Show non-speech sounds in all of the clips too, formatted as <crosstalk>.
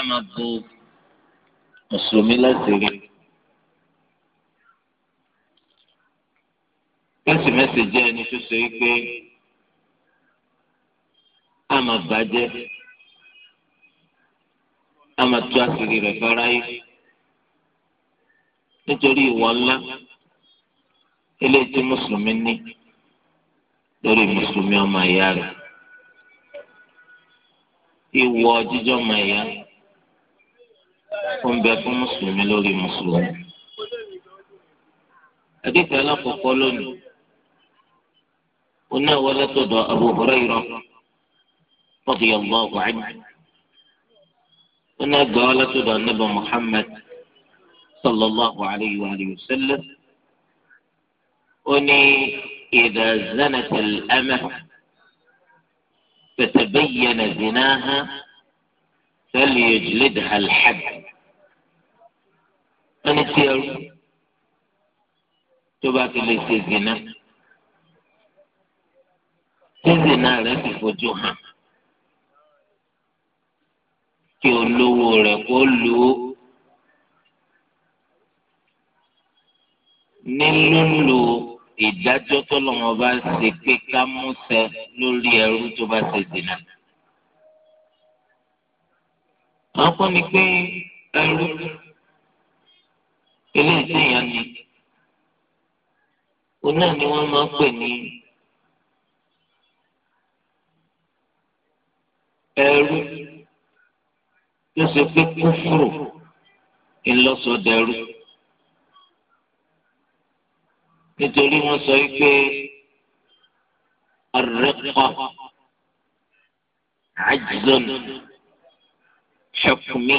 ká máa bo mùsùlùmí láṣìírí. kérésìmesì jẹ́ ẹni tó ṣe pé a máa bàjẹ́ a máa tú àṣírí rẹ̀ fáráyé nítorí ìwọ ńlá eléyìí tí mùsùlùmí ní lórí mùsùlùmí ọmọ ìyá rẹ̀ ìwọ jíjọ́ ọmọ ìyá rẹ̀. ó ń bẹ fún mùsùlùmí lórí mùsùlùmí. حديث لا قول قلنا ولد أبو هريرة رضي الله عنه قلنا قالت النبي محمد صلى الله عليه وآله وسلم أني إذا زنت الأمة فتبين زناها فليجلدها الحد ẹni tí ẹrú tó bá ti lè ṣe zina tí zina rẹ̀ ti fojú hàn kí olówó rẹ̀ kó lù ú nílùlù ìdájọ́ tọ́lọ́mọ bá ṣe pé ká múṣẹ lórí ẹrú tó bá ṣe zina. àwọn kan ní pé ẹrú eléyìí téèyàn ní òun náà ni wọ́n máa ń pè ní ẹrú tó ṣe pé kúfúrò ńlọsọdẹrú nítorí wọ́n sọ pé arẹkọ àjùzọ nù ṣọkùnmí.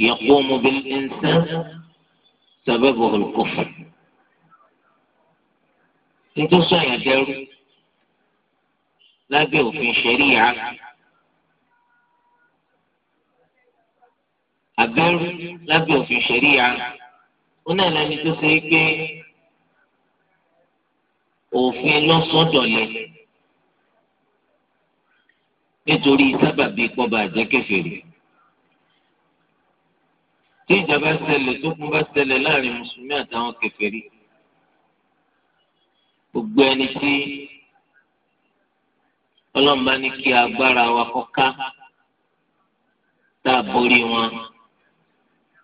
يقوم بالإنسان سببه الكفر nítorí sọ yẹn dẹrú lábẹ́ òfin ṣẹ̀ríyà abẹ́rú lábẹ́ òfin ṣẹ̀ríyà ó náà lẹni tó ṣe é pé òfin lọ́sọ̀dọ̀lẹ̀ nítorí sábàbí kọ́ba àjẹkẹ́fẹ̀rẹ̀ tí ìjọba ṣẹlẹ̀ tó kún bá ṣẹlẹ̀ láàrin mùsùlùmí àtàwọn kèfèrí gbogbo ẹni tí ọlọ́run bá ní kí agbára wa kọ́ká tá a borí wọn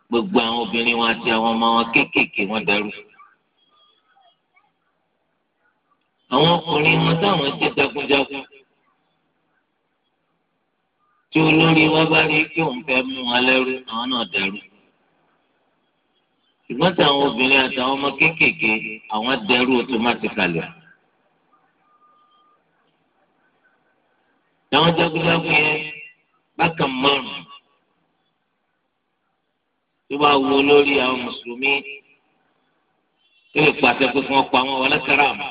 gbogbo àwọn obìnrin wọn àti àwọn ọmọ wọn kéékèèké wọn dàrú. àwọn ọkùnrin wọn táwọn jẹ́ jagunjagun tí olórí wa bá rí kí òun fẹ́ mú wọn lẹ́rú àwọn náà dàrú ṣùgbọ́n tí àwọn obìnrin àtàwọn ọmọ kéékèèké àwọn dẹrú otomátíkàlì. àwọn jagunjagun yẹn bákan márùn tó bá wo lórí àwọn mùsùlùmí tó lè pàṣẹ pé kí wọ́n pa wọn wọlé kára mọ́.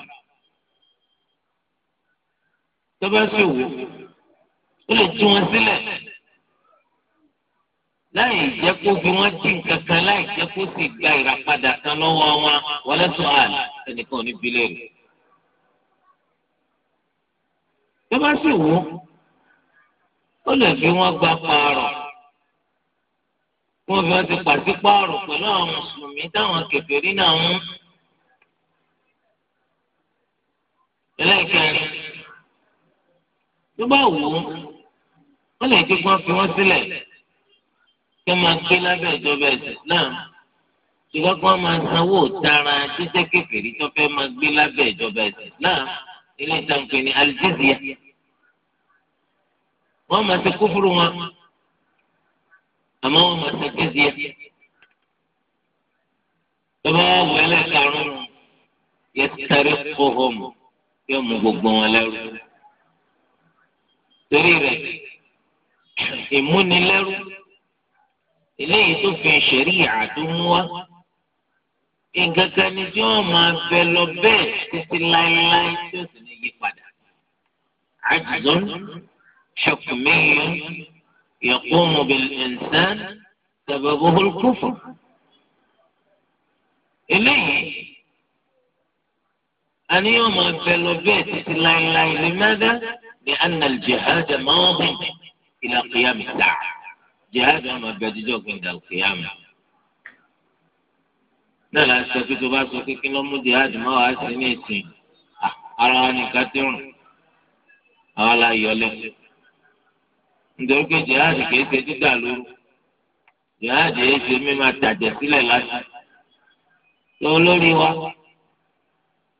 tó bá sì wò ó lè tú wọn sílẹ̀ láì jẹ́ kó bí wọ́n jí nǹkan kan láì jẹ́ kó sì gba ìràpadà kan lọ́wọ́ wọn wọlé tó hàn ẹnìkan ní bílẹ̀rì. tó bá sì wù ó lè fi wọ́n gba pààrọ̀ wọ́n fi wọ́n ti pàṣípààrọ̀ pẹ̀lú àwọn mùsùlùmí táwọn kèfèrí náà mú. ẹlẹ́kẹ̀rin tó bá wù ó lè fi wọ́n fi wọ́n sílẹ̀ kí wọ́n máa gbé lábẹ́ ìjọba ẹ̀sìn Islam ṣùgbọ́n kí wọ́n máa sanwó tara jíjẹ́ kékeré tó fẹ́ máa gbé lábẹ́ ìjọba ẹ̀sìn Islam ilé ìtànkùn ní aljizya wọ́n máa ṣe kúfúrú wọn àmọ́ wọ́n máa ṣe jizya tó bá wọ ẹlẹ́karùn-ún yẹ tẹ̀lé fọ́hómù yóò mú gbogbo wọn lẹ́rú torí rẹ̀ ìmúnilẹ́rú. eléyìí tó fi ṣẹ̀rí tó wá nǹkan kan ni tí wọ́n máa bẹ lọ bẹ́ẹ̀ títí láéláé tí sì ní yí padà. عجز حكمي يقوم بالإنسان سببه الكفر eléyìí àní àníyàn máa bẹ lọ bẹ́ẹ̀ títí láéláé لماذا؟ لأن الجهاد ماض إلى mi dáa. jihad ọmọ abẹ́jíjọ́ gbẹ̀dà òkè àmì. náà la sọ pé tó bá sọ kékeré ló mú jihad mọ́ wàá sí ní ìsìn ara wa nìkan ti rùn àwa la yọ lẹ́sẹ̀. nítorí pé jihad kìí ṣe dídà lóru jihad yìí ṣe mímọ tàjẹ̀ sílẹ̀ lásán. lọ lórí wa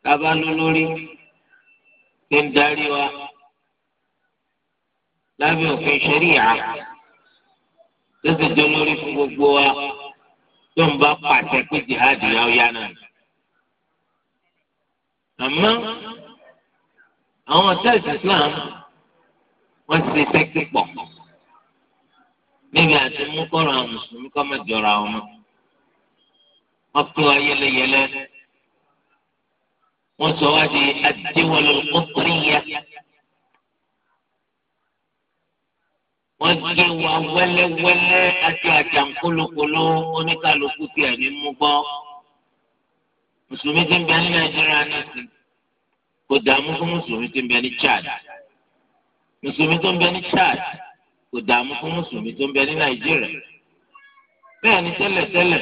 tábà lọ lórí tó ń darí wa lábẹ́ òfin ṣẹ́ríyà tó sì jẹ́ lórí fún gbogbo wa tó ń bá pàṣẹ pé jihadi yà ó yá náà. àmọ́ àwọn ọ̀tá Islam wọ́n ti tẹ́kí pọ̀ níbi àti mú kọ́ra mùsùlùmí kọ́ máa jọra àwọn wọ́n pín wa wọ́n sọ wá di adéwọlé ọkùnrin yá. wọ́n gé wa wẹ́lẹ́wẹ́lẹ́ àti àjàǹkólókòló oníkàlùkù tiẹ̀ ní mú gbọ́. mùsùlùmí ti ń bẹ ní nàìjíríà nìsí kò dààmú fún mùsùlùmí ti ń bẹ ní Chad mùsùlùmí tó ń bẹ ní Chad kò dààmú fún mùsùlùmí tó ń bẹ ní nàìjíríà bẹ́ẹ̀ ni tẹ́lẹ̀tẹ́lẹ̀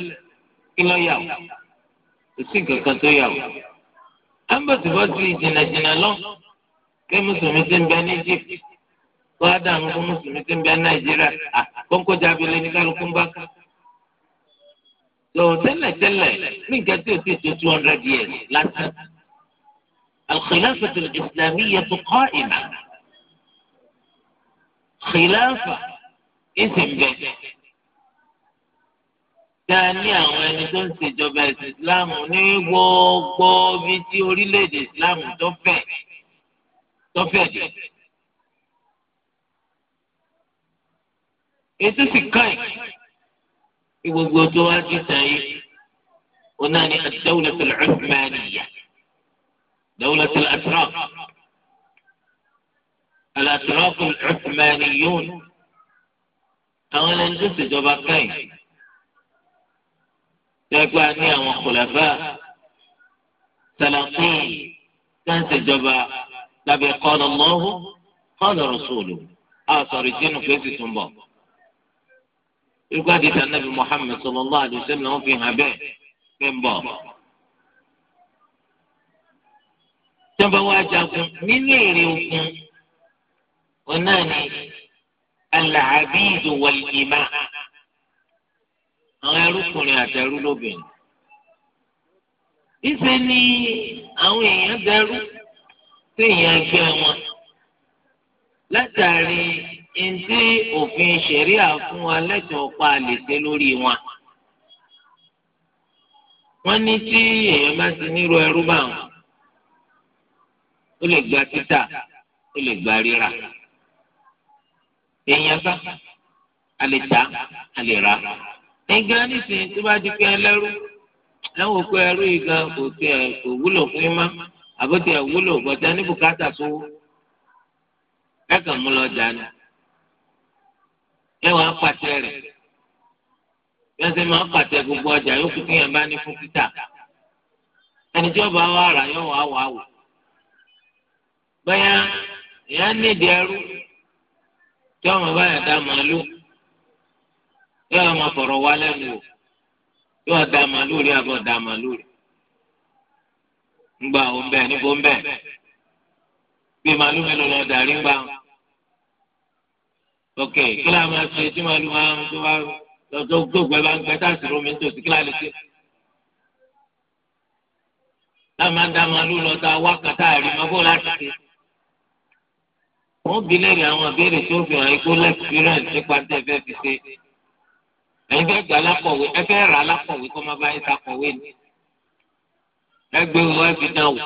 kí ló yà wò kò sí nǹkan kan tó yà wò. ambasibọ́sì jìnnàjìnnà lọ kí mùsùlùmí ti ń bẹ ní Egypt wọn á dààmú fún mùsùlùmí tí ń bẹ nàìjíríà kónkó jábìlì ní kálukú ń bá ká. lò tẹ́lẹ̀tẹ́lẹ̀ ní nǹkan tí o ti tó two hundred years lásán. الخلافة الإسلامية قائمة خلافة اسم بيت dání àwọn ẹni tó ń ṣèjọba ẹ̀sìn ìsìláàmù ní gbogbo ibi tí orílẹ̀-èdè ìsìláàmù tó fẹ̀ tó fẹ̀ dé. ètò sì ká ẹ kí gbogbo tó wá jù sáyé wọn náà ní ad-dawlatu al-uthmaniyya dawlatu al-atraf al-atraf al-uthmaniyyun àwọn ẹni tó ṣèjọba kàn sejoba ká ẹ ní àwọn khulafa salatin ká ń ṣèjọba lábẹ́ qala àwọn sọrọ ìdí àṣọrìṣínú fèsì tó ń bọ. irúgbó àdìsí anábì Muhammad sallallahu alaihi wasallam náà fi hàn bẹ́ẹ̀ pé ń bọ̀. tọ́ba wa jagun nínú èrè ogun wọn náà ni alàbíyìí wàlìmá àwọn ẹrúkùnrin àti ẹrú lóbìnrin. ìṣe ni àwọn èèyàn dẹrú sí èèyàn ẹgbẹ́ wọn látàrí. ntí òfin ṣẹ̀ríà fún wa lẹ́tọ̀ọ́ pa àlèṣe lórí wọn. wọ́n ní tí èèyàn bá ti nírú ẹrú bá wọn ó lè gba títà ó lè gba rírà. èèyàn bá a lè tà a lè rà. nígbà nísìnyí tó bá di pé ẹlẹ́rú láwọn òkú ẹrú yìí gan kò tiẹ̀ kò wúlò fún yín má àbótiẹ̀ wúlò gbọ̀dá ní bùkátà sówó. ẹ kàn mú lọ dání ẹ wàá pàṣẹ rẹ̀ bí wọ́n ṣe máa pàṣẹ gbogbo ọjà yóò kúkú yẹn ní fún títà ẹni tí ọba wa rà yóò wá wà wò bẹ́ẹ̀ ìyá nídìí ẹrú tí ọmọ báyà dá màálù yóò máa fọ̀rọ̀ wá lẹ́nu o yóò dá màálù rí àbọ̀ dá màálù rí ńgbà òun bẹ́ẹ̀ níbo ń bẹ́ẹ̀ bí màálù mélòó lọ dàrí ńgbà ok kí la máa ṣe tí màálù máa ń tó bá tó gbogbo ẹ bá ń gbẹ tá a sì romi nítòsí kí la lè ṣe. táwọn máa ń dá màálù lọ tá a wá kàtá àrí máa bó láti ṣe. wọ́n bi léèrè àwọn àbẹ̀rẹ̀ tó fi hàn ikú lẹ́kìpírẹ́ǹsì nípa tẹ́ fẹ́ fi ṣe. ẹ̀yin fẹ́ gbà lápọ̀wé ẹ fẹ́ rà lápọ̀wé kó má bá ta kọ̀wé ni. ẹ gbé wọ́n fi dán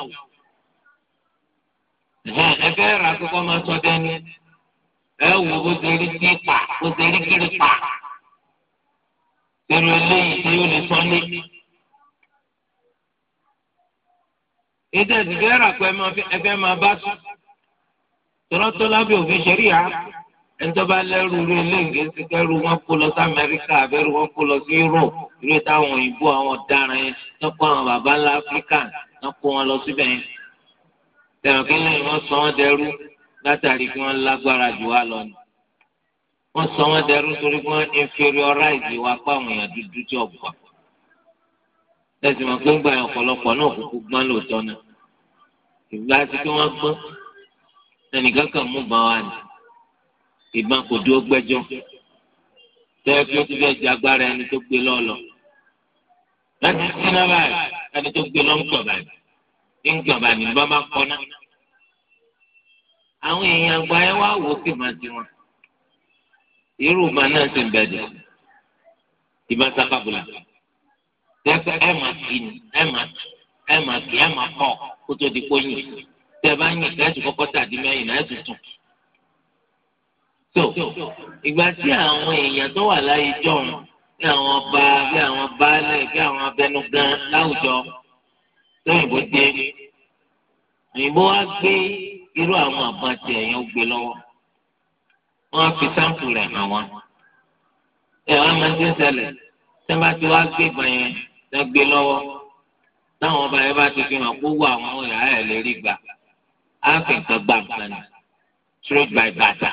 ẹ fẹ́ rà kó kọ́ máa sọ dání ẹ wò bó ti rí kí pa bó ti rí kiri pa irú eléyìí tí yóò lè sọ ní. ètò ìdìbẹ́ rà pé ẹfẹ́ máa bá sùn tọ́lọ́tọ́ lábẹ́ òfin ṣẹ̀ríyà ẹnitọ́ba lẹ́rù rẹ lẹ́ǹgẹ́ sí kẹ́rù wọn kó lọ sí amẹ́ríkà abẹ́rù wọn kó lọ sí europe irú táwọn òyìnbó àwọn ọ̀daràn yẹn tó kó àwọn baba ńlá áfíríkà tó kó wọn lọ síbẹ̀ yẹn. tẹ̀wọ̀n kí lẹ́yìn látàrí kí wọ́n lágbára jù wá lọ ni wọ́n sọ wọ́n dẹrú torí wọ́n inferiorize wa pa àwọn èèyàn dúdú tí ọ̀gbà lẹ́sìn máa gbẹ́ngbà ọ̀pọ̀lọpọ̀ náà kúkú gbọ́n lóòótọ́ náà ìgbà tí kí wọ́n gbọ́n ẹnìkan kan mú bá wa nì ìbọn kò dúró gbẹ́jọ́ tẹ́lẹ̀ kí ó ti fẹ́ jagbára ẹni tó gbé lọ́ọ̀lọ́ láti sínú báyìí ẹni tó gbé lọ́ọ̀ ń gbọ̀n báyìí ń gbọ̀n ní bá má kọ́ náà àwọn èèyàn àgbà ẹ wá wò ó pè máa di wọn irú ìbá náà sì ń bẹ̀dẹ̀ ìbá sábàbùlà tẹ́fẹ́ ẹ máa kì í ẹ máa ẹ máa kì í ẹ máa kọ́ kó tó di pọ́yìn tẹ́ bá yìn kẹ́sì kọ́kọ́ tàdí mẹ́yìn náà tuntun. tó ìgbà tí àwọn èèyàn tó wà láyé jọ̀hún bí àwọn ọba bí àwọn baálẹ̀ bí àwọn abẹnugan láwùjọ tóyìnbó dé òyìnbó wá gbé irú àwọn àbá tí ẹ̀yàn gbé lọ́wọ́ wọ́n á fi sáǹpù rẹ̀ hàn wọ́n. ẹ wá máa ti ń ṣẹlẹ̀ tí wọ́n bá ti wá gbé ìgbà yẹn lọ gbé lọ́wọ́ táwọn ọba yẹn bá ti fi hàn kó wọ àwọn ọ̀yà ẹ̀ lè rí gbà á fi nǹkan gbà nǹkan nà straight by bàtà.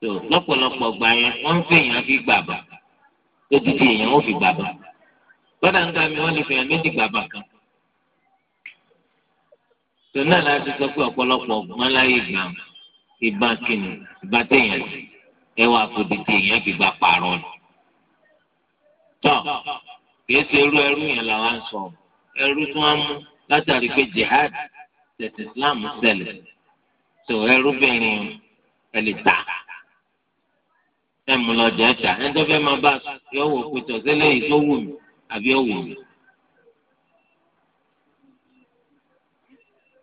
tó lọ́pọ̀lọpọ̀ gbà yẹn wọ́n ń fi èèyàn fi gbà bà lójijì èèyàn ó fi gbà bà lọ́dà ń gbà wọ́n lè fi hàn méjì gbà bà kan tó náà láti sọ pé ọ̀pọ̀lọpọ̀ ọ̀gbọ́n láyé gbà ìbá kìnnì ìbá téèyàn sí ẹ wàá fòdìdì èèyàn fi gba pààrọ̀ ni. tọ́ kìí ṣe irú ẹrú yẹn làwọn sọ ẹrú tí wọ́n mú látàrí pé jihad tẹ̀sí islam ṣẹlẹ̀ tó ẹrúbìnrin ẹ lè tà ẹ mú lọ jẹ́ ẹ̀ta ẹ̀ ń tọ́ máa bá yọ wò pé yìí tó wù mí àbí ó mí.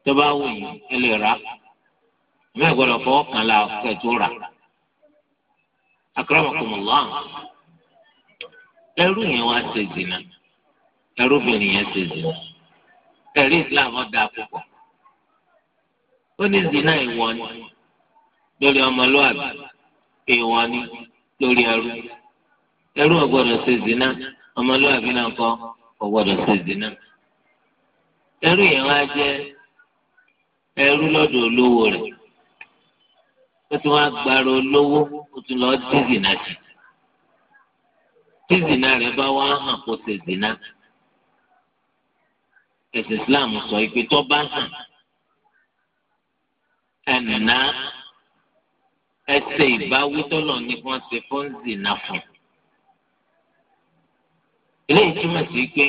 tó bá wù yín ẹ lè rà mẹ́ẹ̀ gbọ́dọ̀ fọwọ́ kan la kẹ́ tó rà akramakumullah ẹrú yẹn wá ṣe zina ẹrúbìnrin yẹn ṣe zina ẹ̀rí islam ọ̀dà púpọ̀ ó ní zina ìwọ ni lórí ọmọlúwàbí ìwọ lórí ẹrú ẹrú ò ṣe zina ọmọlúwàbí náà kọ́ ò ṣe zina ẹrú yẹn wá jẹ́ ẹrú lọ́dọ̀ olówó rẹ̀ ó ti wá gbàrọ̀ olówó ó ti lọ́ọ́ dín zìnà jì tí zìnà rẹ̀ bá wá hàn kó ṣe zìnà ẹ̀sìn Islam sọ ìpè tó bá hàn ẹ̀nà ẹsẹ̀ ìbáwí tọ́lọ̀ ní kí wọ́n ṣe fún zìnà fún eléyìí túmọ̀ sí pé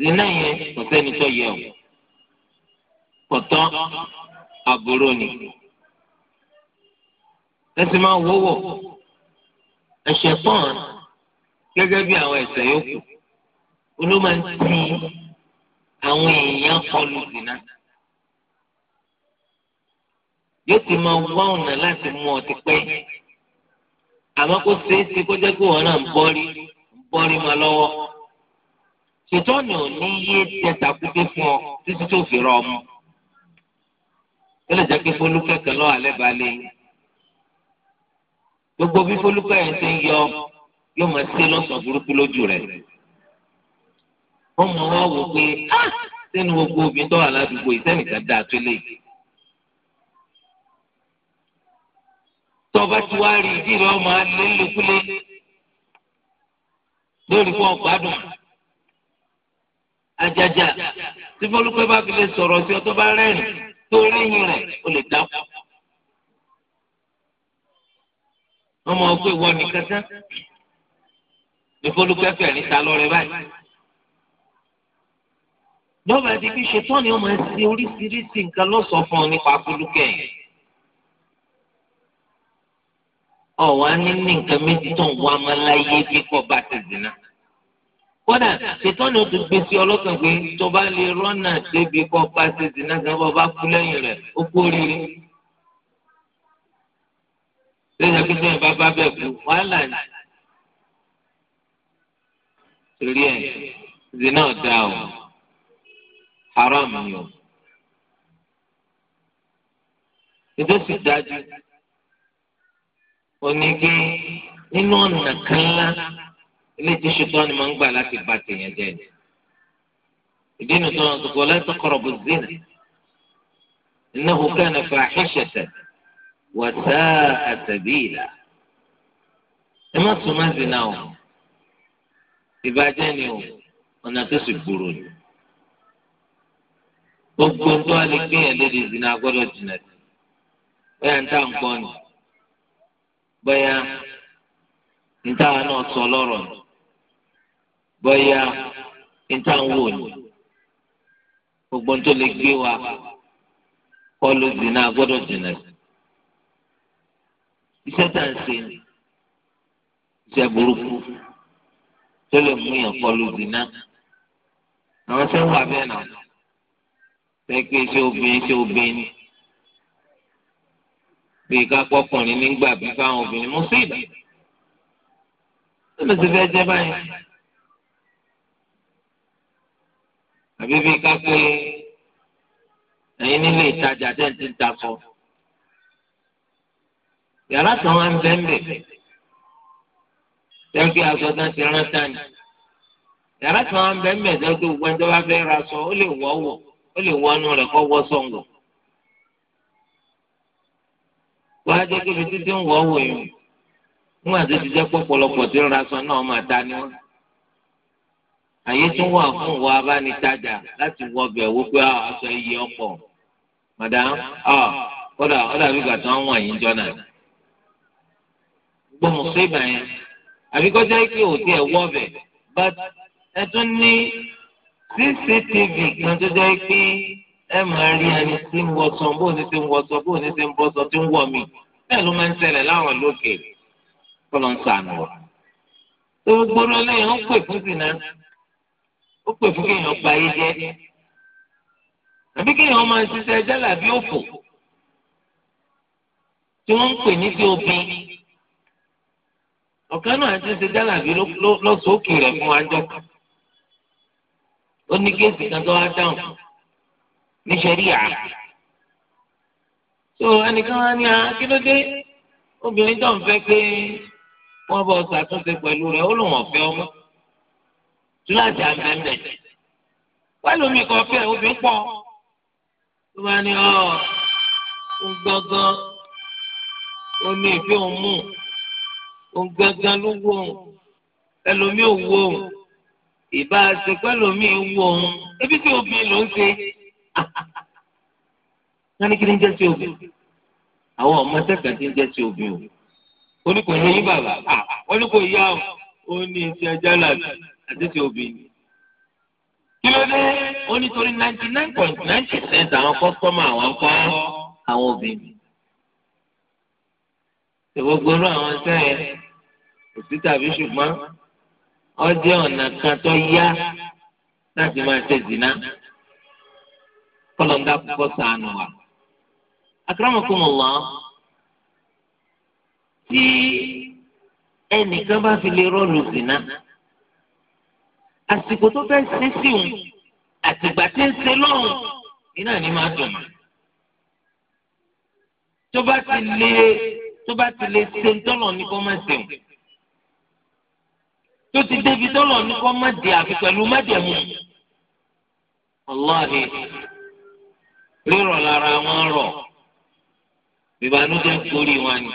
zìnà yẹn kò sẹ́ni tó yẹ o. kọ̀tọ́ àbúrò ni. ẹsẹ̀ máa wọ́wọ́ ẹ̀ṣẹ̀ pọ́n gẹ́gẹ́ bí àwọn ẹ̀ṣẹ̀ yòókù olóma ń ti àwọn èèyàn kọlù dìnnà. yóò ti máa wá ọ̀nà láti mú ọtí pẹ́ àmọ́ kó ṣeé ṣe kó jẹ́ kó wọn náà ń bọ́rí ń bọ́rí máa lọ́wọ́ ṣètọ́nù ò ní yé tẹ tàkúté fún ọ títí tó fi rọ ọmọ. ó lè jẹ́ pé fólúkẹ́ kan lọ́wọ́ alẹ́ balẹ̀ gbogbo bí fólúkẹ́ yẹn ti ń yọ yóò máa ṣe lọ́sàn burúkú lójú rẹ̀ wọ́n mọ wọn wò pé sínú gbogbo obìnrin tó wà ládùúgbò ìsẹ́nìkan dáa tó lè tọ́ba tí wàá rí ìdí rẹ̀ ọmọ alẹ́ lórí fún ọgbàdùn ajaja tí fólúkẹ́ bá fi lè sọ̀rọ̀ sí ọ bá rẹ́rìn torí yìí rẹ̀ ó lè dákú. wọ́n mọ̀ pé ìwọ nìkan tán ìfọlùkẹ́fẹ́ níta lọ́rẹ́ báyìí. lọ́ba di bí ṣetán ni wọ́n máa ń ṣe oríṣiríṣi nǹkan lọ́sọ̀ọ́ fún ọ nípa fọlùkẹ́ yìí. ọ̀wá ní ní nǹkan méjì tó ń wá máa láyé bí kò bá ti dìnnà kódà ṣètọ́nù tó gbé sí ọlọ́kàn pé tó bá lè rọ́nà débi kọ́ pàṣẹ ìdènà kan bọ́ bá kú lẹ́yìn rẹ̀ ó kú oríire. lẹ́yìn akéwìn ẹ̀ bá bá bẹ̀ kú wàhálà ni. torí ẹ̀ ìdènà ọ̀dà o haram ni o. ìdó sì dájú. onígi nínú ọ̀nà kan lára ilé tí ṣetán ni máa ń gbà láti bá tèèyàn jẹ ni ìdí nu tó ń sọkò la taqrabu zina innahu kana fahishatan wa sa'a sabila ẹ má sùn má zina o ìbàjẹ́ ni o ọ̀nà tó sì gbòòrò ni gbogbo tó a lè gbé yẹn léde zina gbọ́dọ̀ jìnnà sí bẹ́ẹ̀ ń tà gbọ́ ni bẹ́ẹ̀ ń tà náà sọ lọ́rọ̀ ni bóyá níta ń wò ní gbogbo tó lè gbé wa kọ́ ló dìnnà gbọ́dọ̀ dìnnà sí. iṣẹ́ tá à ń ṣe ni iṣẹ́ burúkú tó lè mú yàn kọ́ ló dìnnà. àwọn ṣe ń wà bẹ́ẹ̀ náà pẹ́ẹ́pẹ́ ṣé obìnrin ṣé obìnrin ni. bí ká pọ́kùnrin nígbà bí fáwọn obìnrin mú sí ìdí. tó lè ti fẹ́ jẹ́ báyìí. àbí bí ká pé ẹ̀yin nílé ìtajà tẹ́ ń ti ta sọ. yàrá kan wá ń bẹ́ ń bẹ̀ tẹ́gbẹ́ aṣọ tán ti rán tání. yàrá kan wá ń bẹ́ ń bẹ̀ tẹ́gbẹ́ gbogbo ẹni tó bá fẹ́ ra sọ ó lè wọ́ wọ̀ ó lè wọ inú rẹ̀ kọ́ wọ́ sọ̀ngọ̀. wọ́n á jẹ́ kí ibi títí ń wọ́ wọ̀ yìí wọ́n àti ti jẹ́ pọ̀ tí ń ra sọ náà máa ta ni àyè tún wà fún ìwà abánitajà láti wọ ọbẹ̀ owó pé ah, aṣọ iye ọ̀pọ̀ madam ah, kódà kódà bí gbàtà wọn wọ̀nyí jọ náà gbọ́ mùsùlùmí yẹn àbíkọ́jà ike òtí ẹ̀ wọ́ ọbẹ̀ but ẹ tún ní cctv kan tó jẹ́ pé ẹ máa rí ẹni tí ń wọṣọ bó ní ti ń wọṣọ bó ní ti ń bọ́ṣọ tí ń wọ̀ mí bẹ́ẹ̀ ló máa ń ṣẹlẹ̀ láwọn lókè kọ́lọ́ ń sànù wọ̀. tó gbóró lẹ́yìn ó pè fún sí náà ó pè fún kéèyàn gba ayé jẹ́ àbí kéèyàn máa ṣiṣẹ́ jálàbí òfò tí wọ́n ń pè ní sí obìn ọ̀kan náà ti ṣe jálàbí lọ́sọ̀ọ́kì rẹ̀ fún ajọ́ kan ó ní kéèsì kan tó wá dáhùn ní sẹ́ríà so ẹnìkan á ní akíndóde obìnrin tó ń fẹ́ pé wọ́n bọ́ ṣàtúnṣe pẹ̀lú rẹ̀ ó lòun ọ̀fẹ́ ọmọ túláàsì àgbẹ̀mbẹ̀ wẹ́lú mi kàn fẹ́ obì pọ̀ tó bá ní ọ ń gbọ́ngàn omi ìfẹ́ òun mú òun gbọ́ngàn ló wọ òun ẹlòmí ò wọ òun ìbá ṣe pẹ́lòmí wọ òun ebi tí obì ló ń ṣe <laughs> wọ́n ní kí ni jẹ́ sí obì àwọn ọmọ sẹ́kẹ̀ tí ń jẹ́ sí obì o oníkòyè yín bàbá oníkòyè ah, yá o ó ní àtẹ̀tẹ̀ obìnrin. kí ló dé ó nítorí ninety nine point nine percent àwọn kọ́sítọ́mù àwọn kọ́ àwọn obìnrin. gbogbo irú àwọn iṣẹ́ yẹn kò sí tàbí ṣùgbọ́n ó jẹ́ ọ̀nà kan tó yá láti máa ṣe zina kọlọ̀ńdà púpọ̀ sànù wa. akramakumullah tí ẹnìkan bá fi lè rọ́ọ̀lù zina àsìkò tó fẹ́ ṣe sí òun àtìgbà tí ń ṣe lọ́rùn iná ni máa dùn mọ́. tó bá ti lè tó bá ti lè ṣe tọ́lọ̀ ní kó má ṣeun tó ti débi tọ́lọ̀ ní kó má di àfi pẹ̀lú májẹ̀mú. ọlọ́ọ̀ni rírọ̀ lára wọn rọ̀ ìbànújẹ́ ń torí wọn ni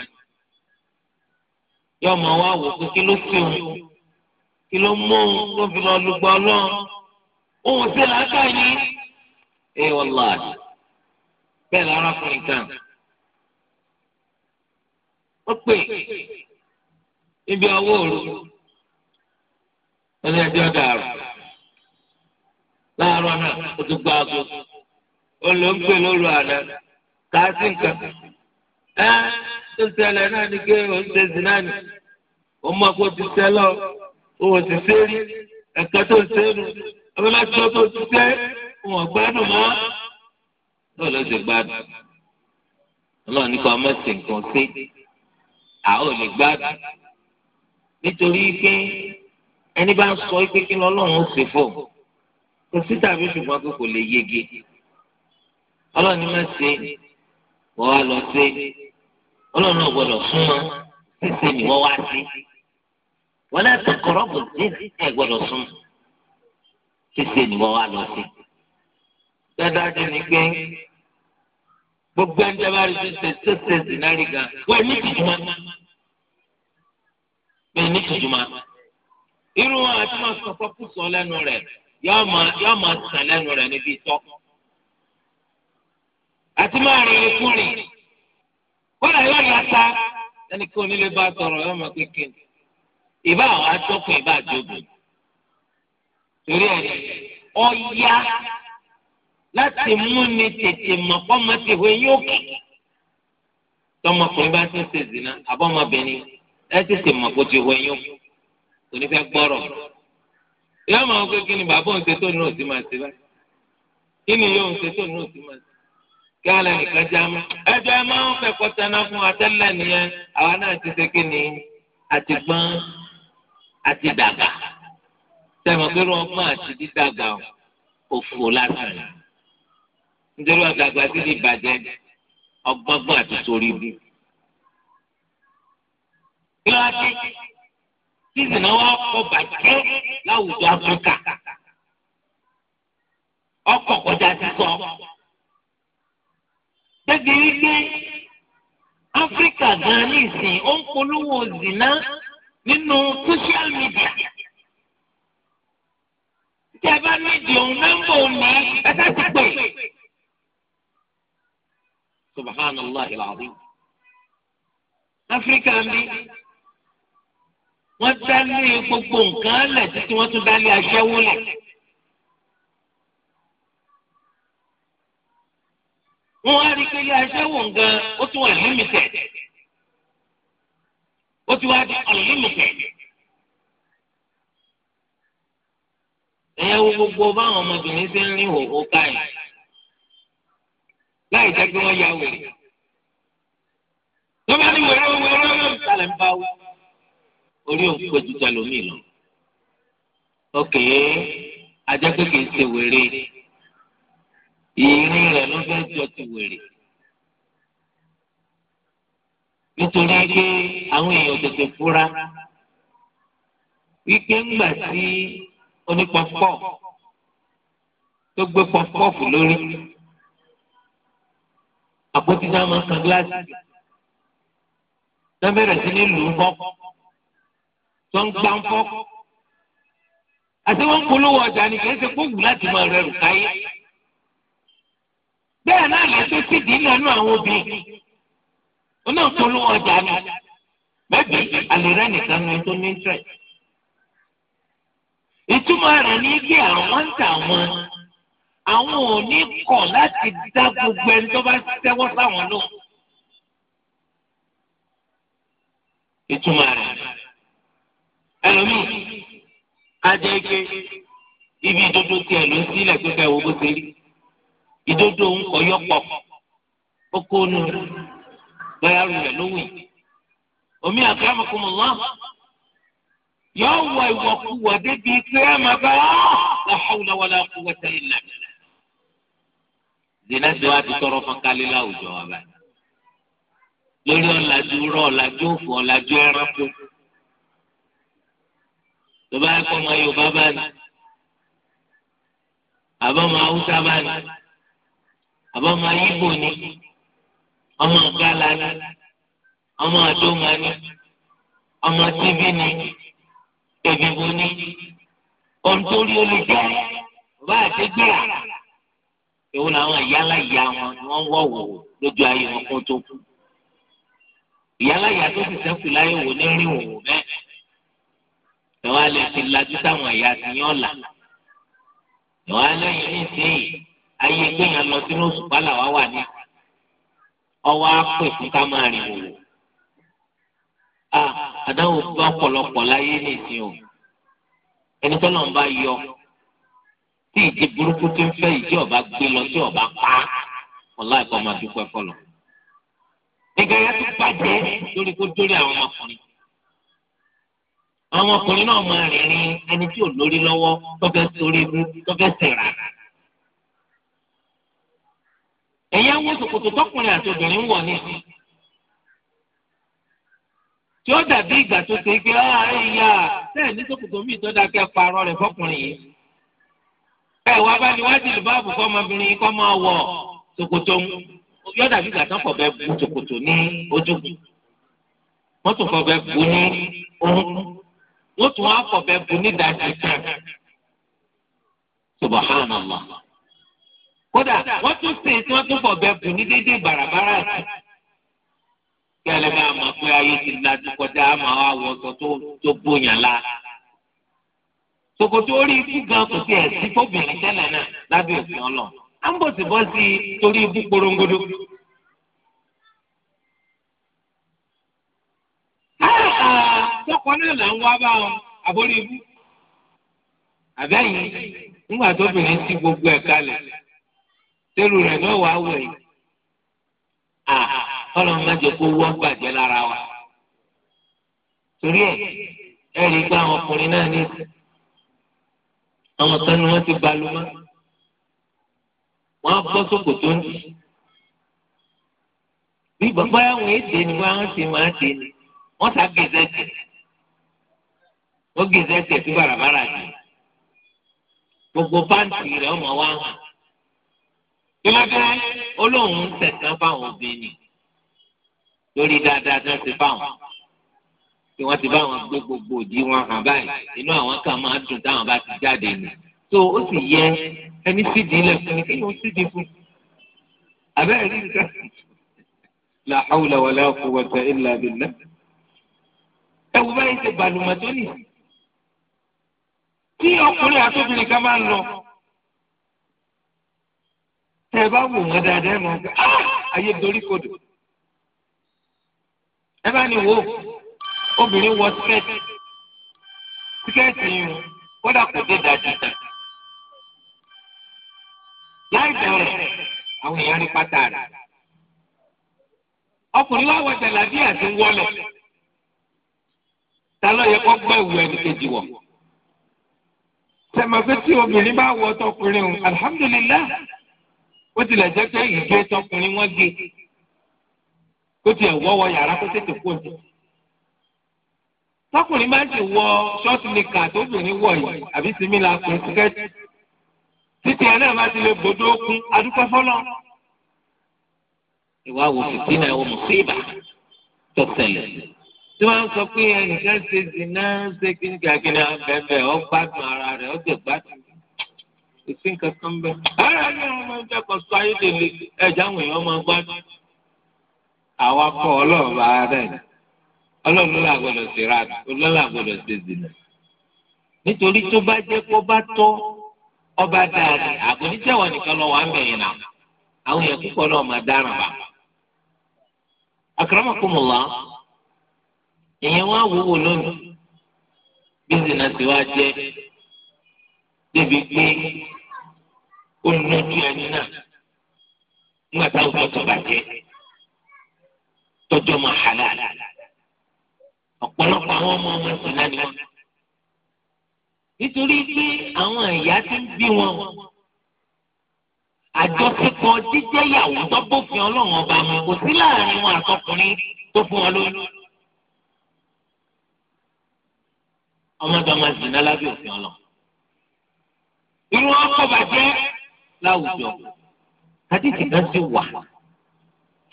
yọ̀ọ́ mọ̀ wá wò pé kí ló ṣe òun kí ló mú un tó fi lọ lùgbọ́ ọlọ́run òun sì láńkà yìí ẹ wọlá bẹ́ẹ̀ lárakùnrin kan ó pè níbi ọwọ́ òru wọn ní ẹjọ́ dàrú láàárọ̀ náà ó tún gba aago ó ló ń pè lóru àná káàsì nǹkan ẹ tó ṣẹlẹ̀ náà ni pé òun ṣe sí náà ni òun mọ̀ kó ti ṣẹlẹ̀ ọ́ owó ti ṣe rí ẹ̀kọ́ tó ń ṣe nu abẹ́lẹ́tọ́ tó ti ṣe wọn gbádùn mọ́ lọ́ọ̀ ló ṣe gbádùn ọlọ́run ní kó ọmọ ṣe nǹkan ṣe àwọn ò lè gbádùn nítorí pé ẹni bá ń sọ pé kí lọ́lọ́run ó ṣe fọ́ kò sí tàbí ṣùgbọ́n pé kò lè yege ọlọ́run ní má ṣe wọ́n wá lọ ṣe ọlọ́run náà gbọ́dọ̀ fún wọn ṣíṣe ni wọ́n wá sí wọ́n lẹ́yìn tó kọ̀rọ̀ bò ní ẹ̀ gbọ́dọ̀ sún ṣíṣe ni wọ́n wá lọ sí. dáadáa ni pé gbogbo ẹni tẹ́ bá rí ṣíṣe ṣíṣe sí náà rí gan wọ́n ní ìjùmọ̀ bẹ́ẹ̀ ní ìjùmọ̀ irú wọn àti máa sọ fọkùsọ lẹ́nu rẹ̀ yóò máa sàn lẹ́nu rẹ̀ níbi tọ́ àti máa rìn ìkúrìn kọ́nà yóò lọ ta ẹnì kan ò bá sọ̀rọ̀ yóò máa kékeré ìbá àwọn atọ́kùn ìbá àjọgbò torí ẹ̀ ọ̀yá láti múni tètè mọ̀ fọ́mọ ti hu eyín òkè tọmọkùnrin bá ti ń ṣe zina abọ́mọbìnrin ẹ tètè mọ̀ kó ti hu eyín òkè onífẹ́ gbọ́rọ̀ yóò máa gbé kí ni bàbá òun ṣe tó nínú òsì máa ṣe báyìí kí ni yóò ṣe tó nínú òsì máa ṣe kí alẹ́ nìkan já mọ́ ẹjọ́ ẹ máa ń fẹ́ kọ́tẹ́ná fún atẹ́lẹ̀ nìyẹn àwa náà ti ṣe kí ni àtìgbọ́n àti dàgbà sẹ́wọ̀n pé ọgbọ́n àti dídàgbà òfò lásán ni nítorí ọ̀dàgbà sí ní ìbàjẹ́ ọgbọ́ngbọ́n àti torí bí. kí ló dé tí ìsìn náà wá pọ̀ bàjẹ́ láwùjọ áfíríkà ọkọ̀ kọjá sísọ. débi wípé áfíríkà gan-an ní ìsìn ó ń polówó zìnnà. nínú social media. Tí a bá nídìí òun nọ́mbà òun ní ẹsẹ̀ ti pè. Subhanallah al-azim. Áfíríkà ń bí. Wọ́n dálé gbogbo nǹkan lẹ̀ títí wọ́n tún dálé aṣẹ́wó lẹ̀. Wọ́n á rí i pé ilé aṣẹ́wó nǹkan ó tún wà límítẹ̀dì. ó ti wá di ọ̀lọ́lùpẹ̀. ẹ̀yẹ́ wo gbogbo báwọn ọmọbìnrin ṣe ń rí òhò káyìn láì jẹ́ kí wọ́n ya wèrè. tó bá ní wèrè wèrè wọ́n sàlẹ̀ ń bá wí. orí òun pé jíjà lómi lọ. ókè ajá pé kì í ṣe wèrè ìrìn rẹ̀ ló fẹ́ jọ ti wèrè nítorí pé àwọn èèyàn tètè fura wípé ńgbà tí onípọ̀pọ̀ tó gbé pọ̀pọ̀fù lórí àpótí náà máa kan gíláàsì tó bẹ̀rẹ̀ sí ní lù ú bọ́ tó ń gbá ń fọ́ àti wọ́n ń polówó ọjà ni kìí ṣe kó wù láti máa rẹrù káyé bẹ́ẹ̀ náà lẹ́tọ́ sídìí nínú àwọn obìnrin wọn náà polówó ọjà mi bẹ́ẹ̀bi àlèrè nìkan ni tó ní tẹ̀. ìtumọ̀ rẹ̀ ní bí àwọn ń tà wọn àwọn ò ní kọ̀ láti dá gbogbo ẹni tó bá tẹ́wọ́ sáwọn lò. ìtumọ̀ rẹ̀ ẹlòmíì ajẹ́ ike ibi ìdodo tiẹ̀ ló ń sílẹ̀ pé kẹ́ wo bó ṣe rí ìdodo ń kọ́ yọ̀pọ̀ ó kó nù rẹ̀ báyà rú rẹ̀ lówìn omi àkàràmọ̀kùnmọ̀ lọ yóò wọ ìwọ̀kuwọ̀ débi pé ẹ máa bá la hawla wala quwwata illa billah. zina ti wá ti tọrọ fún kálí láwùjọ wa báyìí lórí ọ̀làjú rọ̀ ọ̀làjú òfò ọ̀làjú ẹranko tó bá kọ́ ọmọ Yorùbá bá ní àbọ̀mọ bá ní àbọ̀mọ Yíbò ní ọmọ nǹkan lani ọmọ àdóma ni ọmọ tíbi ni èbìbò ni òǹtorí olùjẹ bá àdégbèrà èwo làwọn ìyáláyà wọn ni wọn wọ wò lójú ayé wọn kó tó kú ìyáláyà tó sì sẹ́kù láyé wò ní rí wò bẹ́ẹ̀ ìwà lè fi lajú táwọn ẹ̀yà ti yán ọ̀la ìwà lẹ́yìn ní ìsinyìí ayé gbẹ̀yàn lọ sínú òṣùpá làwa wà ní ọwọ́ àpè fún ká máa rìn wò. àdáwò bá ọ̀pọ̀lọpọ̀ láyé nìsín o ẹni tó náà ń bá yọ tí ìdí burúkú tó ń fẹ́ ìdí ọba gbé lọ tí ọba pa ọ̀la ẹ̀kọ́ máa dúpẹ́ fọlọ́. nígbà yẹn tó bàjẹ́ lórí kó dórí àwọn ọmọkùnrin àwọn ọmọkùnrin náà máa rìnrìn ẹni tí ò lórí lọ́wọ́ tó fẹ́ sórí ibú tó fẹ́ sẹ̀rà ẹ̀yà wọ ṣòkòtò tọkùnrin àti obìnrin ń wọ̀ ní ìsìn tí ó dàbí ìgbà tó ṣe pé ọ́ àìyá bẹ́ẹ̀ ní ṣòkòtò míì tó dáa kẹ́ parọ́ rẹ̀ fọkùnrin yìí ẹ wá bá mi wá di lùbáàbù kọ́ ọmọbìnrin yìí kọ́ máa wọ̀ ṣòkòtò ń yọ dàbí ìgbà tó kọ̀ bẹ́ẹ̀ bu ṣòkòtò ní ojúgun wọ́n tún kọ̀ bẹ́ẹ̀ bu ní ohun wọ́n tún wá kọ̀ bẹ́ẹ̀ bu ní dàdí kan subahánàlá kódà wọ́n tún sè tí wọ́n tún bọ̀ bẹ́ẹ̀ bù ní déédéé bàràbàrà yìí. kí ẹ lè máa mọ̀ pé ayé ti lajú kọjá máa wá wọ ọsọ tó bóyá la. ṣòkòtò orí ikú gan kò sí ẹ̀sìn fóbìnrin tẹ́lẹ̀ náà lábẹ́ òfin ọlọ́ à ń bọ̀ sí bọ́ sí torí ikú porongodo. tọkọ náà là ń wá bá wọn àbórí ikú. àbẹ́yìn nígbà tóbìnrin ti gbogbo ẹ̀ kalẹ̀ tẹ́lu rẹ̀ náà wàá wẹ̀ yìí. à ọlọ́run má jẹ́ kó wọ́n bàjẹ́ lára wa. torí ẹ̀ ẹ̀ rí i pé àwọn ọkùnrin náà ní àwọn kan ni ti balu mọ́. wọ́n á bọ́ tó ń di. bí bàbá àwọn èdè ni wọ́n á ti máa dé ni wọ́n ta gẹ̀ẹ́sẹ̀ jẹ̀. wọ́n gẹ̀ẹ́sẹ̀ bàràbàrà jẹ̀. gbogbo pàǹtì rẹ̀ ọmọ wa hàn kílódé olóhùn ń tẹ̀sán fáwọn obìnrin lórí dáadáa tí wọ́n ti fáwọn tí wọ́n ti báwọn gbé gbogbo òdì wọn hàn báyìí inú àwọn kan máa dùn táwọn bá ti jáde nù tó ó sì yẹ ẹni sídìí ilẹ̀ fún mi kí ló ń sídìí fún abẹ́rẹ́ rí nǹkan la hawla wala quwwata illa billah ẹ wò báyìí ṣe bàlùmọ̀ tó nì tí ọkùnrin àtòbìnrin kan máa ń lọ tẹ́ ẹ bá wò wọ́n dáadáa máa gbé ah, ayé dorí kodò ẹ bá ní wo obìnrin wọ síkẹ́ẹ̀tì síkẹ́ẹ̀tì yìí kódà kò dé dáadáa láì bẹ̀rẹ̀ àwọn èèyàn ní pátá rẹ̀ ọkùnrin wá wọ jàlábí àti wọlé ta ló yẹ kó gbọ́ ìwé ẹnì kejì wọ̀ sẹ̀mọ̀fẹ́ tí obìnrin bá wọ ọtọkùnrin o alihamudulilayi ó tilẹ̀ jẹ́ pé ìgbé tọkùnrin wọ́n gé kó tiẹ̀ wọ́wọ́ yàrá kó tètè kó jù. tọkùnrin máa ń ti wọ ṣọ́ọ̀tì nìkà tóbìnrin wọ̀ yìí àbí sinmi la kún tíkẹ́tì títí ẹ̀ náà máa ti lè gbòdó okun adúpẹ́ fọ́lọ́. ìwà wo fìtínà ẹ̀wọ̀n mùsíbà tó tẹ̀lé tí wọ́n sọ pé ẹnìkan ṣe zina ṣe kíni kíákíni abẹ́bẹ́ ọ gbádùn ara rẹ̀ ọ ìsí nǹkan kan bẹ ara ní àwọn máa ń jẹkọọ sọ ayédèlé ẹjà àwọn èèyàn máa gbádùn. àwa kọ ọlọ́run bá ara rẹ ọlọ́run ló là sí ra sí nítorí tó bá jẹ́ kó bá tọ́ ọba nìkan lọ́wọ́ àmẹ́yìn náà àwọn èèyàn púpọ̀ náà máa dáràn bá. wá wúwo lónìí ó lójú ẹni náà nígbà táwọn ọjọ́ tó bàjẹ́ tọjọ́ máa halal ọ̀pọ̀lọpọ̀ àwọn ọmọ ọmọ ẹ̀sìn náà ni wọ́n. nítorí pé àwọn ìyá ti ń bí wọn àjọṣepọ̀ jíjẹ́ ìyàwó tó bófin ọlọ́run ọba mi kò sí láàrin wọn àtọkùnrin tó fún wọn lóyún. ọmọdé ọmọ ẹ̀sìn náà lábẹ́ òfin ọlọ́run. irú ọkọ̀ bàjẹ́ láwùjọ hadithi kan ti wà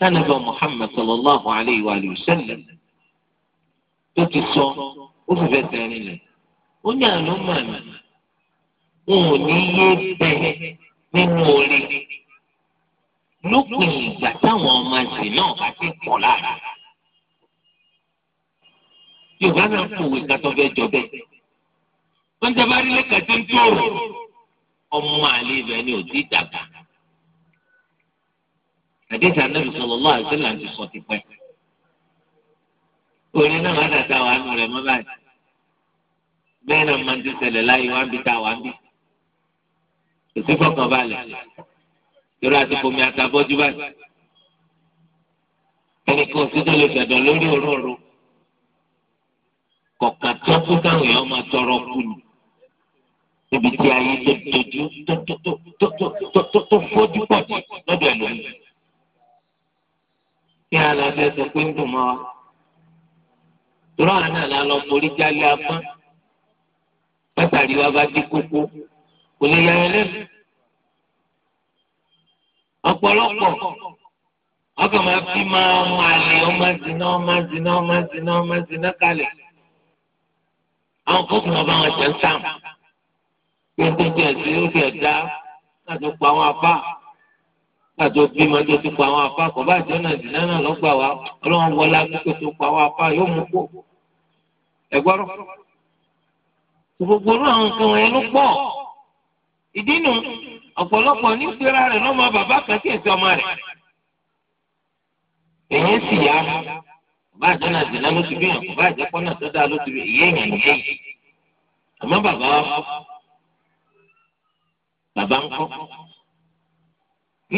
sanadu muhammed sallallahu alayhi wa sallam tó ti sọ ó fi fẹsẹ̀ rinlẹ̀ ó ní àná màmá wọn ò ní yé bẹ́ẹ̀ nínú orí lópin ìgbà táwọn ọmọ ẹ̀sìn náà bá ti pọ̀ lára yorùbá náà kò wé kátó fẹ́ jọ bẹ́ẹ̀ wọ́n jẹ́ bá rí lẹ́ka ń tó rò. ọmọ àlè ibẹ̀ ni ò ti dàgbà àdéhùn anábì sọlọ lọ àti àti sọ ti pẹ́ orin náà wà dàda wà nù rẹ̀ mọ́ báyìí bẹ́ẹ̀ náà máa ń ti ṣẹlẹ̀ láyé wá ń bi tá a wá ń bi kò sí fọkàn balẹ̀ torí àti bomi àtàbọ́jú báyìí lè fẹ̀dọ̀ lórí òróró tọrọ ibi tí ayé tó dojú tó fojú pọ̀ jù lọ́dọ̀ ẹ̀ lórí. kí a lọ fẹ́ sọ pé ń dùn mọ́ wa. tùrọ̀ àná la lọ forí jálẹ̀ apọ́n. látàrí wa bá dé kókó kò lè yára lẹ́nu. ọ̀pọ̀lọpọ̀ ọkàn máa fi máa ọmọ àlè ọmọ zina ọmọ zina ọmọ zina ọmọ zina kalẹ̀. àwọn kókò wọn bá wọn jẹ sáàmù gbogbo tí ẹ ti ó fi ẹ dá láti pa àwọn afá láti bí ma tó ti pa àwọn afá kò bá jọ náà dìnnà náà lọ́gbà wa ọlọ́run wọlé akókò tó pa àwọn afá yóò mú kó ẹ gbọ́dọ̀ gbogbo náà àwọn nǹkan wọ̀nyẹn ló pọ̀ ìdí nu ọ̀pọ̀lọpọ̀ ní ìpera rẹ̀ lọ́mọ bàbá kan kí èsì ọmọ rẹ̀ èyí sì yá bàbá àjọ náà ló ti bí yàn bàbá àjẹpọ̀ náà tó dáa ló ti bí bàbá ń kọ́.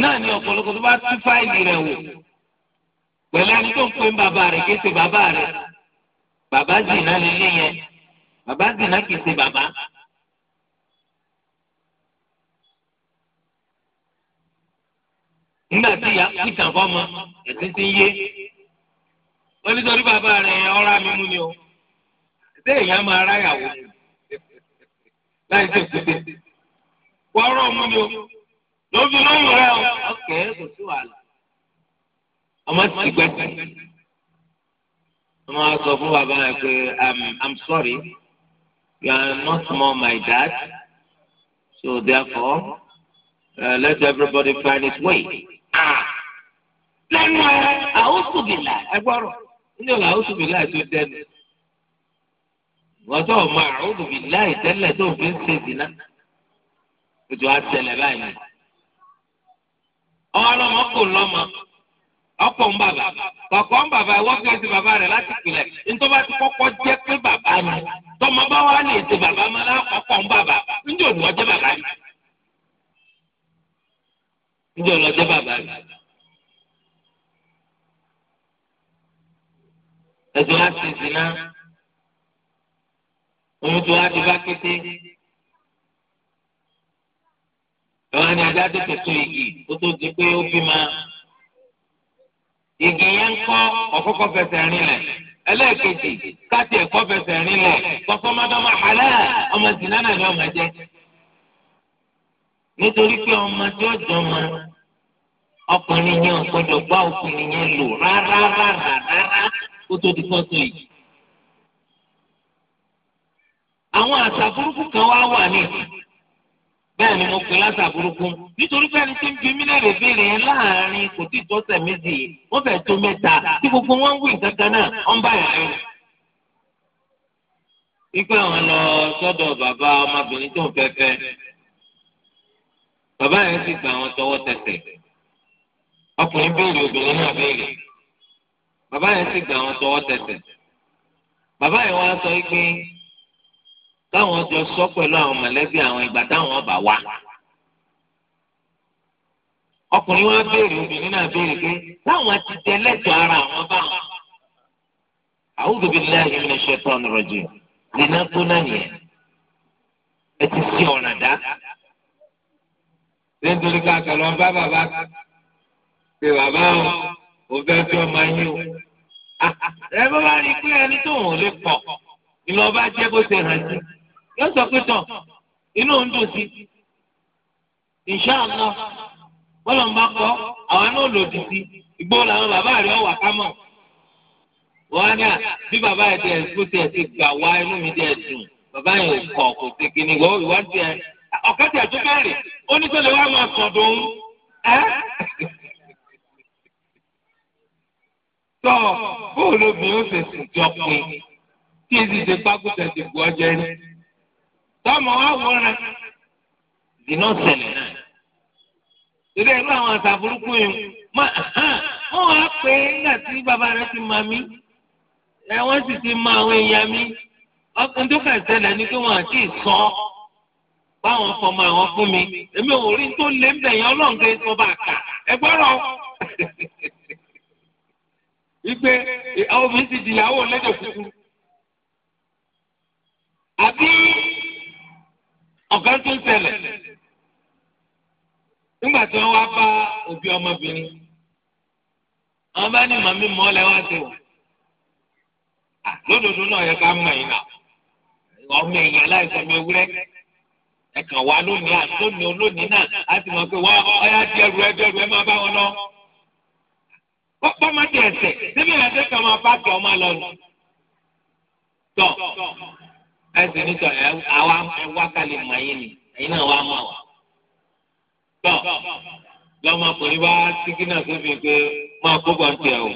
náà ni ọ̀pọ̀lọpọ̀ tó bá tú fáìlì rẹ̀ wò pẹ̀lú ẹni tó ń pè bàbá rẹ̀ kì í ṣe bàbá rẹ̀ bàbá zìnà lélẹ́ yẹn bàbá zìnà kì í ṣe bàbá. nígbà tí ìyá kú ìtàn fọmọ ẹ̀sìn ti ń yé ó ní torí bàbá rẹ̀ ọ̀rá mi mú ni o ṣé èèyàn máa ráyàwó láì ṣe wọ́ọ́rọ́ mú ni o lóbi lóhùn rẹ o ọkẹ́ kò sí wàhálà ọmọ ti gbẹ ọmọ sọ fún bàbá rẹ pé um, i'm sorry you are not more my dad so therefore uh, let everybody find its way ah! lẹ́nu àwòsùbìlà ẹgbọ́rọ̀ nínú àwòsùbìlà tó dẹnu wọ́n tó ọmọ àwòsùbìlà ìtẹ́lẹ̀ tó fi ń ṣe dìnnà òjò á ṣẹlẹ̀ báyìí. ọmọ ọlọ́mọ kò lọ́mọ ọkọ̀ ń bàbá kọ̀ọ̀kọ̀ ń bàbá ìwọ́n kí o ti bàbá rẹ̀ láti pilẹ̀ nítorí bá ti kọ́kọ́ jẹ́ pé bàbá ni tọmọ bá wà lè ti bàbá máa lá ọkọ̀ ń bàbá níjẹ́ òní ọjọ́ bàbá ni. níjẹ́ òní ọjọ́ bàbá ni. ẹ̀dùn á ti dì náà. òun tó á di bá kété. ìwọ ni ajá tètè tó igi ó tó di pé ó bímọ igi yẹn ń kọ́ ọ̀kọ́kọ́ fẹsẹ̀ rinlẹ̀ ẹlẹ́ẹ̀kejì káàtì ẹ̀kọ́ fẹsẹ̀ rinlẹ̀ kọ́sọ́mọdọ́mọ àlẹ́ ọmọ ìsìnlẹ̀ náà ni ọmọ jẹ́ nítorí pé ọmọ tí ó jọ ọmọ ọkùnrin yẹn ọkùnrin yẹn lò rárá rárá rárá tó di àwọn àṣà burúkú kan wá wà ní bẹ́ẹ̀ ni mo pe lásà burúkú nítorí pé ẹni tí ń bi mí lè rè béèrè yẹn láàrin kò tí ì tó ọ̀sẹ̀ méjì wọ́n fẹ́ẹ́ tó mẹ́ta tí gbogbo wọn ń wí nǹkan kan náà wọ́n ń bá yàrá rẹ̀. wípé àwọn lọ sọ́dọ̀ bàbá ọmọbìnrin tó ń fẹ́ fẹ́ bàbá yẹn sì gbà wọn tọwọ́ tẹsẹ̀ ọkùnrin béèrè obìnrin náà béèrè bàbá yẹn sì gbà wọn tọwọ́ tẹsẹ̀ bàbá yẹn wá sọ wípé táwọn jọ sọ pẹ̀lú àwọn mọ̀lẹ́bí àwọn ìgbà táwọn ọba wa. ọkùnrin wa béèrè obìnrin náà béèrè pé táwọn ti jẹ lẹ́tọ̀ọ́ ara àwọn bá wọn. a'udhu billahi minash shaitani rajim lẹ́nà tó náà nìyẹn ẹ ti sí ọ̀nà dá. nítorí ká kàlọ́ bá bàbá pé bàbá o ò fẹ́ fi ọmọ yín o. Ah, ah, ẹ bá wá rí i pé ẹni tó ń lè pọ̀ ìlọ́ba jẹ́ bó ṣe hàn sí yóò sọ pé tán inú ń dùn sí ìṣá àná bọ́lá ń bá kọ́ àwọn náà lòdì sí ìgbó làwọn bàbá rẹ̀ wà ká mọ̀ wọ́n á ní à bí bàbá yẹn ti ẹ̀ kó tiẹ̀ ti gbà wá inú mi tiẹ̀ dùn bàbá yẹn kọ̀ kò sí kíni wọ́n ìwà ń tiẹ̀ ọ̀kẹ́ tiẹ̀ tó bẹ̀rẹ̀ ó ní sọ́lẹ̀ wá máa sọ̀ dùn ẹ́. tọ́ bóòlù obìnrin ó sì sùn jọ pé kí n sì ṣe pákútẹ̀ ti bu ọjọ́ rí tọ́mọ wa wọra dìnnà ṣẹlẹ̀ náà torí ẹ̀rọ àwọn àṣà burúkú yìí wọ́n á pè é nígbà tí bàbá rẹ̀ ti máa mí ẹ̀ wọ́n sì ti máa àwọn èèyàn mí ọkùnrin tó kà ṣẹlẹ̀ ni pé wọ́n àti sọ báwọn fọmọ àwọn fún mi èmi ò rí tó lé mbẹ yẹn ọlọ́run kẹ́ tó bá kà ẹ gbọ́rọ̀ <laughs> wípé obìnrin ti dìyàwó lẹ́jọ̀ kúkú àbí ọ̀gá tó ń ṣẹlẹ̀ nígbà tí wọ́n wá bá òbí ọmọbìnrin àwọn bá ní màmí mọ́ lẹ́ wá sí wa lódodo náà yẹ ká mọ̀ yín náà ọmọ èèyàn láìsàn mi wúrẹ́ ẹ̀kan wà lónìí àtúnni olónìí náà á ti mọ̀ pé wá ọyá dẹrù ẹ dẹrù ẹ máa bá wọn lọ. pọ́pọ́ máa di ẹsẹ̀ síbi ẹ̀sẹ̀ kan máa bá kẹ́ ọ máa lọ nù ẹsẹ nítorí àwa wákàlẹ mọyìn ni ẹyin náà wà mọ wa. tọ lọmọkùnrin bá sígínà sófin pé máa kó bọ̀ ń tẹ̀ o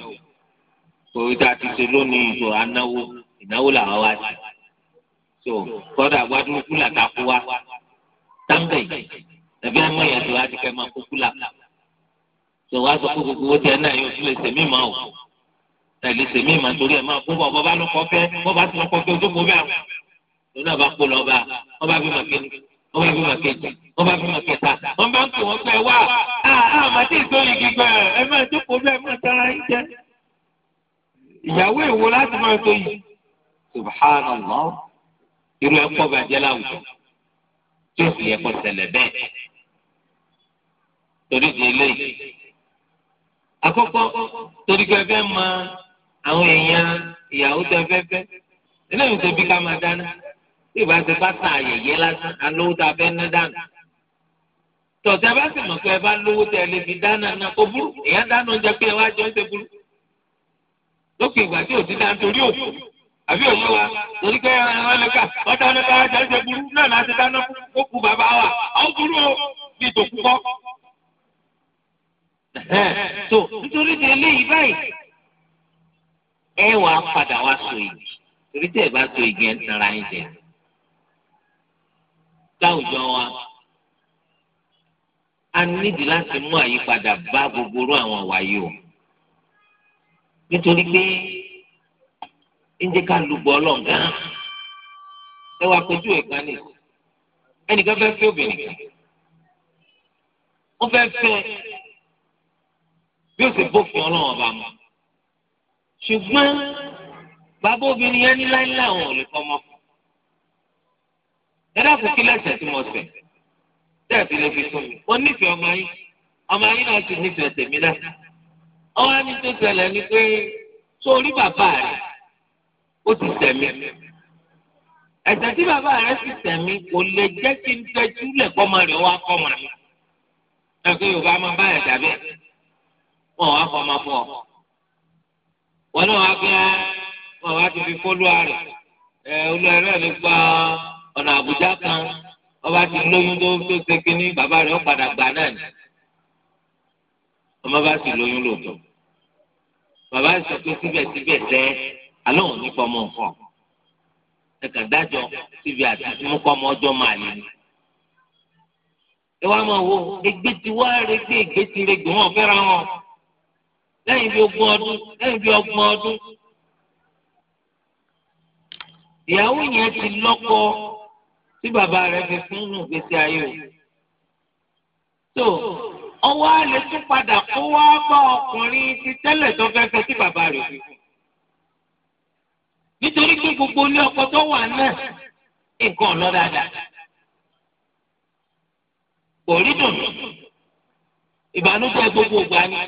kò dá ti ṣe lónìí ìṣò anáwó ìnáwó làwọn wá sí. so kọ́dà gbádùn kúlà tá a kó wa táǹbẹ̀ ẹ̀bí ẹ̀mọ́ yẹn tó wá kẹ́ máa kó kúlà. so wá sọ pé gbogbo owó tiẹ̀ náà yóò tún lè ṣèmí mọ́ o tẹ̀lé ṣèmí mọ́ torí ẹ̀ máa kó bọ̀ bọ́ bá lọ́kọ́ fẹ́ bọ́ bá ti lọ́kọ́ fẹ́ ojú kò bẹ́ẹ̀ lónà bá kó lọ bá wọn bá bí màkínní wọn bá bí màkínní wọn bá bí màkẹta wọn bá ń pè wọn pé wá àmàtí ìsọyìn gbígbà ẹ máa jókòó bẹ́ẹ̀ máa tara yín jẹ ìyàwó èwo láti máa tó yìí subhanallah irú ẹ̀kọ́ bàjẹ́ láwùjọ tí ó sì yẹ kó ṣẹlẹ̀ bẹ́ẹ̀ torí di eléyìí àkọ́kọ́ torí pé fẹ́ mọ àwọn èèyàn ìyàwó tẹ fẹ́fẹ́ eléyìí tó bí ká máa dáná tí ìbá ti bá tàn àyẹyẹ lásán alówó tá a fẹ́ ná dànù tọ̀tẹ́ bá sì mọ̀ pé ẹ bá lówó tẹ ẹ lè fi dáná náà kó burú ìyá dáná oúnjẹ pé ẹ wá jọ ń ṣe burú lókè ìgbà tí òtí dáná torí òkú àbí òye wa torí pé ẹran lè kà wọ́n dáná bá jọ ń ṣe burú náà láti dáná ó kú bàbá wa ó burú o bí tòkú kọ́. tó nítorí ti eléyìí báyìí ẹ wàá padà wá so ìgbì torí tẹ ẹ bá so ìgbì ẹ ń tanra ẹ jẹ láwùjọ wa a nídìí láti mú àyípadà bá gbogbo irú àwọn àwa yìí o nítorí pé ǹjẹ́ ká lu bọ́ ọlọ́run gan-an ẹ wá pẹ̀jú ẹ̀ gan ni ẹnìkan fẹ́ fẹ́ obìnrin kan wọ́n fẹ́ fẹ́ bí ó sì bófin ọlọ́run ọba mu ṣùgbọ́n bàbá obìnrin yẹn ní láíláí àwọn ò lè fọmọ fún dáadáa kí lẹ́sẹ̀ tí mo ṣẹ̀ tẹ́ ẹ̀ fi lè fi fún mi wọ́n nífẹ̀ẹ́ ọmọ yín ọmọ yín náà sì nífẹ̀ẹ́ tèmi náà ọmọ yín tó ṣẹlẹ̀ ni pé sórí bàbá rẹ̀ ó ti ṣẹ̀mí ẹ̀ṣẹ̀ tí bàbá rẹ̀ sì ṣẹ̀mí kò lè jẹ́ kí n tẹ́jú lẹ̀kọ́mọ rẹ̀ wá kọ́mọ rẹ̀ ẹ̀kọ́ yorùbá máa bá ẹ̀ dàbẹ̀ wọn wá fọmọ fún ọ wọn náà wá gbé ah, wọn wá ti fi fólúwa rẹ̀ ẹ̀ olú ẹ̀rọ ẹ̀ ló ọ̀nà àbújá kan ọba ti lóyún tó tó ṣe kínní bàbá rẹ̀ ó padà gbà náà ni ọmọ bá sì lóyún lòótọ́ bàbá sọ pé síbẹ̀síbẹ̀ tẹ́ alẹ́ òun nípa ọmọ nǹkan ẹ̀ka dájọ́ síbi àti ìmúkọ́ ọmọ ọjọ́ máa ní. ẹ wá máa wo ẹgbẹ́ ti wá régbé ẹgbẹ́ ti régbé wọn fẹ́ra wọn lẹ́yìn bí ogún ọdún lẹ́yìn bí ọgbọ̀n ọdún. ìyàwó yẹn ti lọ́kọ tí bàbá rẹ̀ fi fún nù gbèsè ayé rẹ̀. tó ọwọ́ alẹ́ tún padà kó wá bá ọkùnrin ti tẹ́lẹ̀ tó fẹ́ fẹ́ tí bàbá rẹ̀ fi fún. nítorí pé gbogbo ilé ọkọ tó wà náà nǹkan ọ̀nà dáadáa kò rí dùn ìbànújẹ́ gbogbo ìgbà ni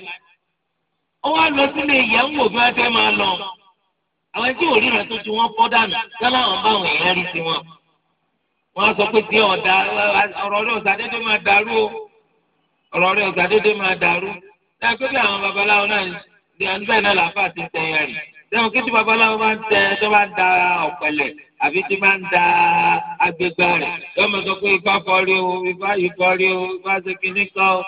ó wá sílé ìyàwó òbí wọn fẹ́ máa lọ àwọn tí ò ríran tó ju wọn fọ́ dànù sọ́lá àwọn èèyàn rí sí wọn wọ́n sọ pé tí ọ̀dà ọ̀rọ̀ rẹ̀ ọ̀sàdédé máa dàrú o ọ̀rọ̀ rẹ̀ ọ̀sàdédé máa dàrú náà pé bí àwọn babaláwo náà ní àníbẹ̀ náà làáfà ti tẹ ẹ̀yà rẹ̀ sẹ́wọ̀n kí tí babaláwo bá ń tẹ tó bá ń da ọ̀pẹ̀lẹ̀ àbí tí bá ń da agbègbè rẹ̀ yọ́n mọ̀ sọ pé ifá fọ́rí o ifá yìí fọ́rí o ifá ṣe kìíní kọ́ o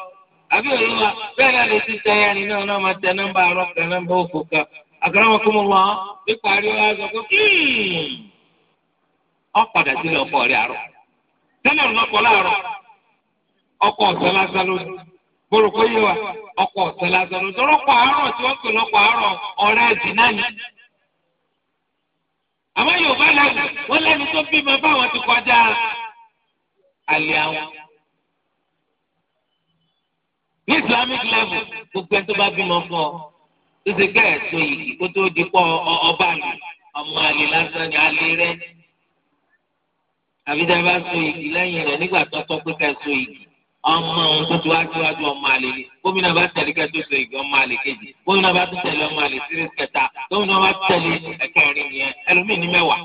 àbí òun wa bẹ́ẹ̀ náà lè ti tẹ ẹ̀yà rẹ̀ náà náà máa tẹ nọ́mbà arọ́pẹ̀ nọ́mbà òkú kan àkàrà wọn kó mo wọ́n nípa rí wa sọ pé hmm. ọ padà sílé ọkọ rẹ àárọ̀ tẹ́lẹ̀ ńlọkọ láàárọ̀ ọkọ ọ̀sẹ̀ lásán lójú gbórúkọ yé wa ọkọ ọ̀sẹ̀ lásán ọkọ àárọ̀ tí wọ́n pè lọ́kọ̀ àárọ̀ ọ̀rẹ́ ẹ̀dín náà ni. yorùbá tó báwọn ti level gbogbo ẹni tó bá bímọ fún ọ ti yìí kó tó di àbí tẹ́ bá so igi lẹ́yìn rẹ̀ nígbà tó tọ́ pé ká so igi ọmọ ohun tó ti wá síwájú ọmọ àlè ni gómìnà bá tẹ̀lé ká tó so igi ọmọ àlè kejì gómìnà bá tẹ̀lé ọmọ àlè sírí kẹta gómìnà bá tẹ̀lé ẹ̀kẹrin nìyẹn ẹlòmíì ní mẹ́wàá.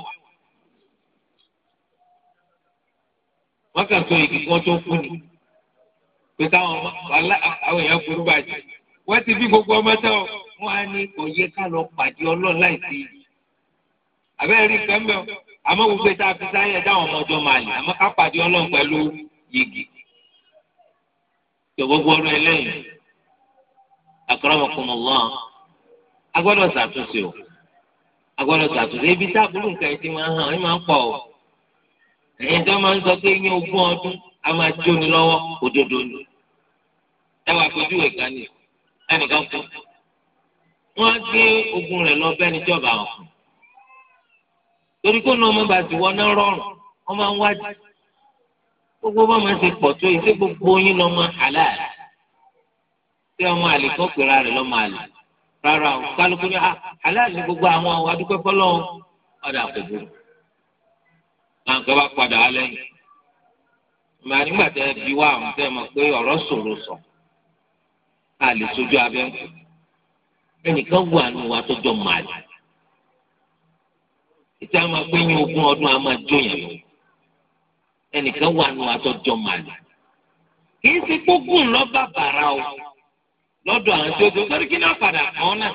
wọ́n kà so igi kí wọ́n tó kú ni pé káwọn àwọn èèyàn burú bàjẹ́ wọ́n ti bí gbogbo ọmọ tán wọ́n á ní òye ká lọ pàdé ọlọ́ọ̀ láì sí àmọ́ gbogbo ìta fi sáyẹn dáhùn ọmọdé máa lè àmọ́ ká pàdé ọlọ́run pẹ̀lú yìgì tó gbogbo ọ̀rọ̀ eléyìí akramakumullah agbọ́dọ̀ ṣàtúnṣe o agbọ́dọ̀ ṣàtúnṣe ibi tá àbúrò nǹkan ẹ ti máa hàn ẹ máa ń pọ̀ o ẹ̀yin tó máa ń sọ pé ní ogún ọdún a máa jó ni lọ́wọ́ òdodo ni ẹ wàá fojú ìka ẹnìkan kú wọ́n á gbé ogún rẹ̀ lọ bẹ́ni tí ọba àwọn torí kó náà ọmọ bá ti wọ náà rọrùn ọmọ ń wájú gbogbo bá máa ṣe pọ̀ tó ìṣe gbogbo yín lọ́mọ halal tí ọmọ àlè kan pèrà rẹ̀ lọ́mọ àlè rárá o kálukú ní ah, halal ní gbogbo àwọn àwọn adúpẹ́ fọlọ́run ọ̀dà àpòbò náà nǹkan bá padà á lẹ́yìn màá nígbà tẹ bí wá àwọn tẹ mọ̀ pé ọ̀rọ̀ ṣòro sọ a lè abẹ́ ń kù ẹnìkan wà nù wa tó jọ màálì ìta máa gbé yín ogún ọdún a máa jó yẹn lọ ẹnìkan wà nù àtọjọ màlẹ kì í ṣe gbógun lọ́ba bàrà o lọ́dọ̀ àwọn tí ti sọ́rí kí náà padà kàn náà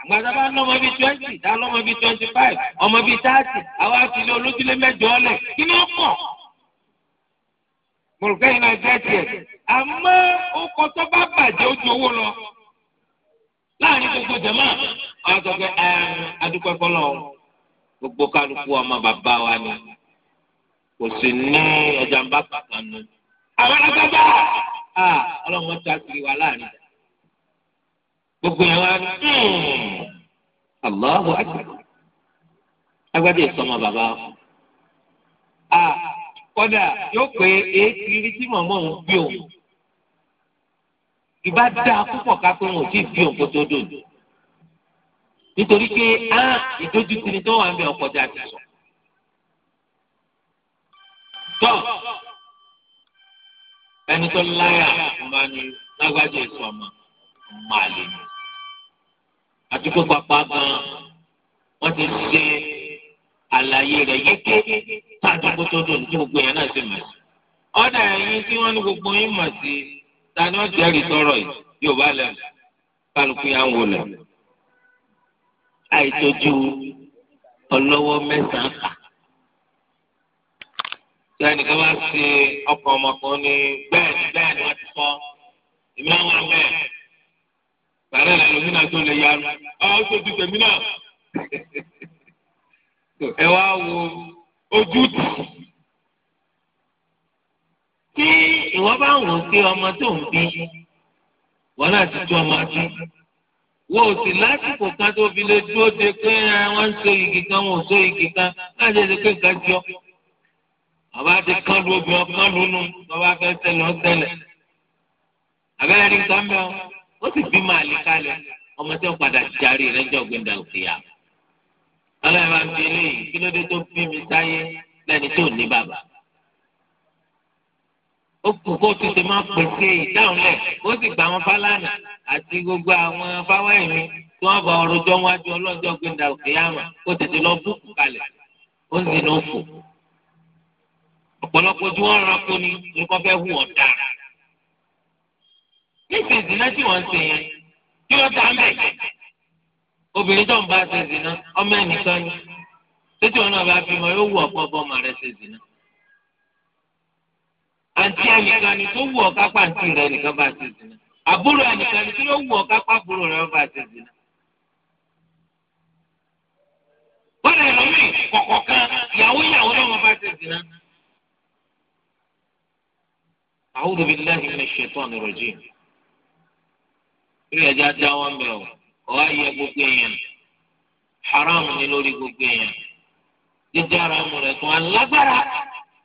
àgbàdàbà lọ́mọ bíi twenty dá lọ́mọ bíi twenty five ọmọ bíi thirty àwa àfilẹ olójúlé mẹ́jọ ọlẹ kí ni ó pọ̀ mọlùkẹ́ yìí náà jẹ́ tiẹ̀ àmọ́ ó kọ tó bá bàjẹ́ ó owó lọ láàrin gbogbo jẹ̀mọ́ àwọn àtọ̀gbẹ́ gbogbo kálukú ọmọ bàbá wa ni kò sì ní ọjà ń bá kankan nu. àwọn alágbádá ọlọ́run wọn ta kiri wa láàrin gbogbo yẹn wa hmm, Allahu akbar agbádá ìsọmọ bàbá wa kódà yóò pé èékiri tí mọ̀mọ́ òun bí òun ìbá dáa púpọ̀ ká pé òun ò tí ì bí òun kó tó dòdò nítorí pé á ìdójútì ni tó wà ń bẹ ọkọjà ti sọ. tọ́ ẹni tó láyà máa ní lágbájá èso ọmọ máa lè ní. àdúgbò pápá gan-an wọ́n ti ṣe àlàyé rẹ̀ yéké tá àdúgbò tó dùn tó gbogbo yẹn náà sì mọ̀ sí. ọ̀dà ẹ̀yìn tí wọ́n ní gbogbo yín mọ̀ sí ta ni wọ́n jẹ́rìí sọ̀rọ̀ yìí yóò bá lẹ̀ kálukú yà ń wọlé àìtójú ọlọ́wọ́ mẹ́sàn-án kà. Ṣé ẹnìkan bá ṣe ọkọ̀ ọmọkùnrin ní bẹ́ẹ̀ ni bẹ́ẹ̀ ni wọ́n ti kọ́? Èmi náà wà bẹ́ẹ̀. Bàrẹ́ ìlànà mi náà tó lè yára. Ọ̀ tó ti tèmi náà. Ẹ wá wo ojú tì. Tí ìwọ bá ń wò ó pé ọmọ tó ń bí, wọ́n náà ti tú ọmọ ọdún wọ́n ò sì lásìkò kan tó fi lè dúró de pé wọ́n ń so igi kan wọ́n ò so igi kan láti ṣe pé nǹkan jọ. bàbá ti kán lu obìnrin kán lónú bàbá fẹ́ tẹ̀lé ọ́ tẹ̀lé. àbẹ́rẹ́ ní nǹkan mẹ́wọ́ ó sì bí màá lè kalẹ̀ ọmọ tí wọ́n padà jarí rẹ̀ jọ gbẹ̀dà òkè yà. ọlọ́run máa ń bi eléyìí kí ló dé tó bí mi sáyé lẹ́ni tó ní bàbá ó kù kó tó ṣe máa pèsè ìdáhùnlẹ̀ ó sì gba àwọn fáláànà àti gbogbo àwọn fáwáì mi tí wọ́n bá ọrọ̀ jọ wájú ọlọ́jọ́ gbẹ̀dà òkè àmà ó tètè lọ búkú kalẹ̀ ó ń zina òfò. ọ̀pọ̀lọpọ̀ ojú wọn rán kó ni nǹkan fẹ́ hù ọ̀ dà. níṣẹ́ ìzìnà tí wọ́n ń ṣe yẹn kí wọ́n ta mẹ́. obìnrin tó ń bá ṣe zina ọmọ ẹnìkan ni tètè wọn náà bá bímọ yóò wù ọ̀pọ̀ ọmọ rẹ̀ ṣe zina. àǹtí ẹnìkan ni tó wù ọ́ kápá àǹtí nìkan bá ti zina àbúrò ẹnìkan ni tó yóò wù ọ́ kápá àbúrò bá ti zina. bọ́dà ìlọ́mì kọ̀kọ̀ kan ìyàwó ìyàwó náà bá ti zina. A'udhu billahi dá wọn ọ̀ á yẹ gbogbo èèyàn haram ni lórí gbogbo èèyàn jíjára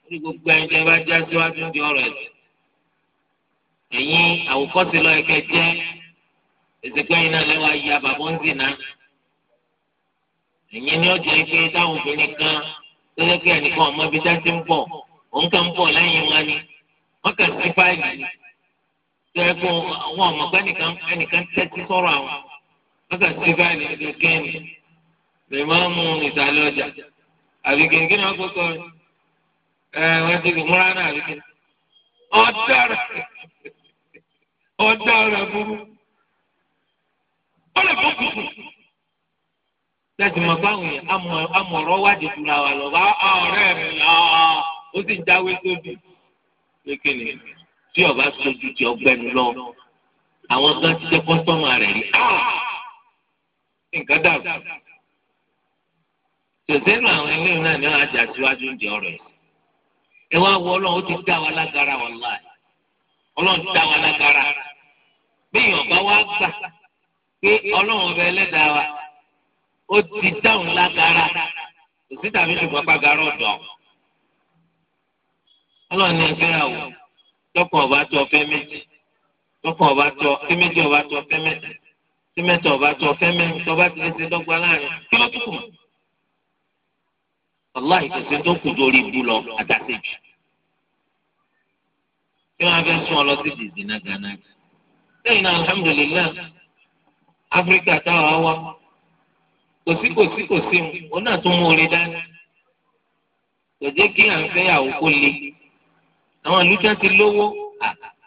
tí gbogbo ẹni tẹ́ bá já síwájú di ọ̀rọ̀ ẹ̀sìn ẹ̀yin àwòkọ́sí lọ́ọ́ ẹ̀kẹ́ jẹ́ ìsìnkẹ́yìn náà lẹ́wọ̀ ayé àbàbọ̀ ń zì náà ẹ̀yin ni ó jẹ́ pé táwọn obìnrin kan tó yẹ kí ẹnìkan ọmọ ibi já sí ń bọ̀ òun kàn ń bọ̀ lẹ́yìn wọn ni wọ́n kàn sí fáìlì ni tó yẹ kó àwọn ọmọ ẹnìkan ẹnìkan tẹ́tí sọ̀rọ̀ àwọn wọ́n kàn sí fáìlì ní kẹ́ni lè má mú ìsàlẹ̀ ọjà àbí kìnkìn náà kókó rẹ̀. ẹ wọ́n ti múra náà rí i ọ̀dára ọ̀dára burú ó lè fún kùkù láti mọ báwọn yẹn amọ̀rọ̀ wádìí tura wa lọ bá ọ̀rẹ́ mi ó sì jáwé sódì di tí ọba sojú ti ọgbẹni lọ àwọn kan ti jẹ kọ́sọ́mà rẹ̀ rí ah! nǹkan dàrú tòṣèlú àwọn ẹlẹ́rìí náà ni wọ́n á jà síwájú ọ̀rọ̀ ẹ wá wọ ọlọ́run ó ti dá wa lágara wàláì ọlọ́run dá wa lágara bíyàn bá wá gbà pé ọlọ́run ọba ẹlẹ́dàá wa ó ti dáhùn lágara òsì tàbí ṣùgbọ́n pàgàrà ọ̀dọ̀ ọlọ́run ní ẹgbẹ́ àwọ̀ tọkàn ọba tó ọfẹ́ méjì tọkàn ọba tó ọfẹ́ méjì ọba tó ọfẹ́ mẹ́ta tí mẹ́ta ọba tó ọfẹ́ mẹ́ta ọba ti lè ṣe dọ́gba láàrin kí ló tún kù mọ́ wàláhì kò sí tó kù dórí ibú lọ àtàtẹjù tí wọn fẹẹ sún ọ lọ sí dìzínà gánà lẹ́yìn náà alhamdulilayi áfíríkà táwa wá kò sí kò sí kò sí òun náà tún mú orí dání kò jẹ́ kí à ń fẹ́yàwó kó le àwọn àlùjá ti lówó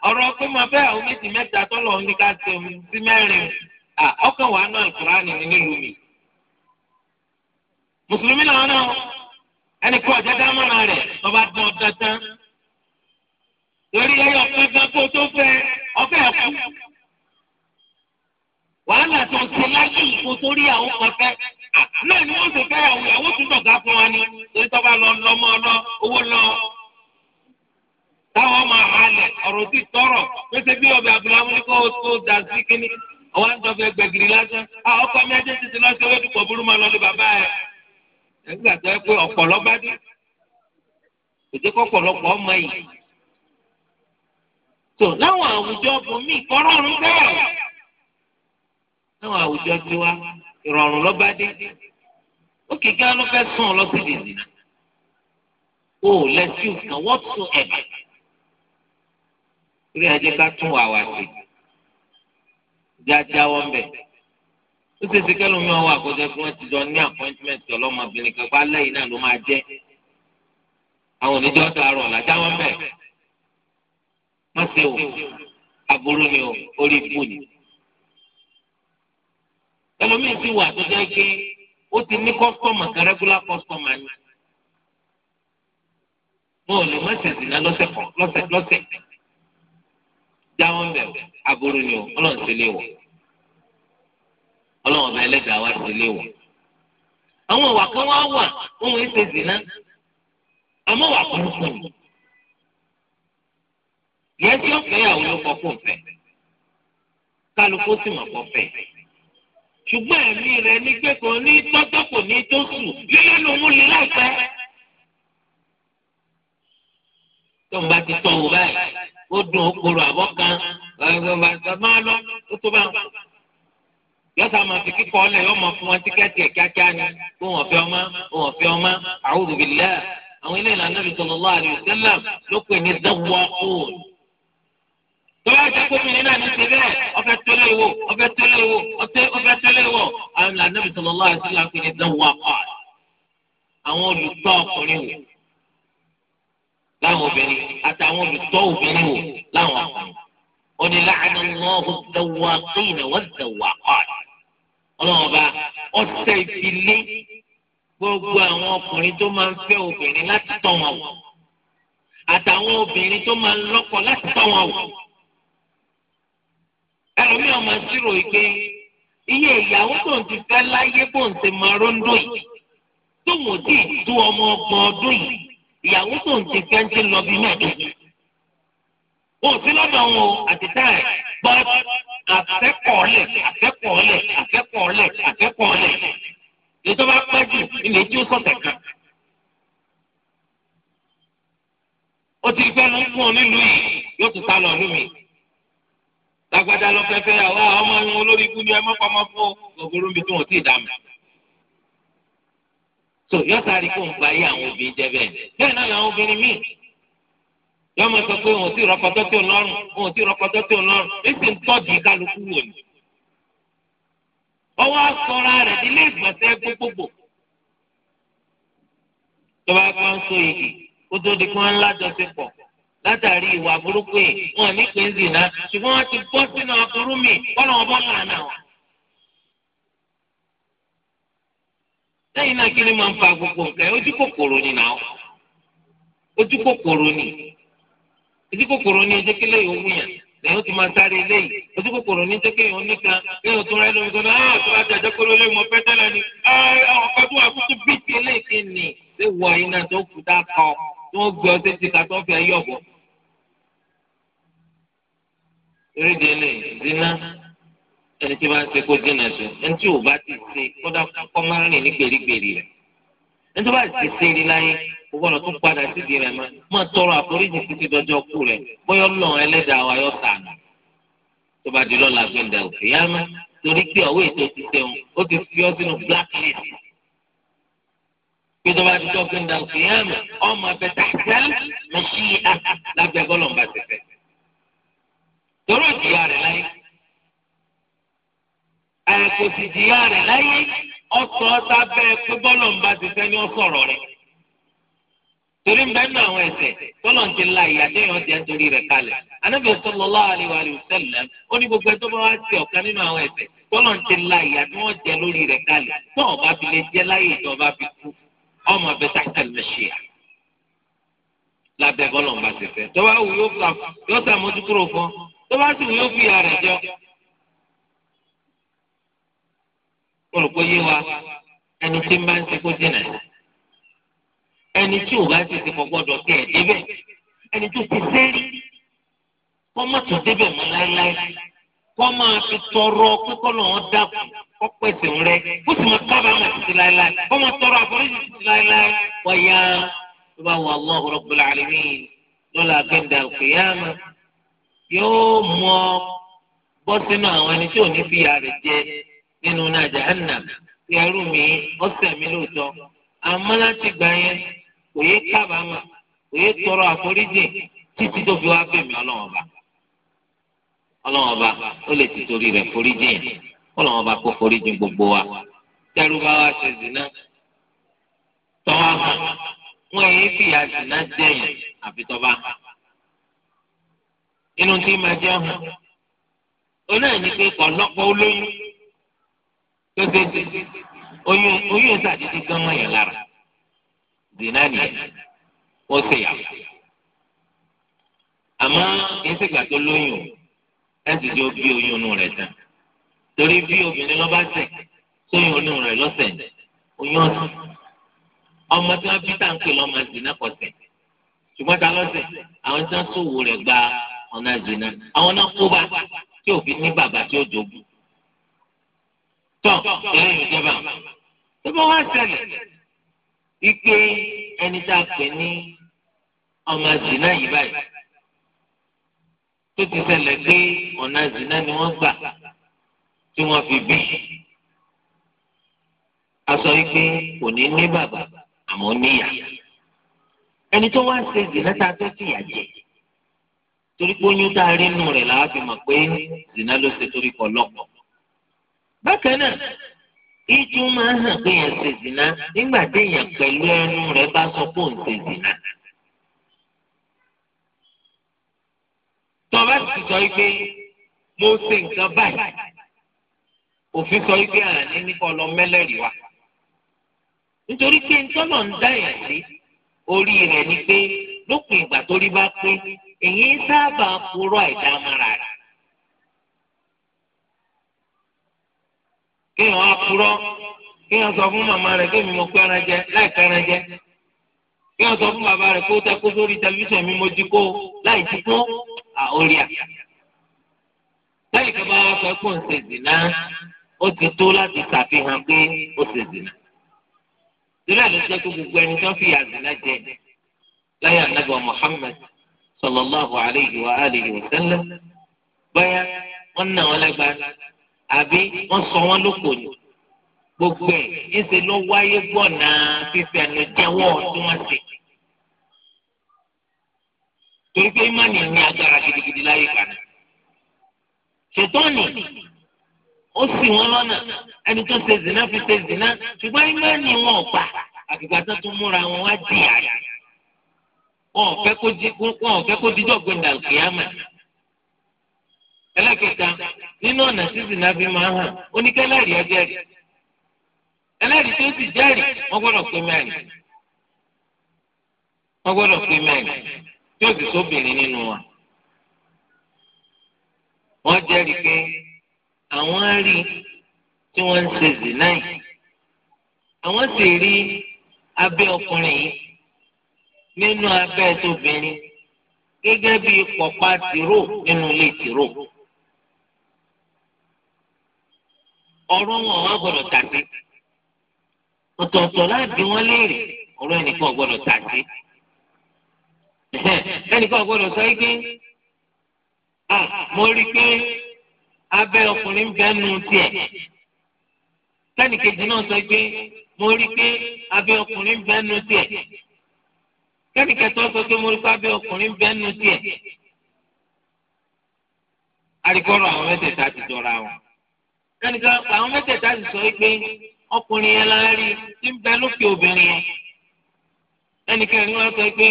ọ̀rọ̀ pé máa fẹ́yàwó méjì mẹ́ta tọ́lọ̀ ní ká ṣe sí mẹ́rin ọkàn wàá náà kúránì nílùú mi mùsùlùmí làwọn náà ẹnì kan ọ̀jẹ̀ dámọ̀ràn rẹ̀ ọba dán dandan lórí ẹyọ kankan kó tó fẹ́ ọfẹ́ ẹ̀kú wàhálà tó ń ṣe láyé ìkó tó rí àwọn ọ̀fẹ́ ah, náà ni wọ́n ṣe fẹ́ àwọn ìyàwó tún dọ̀gá fún wa ni torí tó bá lọ lọ́mọ lọ owó lọ táwọn máa halẹ̀ ọ̀rọ̀ sì tọrọ pèsè bí ọbẹ̀ abúláwọ̀ ní kó o tó dà sí kínní ọwọ́ àjọpẹ̀ gbẹ̀gìrì lásán ah, ọkọ mi ẹjẹ́ ti ti lọ́sọ̀rọ̀ ìdúpọ̀ burú máa lọ lé nígbà tó yẹ pé ọ̀pọ̀lọ́ bá dé òjò kọ́pọ̀lọpọ̀ ọmọ yìí. tó láwọn àwùjọ bòmí ìkọ́rọ̀rùn bẹ́ẹ̀ láwọn àwùjọ tiwa ìrọ̀rùn lọ́ba dé ó kéka ló fẹ́ sùn ọ lọ sí dèzì náà o ò lẹ́sí nǹkan wọ́n tún ẹ̀bà orí ajé ká tún wà wá sí jájáwọ́ ń bẹ̀ ó ṣe ṣe kẹ́lómi ọwọ́ àkọ́jọ tí wọ́n ti jọ ní appointment ọlọ́mọbìnrin kan bá lẹ́yìn náà ló máa jẹ́ àwọn oníjọ́ sàárọ̀ làjá wọn bẹ̀ má ṣe o aburú ni o orí ikú ni. ẹlòmíì ti wà tó jẹ́ pé ó ti ní kọ́sítọ́mù kan regular kọ́sítọ́mù ni wọn ò lè má ṣèṣì náà lọ́sẹ̀ lọ́sẹ̀ lọ́sẹ̀ já wọn bẹ̀ aburú ni o ọlọ́run ti lè wọ̀ ọlọ́run ọba ẹlẹ́dàá wa ti lé wọ̀. àwọn ìwà kan wá wà wọn ò ṣe zìnà àmọ́ wà burúkú ni. yẹ kí ọ̀fẹ́ ìyàwó ló kọ́ fún fẹ́ kálukú sì mọ̀ kọ́ fẹ́. ṣùgbọ́n ẹ̀mí rẹ̀ ní gbẹ̀kan ní tọ́jọ́ kò ní tó sùn lílẹ́ ló mú lé láìpẹ́. tó ń bá ti tọ́ wò báyìí ó dùn ó korò àbọ̀ kan ọ̀rọ̀ ìgbà máa lọ ó tó bá ń kọ́ yọta máa fi kíkọ ọlẹ yọ máa fún wọn tíkẹ́ẹ̀tì ẹ̀ kíákíá ni kó wọn fẹ́ ọmọ kó wọn fẹ́ ọmọ a'udhu billah àwọn ilé ìlànà Nabi sallallahu alaihi wasallam ló pè ní dáwọ́ kóòlù tọ́lá ṣe kó mi nínú àníṣe bẹ́ẹ̀ ọbẹ̀ tọ́lá ìwò ọbẹ̀ tọ́lá ìwò ọbẹ̀ tọ́lá ìwò àwọn Ànábì sallallahu alaihi wasallam pé ní dáwọ́ apáà àwọn olùtọ́ ọkùnrin wò láwọn obìnrin àtàwọn olùtọ́ obìnrin wò láwọn ọkùnrin. onílànà wọn kò dáwọ́ apáà ọlọ́run ọba ọ̀tẹ̀ ìfilé gbogbo àwọn ọkùnrin tó máa ń fẹ́ obìnrin láti tọ́ wọn wò àtàwọn obìnrin tó máa ń lọ́kọ láti tọ́ wọn wò. ẹlòmíràn máa ń ṣírò pé iye ìyàwó tó ń ti fẹ́ láyé bó ń ti máa róńdó yìí tóun ò tí ì tú ọmọ ọgbọ̀n ọdún yìí ìyàwó tó ń ti fẹ́ ń ti lọ bí mẹ́ẹ̀ẹ́dọ́gbọ̀n. wọn ò lọ́dọ̀ wọn àti táà gbọ́ àtẹ́kọ̀ọ́lẹ̀ àtẹ́kọ̀ọ́lẹ̀ àtẹ́kọ̀ọ́lẹ̀ àtẹ́kọ̀ọ́lẹ̀ ìjọba pẹ́jù ilé tí ó sọ̀tẹ̀ kan. ó ti fẹ́ lọ fún ọ nílùú yìí yóò tún sá lọ lómi. lágbádá lọ fẹ́fẹ́ àwa ọmọ ẹ̀yìn olórí ni ẹ mọ́ pamọ́ fún gbogbo tí wọ́n ti dà mí. àwọn obìnrin jẹ bẹ́ẹ̀ náà làwọn obìnrin míì yọ ọmọ sọ pé òun ò tí ì rọpọtọ tí ò lọrùn òun ò tí ì rọpọtọ tí ò lọrùn èsì ń tọ́jú ìkálukú wò ni. ọwọ́ asọ́ra rẹ̀ nílé ìgbọ̀nsẹ̀ gbogbogbò. tọ́ba ẹ̀kọ́ ń so yìí kó tó di kí wọ́n ń lájọsí pọ̀ látàrí ìwà burúkú yìí wọn ní pé ń zìnà ṣùgbọ́n wọ́n ti bọ́ sínú aburú mi kọ́nà wọn bọ́ lànà wọn. lẹ́yìn náà kí ni máa ń fa gbogbo nǹkan ojú kòkòrò ni náà ojú kòkòrò ni ojú kòkòrò ní ojú kílẹ̀ yòówù yàn lẹ́yìn ó ti máa sáré eléyìí ojú kòkòrò ní ojú kílẹ̀ yòówù nìkan lẹ́yìn ó tún rẹ́ lómi sọ́nà ẹ̀ ah, tó bá jẹ́ kó lólè mọ́ pẹ́ tẹ́lẹ̀ ni ah, àwọn kan tó wà fún tó bí ti eléyìí ni ṣé wọ iná tó kù dá kọ tó ń gbé ọtí ti kà tó fẹ́ yọ̀bọ̀. eré di eléyìí dínà ẹni tí wọ́n ti kó dínà sí ẹni tí ò bá ti ṣe kódà kọ́ máa rìn ní rẹ̀ ẹni tó bá ti ṣe o gbọ́dọ̀ tún padà sídìí rẹ̀ mọ́ máa tọrọ àforíjì títí dọjọ́ kú rẹ̀ bóyá ọlọ́run ẹlẹ́dàá wa yọ sànù tó bá di lọ́la gbẹ̀ndà òkè yá má torí pé ọ̀wé ètò ti tẹ̀wọ̀n ó ti fi ọ́ sínú blacklist pé tó bá di lọ́la gbẹ̀ndà òkè yá má ọmọ abẹ tàkà lọ sí ìhà lábẹ́ bọ́lọ̀mbà tẹ̀fẹ́ torí ìjìyà rẹ̀ láyé àìkò sì ìjìyà rẹ̀ láyé ọ̀sọ̀ ọ̀sá bẹ́ẹ̀ pé bọ́lọ̀mbà tẹ̀fẹ́ ni ó sọ̀rọ̀ rẹ̀ torí mbẹ́nu àwọn ẹ̀ṣẹ̀ tọ́lọ̀ ti la ìyá téèyàn jẹ́ nítorí rẹ̀ kalẹ̀ anábì sallallahu alaihi wa sallam ó ní gbogbo ẹjọ́ bá wá sí ọ̀kan nínú àwọn ẹ̀ṣẹ̀ tọ́lọ̀ ti la ìyá tí wọ́n jẹ lórí rẹ̀ kalẹ̀ tó ọba fi lè jẹ́ láyé ìtọ́ ọba fi kú ọmọ abẹ sákàl mẹ́ṣíà lábẹ́ bọ́lọ̀ ń bá ti fẹ́ tó wù yóò fà yóò sàmójúkúrò fún tó sì wù yóò fi ìyá rẹ̀ jọ. mo wa ẹni tí ń bá ń ṣe kó dínà ẹni tí ò bá ti ti kọ gbọ́dọ̀ tẹ ẹ débẹ̀ ẹni tó ti sẹrí kọ má tó débẹ̀ mọ́ láéláé kọ máa fi tọrọ kókó náà dàpọ̀ kọ pèsè rẹ kó sì máa kábàámọ̀ títí láéláé kọ máa tọrọ àforíjì títí láéláé wáyà tó bá wà Allahu Rabbul Alamin lọ́la gbẹ̀ndà al yóò mú bọ́ sínú àwọn ẹni tí ò ní fi ìyà jẹ nínú náà jahannam tí ẹrú mi ọ̀sẹ̀ mi lóòótọ́ àmọ́ láti gbà yẹn òye kábàámà òye tọrọ àforíjì títí tó fi wá bẹ̀mí ọlọ́wọ́n ọba ọlọ́wọ́n ọba ó lè ti torí rẹ̀ foríjì yẹn ọlọ́wọ́n ọba kó foríjì gbogbo wa tẹ́rù bá wá ṣe zina tọ́wọ́ hàn wọ́n èyí fìyà zina jẹ́yìn àfi tọ́ba inú tí ma jẹ́ hàn onáà ní pé kọ́ lọ́pọ̀ olóyún tó ṣe oyún oyún sàdédé gan wọ́n yẹn lára zina nìyẹn ó ṣe yàwó àmọ́ kìí ṣègbà tó lóyún ẹ sì jọ bí oyún inú rẹ̀ tán torí bí obìnrin lọ́ba tẹ̀ sóyún inú rẹ̀ lọ́sẹ̀ oyún ọ̀sán ọmọ tí wọ́n bí táǹkì lọ́mọ zina kọ̀sẹ̀ ṣùgbọ́n ta lọ́sẹ̀ àwọn tí wọ́n sòwò rẹ̀ gba ọ̀nà zina àwọn náà kó bá tí òfin ní bàbá tí ó jogún tọ́ ẹ̀rín ìjọba tó bá wá ṣẹlẹ̀ wípé ẹni tá a pè ní ọmọ zina yìí báyìí tó ti ṣẹlẹ̀ pé ọ̀nà zina ni wọ́n gbà tí wọ́n fi bí a sọ wípé kò ní ní bàbá àmọ́ níyà ẹni tó wá ṣe zina tá a fẹ́ fìyà jẹ torí pé oyún tá a rí nù rẹ̀ làá fi mọ̀ pé zina ló ṣe torí kọ lọ́pọ̀ bákan náà ìjú máa hàn pé yẹn ṣe zina nígbà téèyàn pẹ̀lú ẹnu rẹ̀ bá sọ pé òun ṣe zina. tọ́ba sì sọ pé mo ṣe nǹkan báyìí òfin sọ pé àní nípa ọlọ mẹ́lẹ́rìí wa. nítorí pé ntọ́nà ń dá yàn sí orí rẹ̀ ni pé lópin ìgbà tó rí bá pé èyí sábà kúrò àìdámọ́ra rẹ̀. kéèyàn á purọ́ kéèyàn sọ fún màmá rẹ̀ kéèmí mo pẹ́ ẹranjẹ láì kẹranjẹ kéèyàn sọ fún bàbá rẹ̀ kó tẹ́ kó sórí tẹlifíṣàn mi mo jí kó láì jí kó àórí à. ń ó ti tó láti ṣàfihàn pé ó ṣe jẹ́ kó gbogbo ẹni tó fi jẹ àbí wọ́n sọ wọ́n lóko ni gbogbo ẹ̀ ńṣe ló wáyé gbọ̀nà fífẹ̀nu jẹ́wọ́ tí wọ́n ṣe. torí pé ìmánì ní agbára gidigidi láyé kan. ṣètọ́nì ó sì wọ́n lọ́nà ẹni tó ṣe zìnà fi ṣe zìnà ṣùgbọ́n ìmánì wọn ò pa àgbègbè tó tún múra wọn wá jìyà rẹ̀. wọn ò fẹ́ kó dijọ́ gbẹ̀ndàlùkìyàmà ẹlẹ́kẹta nínú ọ̀nà sísìn náà fi máa hàn oníkẹ́lẹ́rìí ọjẹ́rìí ẹlẹ́rìí tó ti jẹ́rìí wọ́n gbọ́dọ̀ pé mẹ́rin wọ́n gbọ́dọ̀ pé mẹ́rin tí ó sì sóbìnrin nínú wa. wọ́n jẹ́rìí pé àwọn rí tí wọ́n ń ṣe zìnnà yìí àwọn sì rí abẹ́ ọkùnrin yìí nínú abẹ́ tóbìnrin gẹ́gẹ́ bí pọ̀pá tìró nínú ilé tìró. ọ̀rọ̀ wọn wọn gbọ́dọ̀ tàbí ọ̀tọ̀ọ̀tọ̀ láti wọn léèrè ọ̀rọ̀ ẹnìkan gbọ́dọ̀ tàbí ẹnìkan gbọ́dọ̀ sọ yìí pé à mo rí i pé abẹ́ ọkùnrin bẹ́ẹ̀ nu tiẹ̀ kẹ́nìkejì náà sọ pé mo rí i pé abẹ́ ọkùnrin bẹ́ẹ̀ nu tiẹ̀ kẹ́nìkẹtọ́ sọ pé mo rí pé abẹ́ ọkùnrin bẹ́ẹ̀ nu tiẹ̀ arikọrọ àwọn mẹ́tẹ̀ẹ̀ta ti jọra wọn ẹnìkan àwọn mẹ́tẹ̀ẹ̀ta sì sọ pé ọkùnrin yẹn lára rí ti ń bẹ lókè obìnrin yẹn ẹnìkan ni wọ́n sọ pé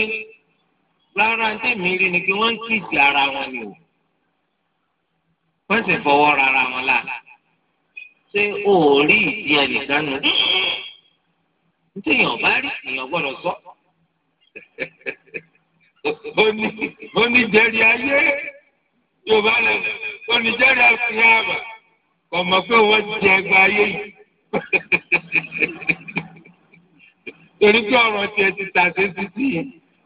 rárá ń tẹ̀mí rí ni kí wọ́n ń kìsì ara wọn ni o wọ́n sì fọwọ́ rárá wọn la ṣé o ò rí ìdí ẹnìkan nù nítorí èèyàn bá rí èèyàn gbọ́dọ̀ sọ ó ayé yóò bá lẹ̀ ó àfihàn àbà ọmọ pé wọ́n jẹ ẹgbẹ́ ayé yìí torí pé ọ̀rọ̀ tiẹ̀ ti tà sí títí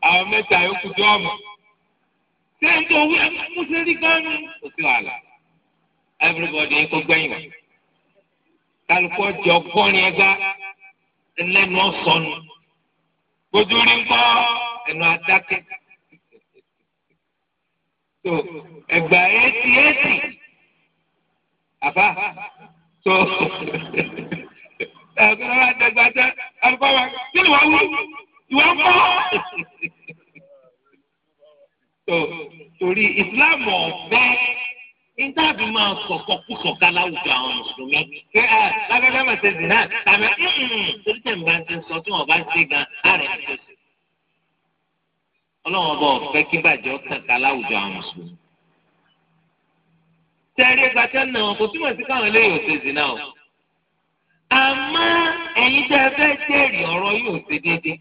àwọn mẹ́ta yòókù tó ọmọ ṣé ń tó wí ẹgbẹ́ rí gánà kò sí wàhálà everybody kò gbẹ̀yìn wá kálukú ọjọ́ ọgọ́rin ẹgbẹ́ ẹlẹ́nu ọ̀sọ́nu gbójú rí ń ẹnu adákẹ́ tó ẹgbà ẹtì ẹtì àbá tó ẹ̀gbọ́n wa dẹ̀gbà tẹ ẹ̀gbọ́n wa kí ni wàá wú ìwà ń bọ̀. tó <laughs> torí ìsìláàmù ọ̀fẹ́ nígbàdùn máa sọ̀kọ̀ kú sọ̀ka láwùjọ àwọn mùsùlùmí pé à lágbàdá máa ṣe zìnnà tàbí torí tẹ̀ ń bá ti sọ tí wọ́n bá ṣe gan ààrẹ ti sọ. ọlọ́run ọ̀fẹ́ kí bàjẹ́ ọ̀kàkà láwùjọ àwọn mùsùlùmí. tẹ̀rí gbàtẹ́ nà wọn kò túmọ̀ sí káwọn eléyìí ò ṣe zina o. àmọ́ ẹ̀yin tẹ́ ẹ fẹ́ jẹ́rìí ọ̀rọ̀ yìí ṣe déédéé.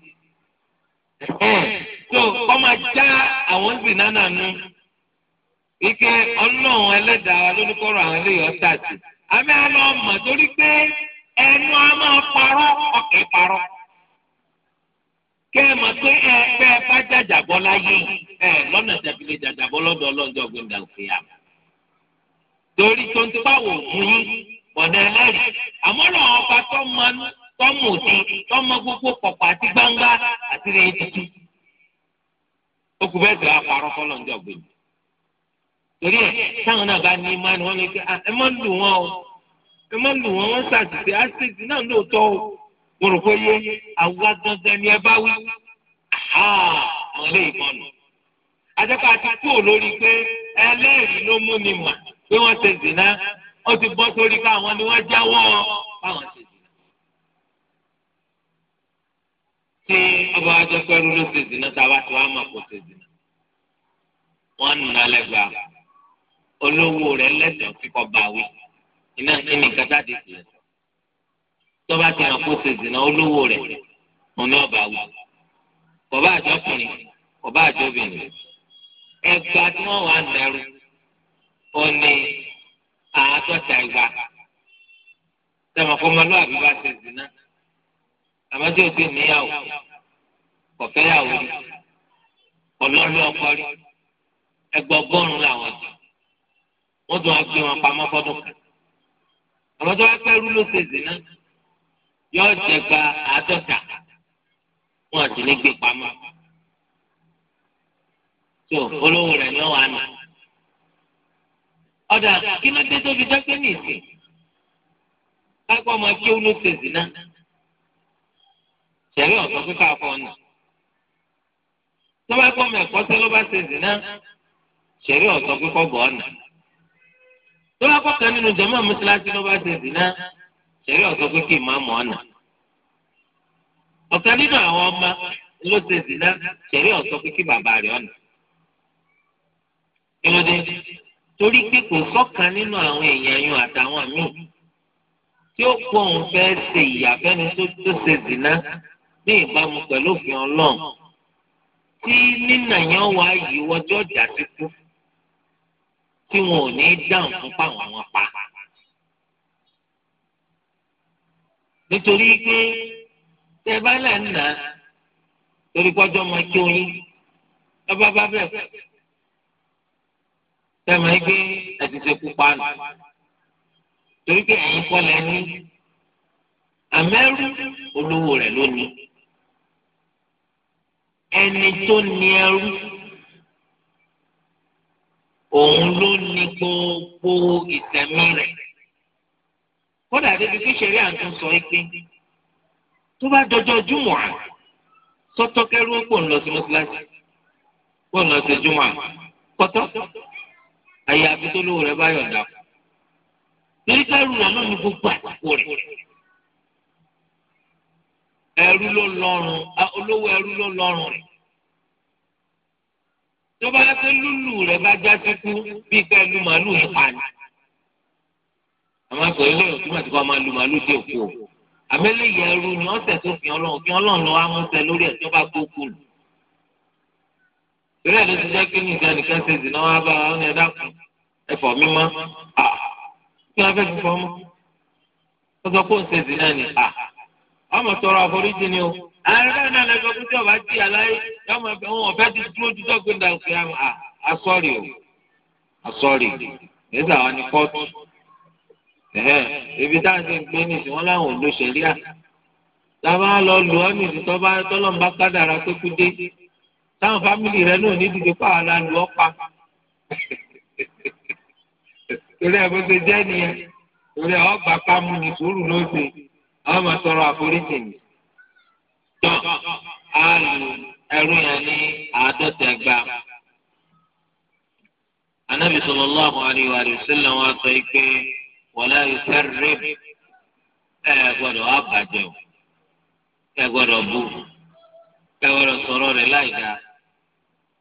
tó kọ́ máa já àwọn zina náà nú. ike ọlọ́run ẹlẹ́dàá lóníkọ́rọ̀ àwọn eléyìí tààtì. sí. àmì àlọ́ ọmọ torí pé ẹnu a máa parọ́ ọ̀kẹ́ parọ́. kẹ́ ẹ mọ̀ pé ẹ bá jàjàbọ́ láyé ẹ lọ́nà tẹ̀fìlẹ̀ jàjàbọ́ lọ́dọ̀ ọlọ́jọ́ gbẹ̀ndàlùfẹ́yàmù. torí tó ń pàwò fún yín ọ̀dà ẹlẹ́rìí àmọ́ náà ọba tó mọ tó mọ òdi tó mọ gbogbo pọ̀pọ̀ àti gbangba àti rèé tuntun ó kù bẹ́ẹ̀ tẹ̀lé àpárọ̀ fọlọ́ ní ọ̀gbìn torí ẹ̀ táwọn náà bá ní ìmọ̀ ni wọ́n lè ké ẹ má lù wọ́n o ẹ má lù wọ́n wọ́n ṣàtìsí àṣìṣe náà lóòótọ́ o mo rò pé yé àwa gangan ni ẹ bá wí àwọn ilé ìbọn nù. àjẹpà ti kú lórí pé ẹlẹ́rìí ló mú ni mà pé wọ́n ṣe zìnà wọ́n ti bọ́ sórí káwọn ni wọ́n jáwọ́ káwọn ṣe zìnà. tí ọba ajọ pẹ́rú ló ṣe zìnà tàbá tí wọ́n á máa kó ṣe zìnà. wọ́n nà lẹ́gbàá olówó rẹ̀ lẹ́sẹ̀ kíkọ́ bá wí iná ní nìkan jáde sílẹ̀. tọ́ba ti hàn kó ṣe zìnà olówó rẹ̀ mo ní ọba wí. bọ̀bá àjọkùnrin bọ̀bá àjọbìnrin ẹgbàá tí wọ́n wà ń dẹrù. Oni, ní àádọ́ta ìgbà sẹ́wọ̀n kó máa lọ àbí bá ṣe zina àmọ́ tí o ti níyàwó kọ̀fẹ́yàwó rí ọlọ́ọ̀lọ́ ọkọ rí ẹgbọ̀gọ́rùn làwọn jù wọ́n tún wá gbé wọn pamọ́ fọ́dún kan àmọ́ tó wá pẹ́rú ló ṣe zina yóò jẹ gba àádọ́ta wọn àti ní gbé pamọ́ tó olówó rẹ̀ ní wàá nà ọ̀dà kí ló dé tó fi jẹ́ pé ní ìsìn lágbọ́n máa kí olú ṣe sí náà ṣẹ̀rí ọ̀sán pé ká fọ́ ọ̀nà tó bá gbọ́ mi ẹ̀kọ́sẹ́ ló bá ṣe sí náà ṣẹ̀rí ọ̀sán pé kọ́ bọ̀ ọ̀nà tó bá kọ́kàn nínú jọ̀mọ́ mọ́ṣáláṣí ló bá ṣe sí náà ọ̀sán pé kí ọ̀nà ọ̀kan nínú àwọn ọmọ ló ṣe sí náà ọ̀sán pé bàbá rẹ̀ ọ̀nà kí ló dé torí pé kò sọ́kan nínú àwọn èèyàn yun àtàwọn míì tí ó kó òun fẹ́ ṣe ìyàfẹ́ni tó tó ṣe zìnà ní ìbámu pẹ̀lú òfin ọlọ́run tí nínà yẹn wá yí wọjọ́ ìjà ti kú tí wọn ò ní dáhùn fún páwọn àwọn pa. nítorí pé tẹ bá lẹ́nu náà torí pọ́jọ́ máa kí oyin lọ́ba bá bẹ̀ fún tẹ́mọ̀ ẹ́ gbé ẹ̀dínsẹ́ pupa nù torí pé ẹ̀yin kọ́ lẹ́ ní amẹ́rù olówó rẹ̀ lónìí ẹni tó ní ẹrú òun ló ní gbogbo ìtẹ̀mí rẹ̀ kódà débi kí sẹ́rí àǹtún sọ é pé tó bá dọjọ́ júmọ̀ à sọ́tọ́kẹ́rú ó pò ń lọ sí mọ́sálásí pò ń lọ sí júmọ̀ à kọ́tọ́ àyè àbítólówó rẹ bá yọ̀ǹda kù torí kẹrù rẹ náà ní gbogbo àtàkù rẹ ẹrú ló lọ́rùn olówó ẹrú ló lọ́rùn rẹ tó bá yẹ pé lúlù rẹ bá já síkú bí ká lu màálù yìí pa ni àmọ́ sọ ilé ìwé túmọ̀ sí kó máa lu màálù dé òkú o àmẹ́lẹ́yẹ ẹrú ni ọ̀sẹ̀ tó fi ọlọ́run fi ọlọ́run lọ́wọ́ amúṣẹ lórí ẹ̀ tó bá gbókù lù torí ẹ̀ ló ti jẹ́ kí ní ìgbà nìkan ṣe ìdìnnà wá bá wọn ní ẹ̀dá kan ẹ̀fọ́ mímọ́ à kí wọ́n fẹ́ fi fọ́ mọ́ wọ́n sọ pé òun ṣe ìdìnnà ni à ọmọ tọrọ àforíjì ni o ààrẹ báyìí náà lẹ́gbẹ́ kú tí ọba jí aláyé yọmọ ẹ̀fẹ́ wọn ọ̀fẹ́ ti dúró dídọ́ gbé ndà òkè àmọ́ à asọ́rì o asọ́rì ẹ̀sà wọn ni kóòtù ibi táwọn ti ń gbé nìsí wọn láwọn ò lo ṣẹ̀ríà táwọn lọ lù ọ́ nìsí tọ́ táwọn fámìlì rẹ náà ní dídí pa àwọn àlù ọ̀pá torí ẹ bó ṣe jẹ́ nìyẹn torí ẹ ọgbà pamú ní sùúrù ló ṣe àwọn máa sọ̀rọ̀ àforíjì ni tán àlù ẹrú yẹn ní àádọ́ta ẹgbàá anabi sallallahu alayhi wa sallam wa sọ pé wọlé ìfẹrẹ ẹ gbọ́dọ̀ wà bàjẹ́ o ẹ gbọ́dọ̀ bú ẹ gbọ́dọ̀ sọ̀rọ̀ rẹ̀ láì dáa.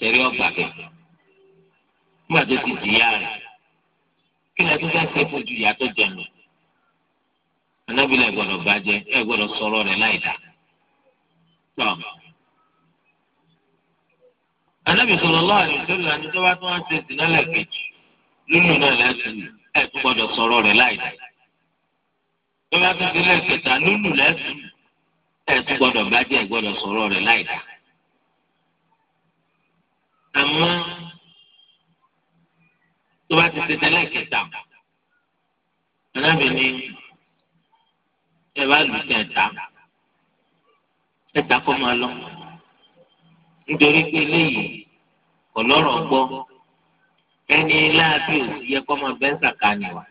sẹ́rí ọgbà bẹ́ẹ̀ nígbà tó ti jìyà rẹ̀ kí ni a tún fẹ́ ṣe fojú ìyá tó anábìlẹ̀ gbọ́dọ̀ bàjẹ́ ẹ gbọ́dọ̀ sọ̀rọ̀ rẹ̀ láì dá anábì ṣe kejì lónìí náà lẹ́sìn gbọ́dọ̀ sọ̀rọ̀ rẹ̀ láì dá tó lónìí lẹ́sìn gbọ́dọ̀ bàjẹ́ àmọ́ tó bá ti tètè lẹ́ẹ̀kẹta anábìíní ẹ bá lù sí ẹ̀dá ẹ̀dá kọ́ máa lọ nítorí pé eléyìí kò lọ́rọ̀ gbọ́ ẹni láàbí ò yẹ kọ́ máa bẹ́ sàkánì wa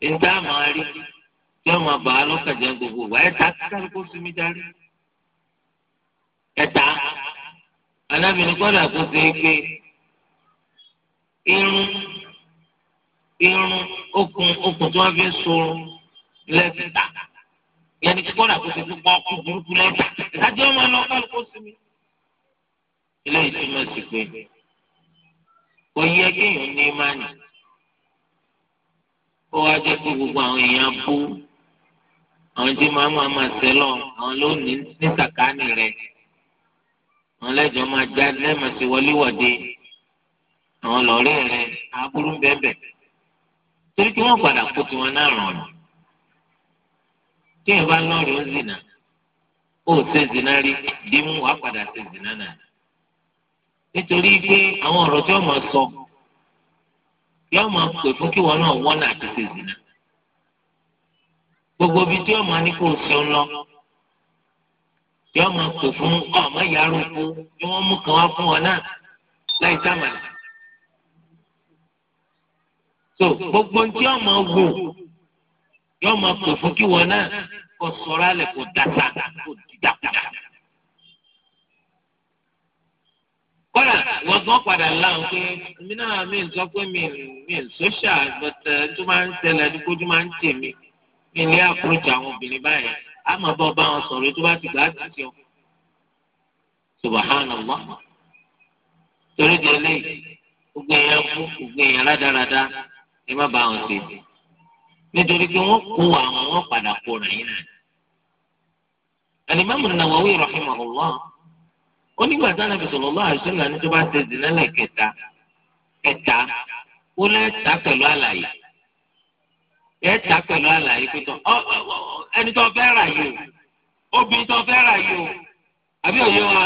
níta máa rí tí wọ́n máa bà á gbogbo wa ẹ̀dá kí kálukú sinmi darí ẹ̀dá anábìrin gbọ́dọ̀ tó ṣe é pé irun irun okùn okùn tí wọ́n fi ń sorun lẹ́sìtà yẹnni kí kọ́dà kó ṣe tó pa ọkùn burúkú lẹ́sìtà ìdájọ́ ọmọ ẹ̀ lọ́ọ́ kálukú sí mi. ilé ìtumọ̀ sí pé kò yẹ kéèyàn ní ìmánì ó wá jẹ́ pé gbogbo àwọn èèyàn bú àwọn tí màmá máa sẹ́lọ̀ àwọn ló ní ní sàkáání rẹ̀ àwọn lẹ́jọ́ máa já lẹ́mọ̀ sí wọléwọ̀de àwọn lọ́rẹ́ rẹ aburú bẹ́ẹ̀bẹ́ torí kí wọ́n padà kó tiwọn náà ràn ọ́nà tí ẹ bá lọ́ọ̀rì ó zìnà ó ṣe zìnà rí dìímú wàá padà ṣe zìnà náà nítorí pé àwọn ọ̀rọ̀ tí wọ́n máa sọ yóò máa pè fún kí wọn náà wọ́n náà ti ṣe zìnà gbogbo ibi tí wọ́n máa ní kó o ṣeun lọ yọọ máa pè fún ọmọ ìyá arúgbó ni wọn mú kàn wá fún ọ náà láì sàmàlà. so gbogbo ní tí yọọ máa wò yọọ máa pè fún kí wọn náà kò sọ̀rọ̀ alẹ́ kò dàtà kò dìdàkudà. kọ́lá wọ́n gbọ́n padà láwọn pé mi náà mi ń sọ pé mi mi ń sọ́ṣà bọ̀tẹ̀ eh, tó máa ń ṣẹlẹ̀ àdúgbò máa ń tèmi mi ní àpòròjì àwọn obìnrin báyìí á máa bọ́ bá wọn sọ̀rọ̀ tó bá ti gbà á ti sọ. subhanallah torí di eléyìí gbogbo èèyàn kú gbogbo èèyàn rádaràda ẹ má bá wọn ṣe nítorí pé wọ́n kó àwọn wọn padà kó ràn yín náà. alimami nawawi rahimahullah onígbà tí anabi sallallahu alaihi wasallam ní tó bá ti zina lẹ́kẹta ẹ̀ta ó lẹ́ta pẹ̀lú àlàyé ẹ ta pẹ̀lú àlàyé pé tán ẹni tó fẹ́ rà yìí o obìnrin tó fẹ́ rà yìí o àbí òye wa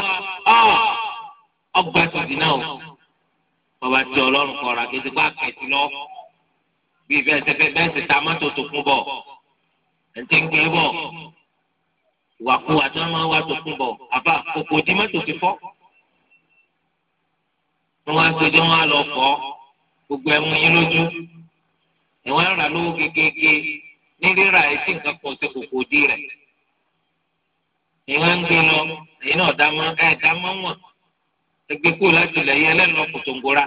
ọgbà tòdì náà o bàbá tí ọlọ́run kọra kí ti bá kẹ̀sì lọ bí bẹ́ẹ̀ tẹ́fẹ́ bẹ́ẹ̀ sì ta mọ́tò tó kún bọ̀ ẹ̀ ń tẹ́ ń gbé bọ̀ ìwàkuwà tí wọ́n máa wá tó kún bọ̀ àbá kòkò dí mọ́tò ti fọ́ wọ́n wá gbé dé lọ fọ́ gbogbo ẹ̀mú yín lójú ìwọ́n ń rà lówó kékeré ní rírà etí nǹkan kan ṣe kòkò dí rẹ̀ ìwọ́n ń gbé lọ èyí náà dámọ́ ẹ̀ dámọ́ wọ̀n ẹgbẹ́ kúrò láti ilẹ̀ yẹn lẹ́nu ọkọ̀ tó ń gora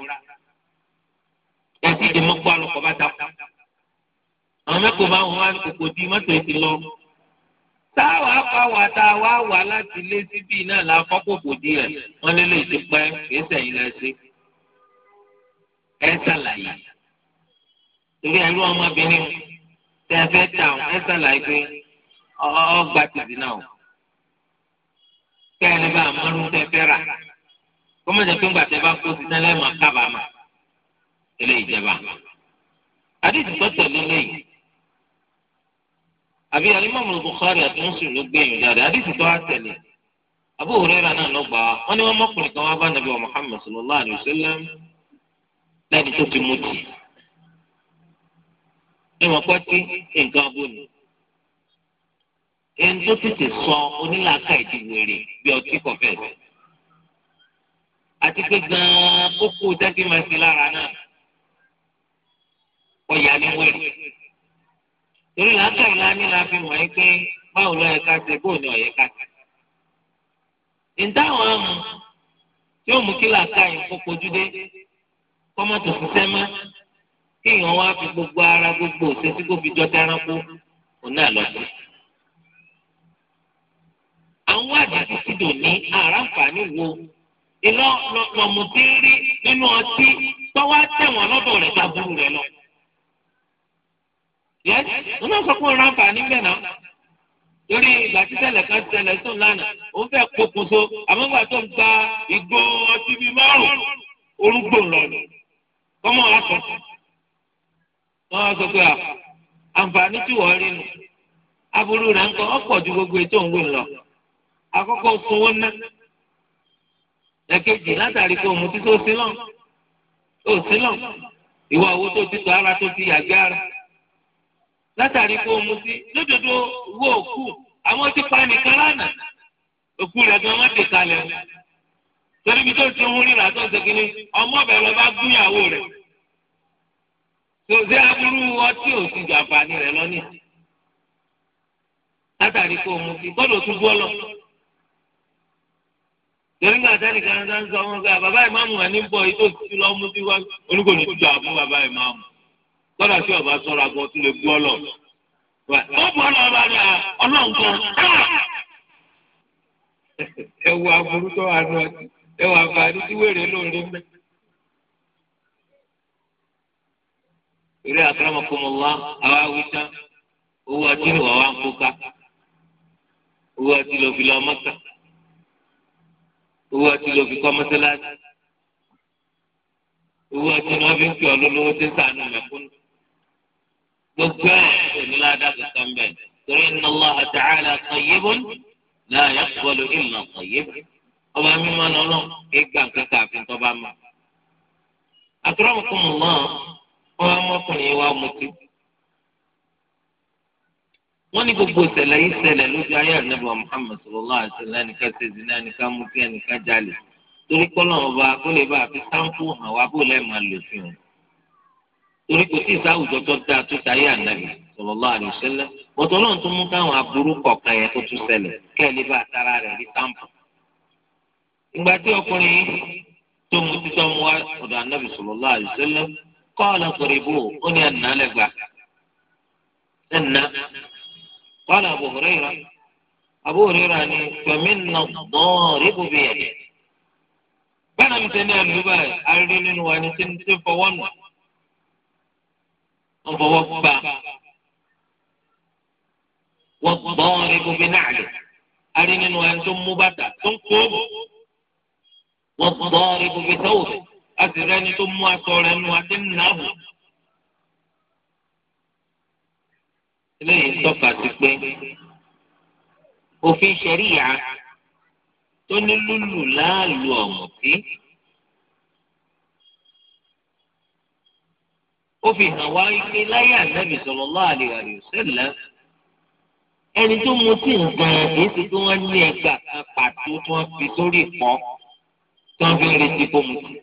ẹtí ìdìmọ́ gbọ́ àlùkò bá ta kú àwọn mẹ́kọ̀ọ́ bá wọn wá kòkò dí mọ́tò ètí lọ táwa pàwà táwa wà láti ilé síbí náà la fọ́kòkò dí rẹ̀ wọ́n lé lè ti pẹ́ kì í sẹ́yìn lẹ́sẹ̀ ẹ̀ ṣàlàyé torí ẹrú ọmọbìnrin tẹ ẹ fẹ́ tà ọ ẹ sàlàyé pé ọgbà tìdí náà kẹ ẹ lè bá àmọ́rún tẹ fẹ́ rà kọ́mọ̀jẹ̀ pé ńgbà tẹ bá kó sí sẹ́lẹ̀ máa kábàámà ilé ìjẹba. àdìsí sọ́tọ̀ lílé yìí àbí alimọ́mù Bukhari àti Muslim ló gbé yìí jáde àdìsí tó á tẹ̀lé Abu Hurairah náà ló gbà á wọ́n ní wọ́n mọ́kùnrin kan wá bá nàbí wa Muhammad sallallahu alayhi wa sallam lẹ́ni tó ti mú tì í ẹ̀wọ̀n pẹ́ pé nǹkan abó ni. ẹni tó tètè sọ onílàákà ìdìbò rè bí ọtí kọfẹ́ rẹ̀. àti pé gan-an ó kú dájú máa ṣe lára náà. ọ̀yà ni wẹ̀rẹ̀. torí làákà ìlà ni la fi mọ̀ ẹ́ pé báwo ló yẹ ká ṣe bóun ni ọ̀yẹ́ ká ṣe. ìdáhùn àmú yóò mú kí làákà yìí kó kojú dé kọ́mọ́tò ṣiṣẹ́ mọ́. kéèyàn wá fi gbogbo ara gbogbo òṣèṣì kó fi jọ dáránkó òun náà lọ sí. àwọn àdìsí ti dùn ní àràǹfààní wo iná lọmọdéérí nínú ọtí tọwọ tẹwọn lọ́dọ̀ rẹ̀ sábúrú rẹ̀ lọ. yẹ náà sọ pé náà torí kan sùn lánàá òun tó ń gba ọtí wọ́n á sọ pé àǹfààní tí wọ́n rí nu aburú rẹ̀ ń kọ́ ọ̀pọ̀ ju gbogbo ètò òun wò lọ. àkọ́kọ́ sanwó ná ẹ̀kejì látàrí pé òun ti tó sílọ̀ tó sílọ̀ ìwà owó tó ti tọ ara tó ti yàgbé ara látàrí pé òun ti lódodo wo òkú àwọn ti pa nìkan lánàá òkú rẹ̀ gan wọ́n ti kalẹ̀ o torí bí tó ti ń rí rà tó ń segin ọmọ ọbẹ̀ lọ bá gúnyàwó rẹ̀ kò sí aburú ọtí ò ti ju àǹfààní rẹ̀ lọ nìyí látàrí kó mu ti gbọ́dọ̀ tún bọ lọ torí nígbà tẹ́lẹ̀ kan náà ń sọ wọn pé bàbá ìmáàmù wà ní bọ̀ yìí tó ti lọ́ mú sí wá oníkò ní tuntun àbúrò bàbá ìmáàmù gbọ́dọ̀ sí ọba sọ̀rọ̀ àgbọ̀ tó lè bú ọ lọ. ó bọ̀ lọ ọba rẹ̀ ọlọ́ǹkan. <laughs> ẹ wo aburú tó wà nù ọtí ẹ wo àǹfààní tí wèrè lóore ilé akramakumullah àwa wíta owó ọtí ni wàá wá ń kóka owó ọtí ló fi lọ mọ́tà owó ọtí ló fi kọ́ mọ́sálásí owó ọtí ni wọ́n fi ń pè ọ́ lólówó tí ń sànù mẹ́kúnnù gbogbo ẹ̀ òní ládàgbà kan bẹ́ẹ̀ torí inna Allah ta'ala tayyibun la yaqbalu illa tayyiban ọba mímọ́ lọ́lọ́ kéka kankan àfi tọ́ba mọ́. akramakumullah wọn ọmọkùnrin wa mutí wọn ní gbogbo ìṣẹ̀lẹ̀ yìí ṣẹlẹ̀ lójú ayé ànábì wa muhammed sallallahu alaihi wasallam ẹnìkan ṣe zina ẹnìkan mutí ẹnìkan jalè torí kọlọ ọba kó lè bá àfi sáńpù hàn wá bó lẹ máa lò sí wọn torí kò sí ìsáwùjọ tó dáa tó ṣayé ànábì sallallahu alaihi wasallam bọtọ náà tún mú káwọn aburú kọ̀ọ̀kan yẹn tó tún ṣẹlẹ̀ kẹlẹ ìgbà tí ọkùnrin tó mutí tó mu wá ọ̀dọ̀ ànábì sallallahu alaihi wasallam kọ́ọ̀lù kòrìbù ó ní ẹ̀nà lẹ́gbàá ẹ̀nà kọ́ọ̀lù Abu Hurairah Abu Hurairah ni fẹ̀mínà dọ́ọ̀rìbù bìyà dẹ̀. bẹ́ẹ̀ ni sẹ́ni ẹ̀lú báyìí arírí nínú wa ni tí ń tí fọwọ́ nù wọ́n fọwọ́ gbà wọ́n dọ́ọ̀rìbù bí náàlì arírí nínú wa ni tó mú bàtà tó ń kó wọ́n dọ́ọ̀rìbù bí tọ́wọ́ a sì rẹ́ni tó mú aṣọ rẹ̀ nu àti nàbù. eléyìí tọ́ka sí pé òfin ṣẹ̀ríyà tó ní lùlù láàlú ọ̀mùtí. ó fi hàn wá pé láyé ànábì sallallahu alaihi wasallam ẹni tó mu tí nǹkan kìí ṣe tí wọ́n ní ẹgbàá kan pàtó tí wọ́n fi sórí ìpọ́ tí wọ́n fi ń retí kó mu tì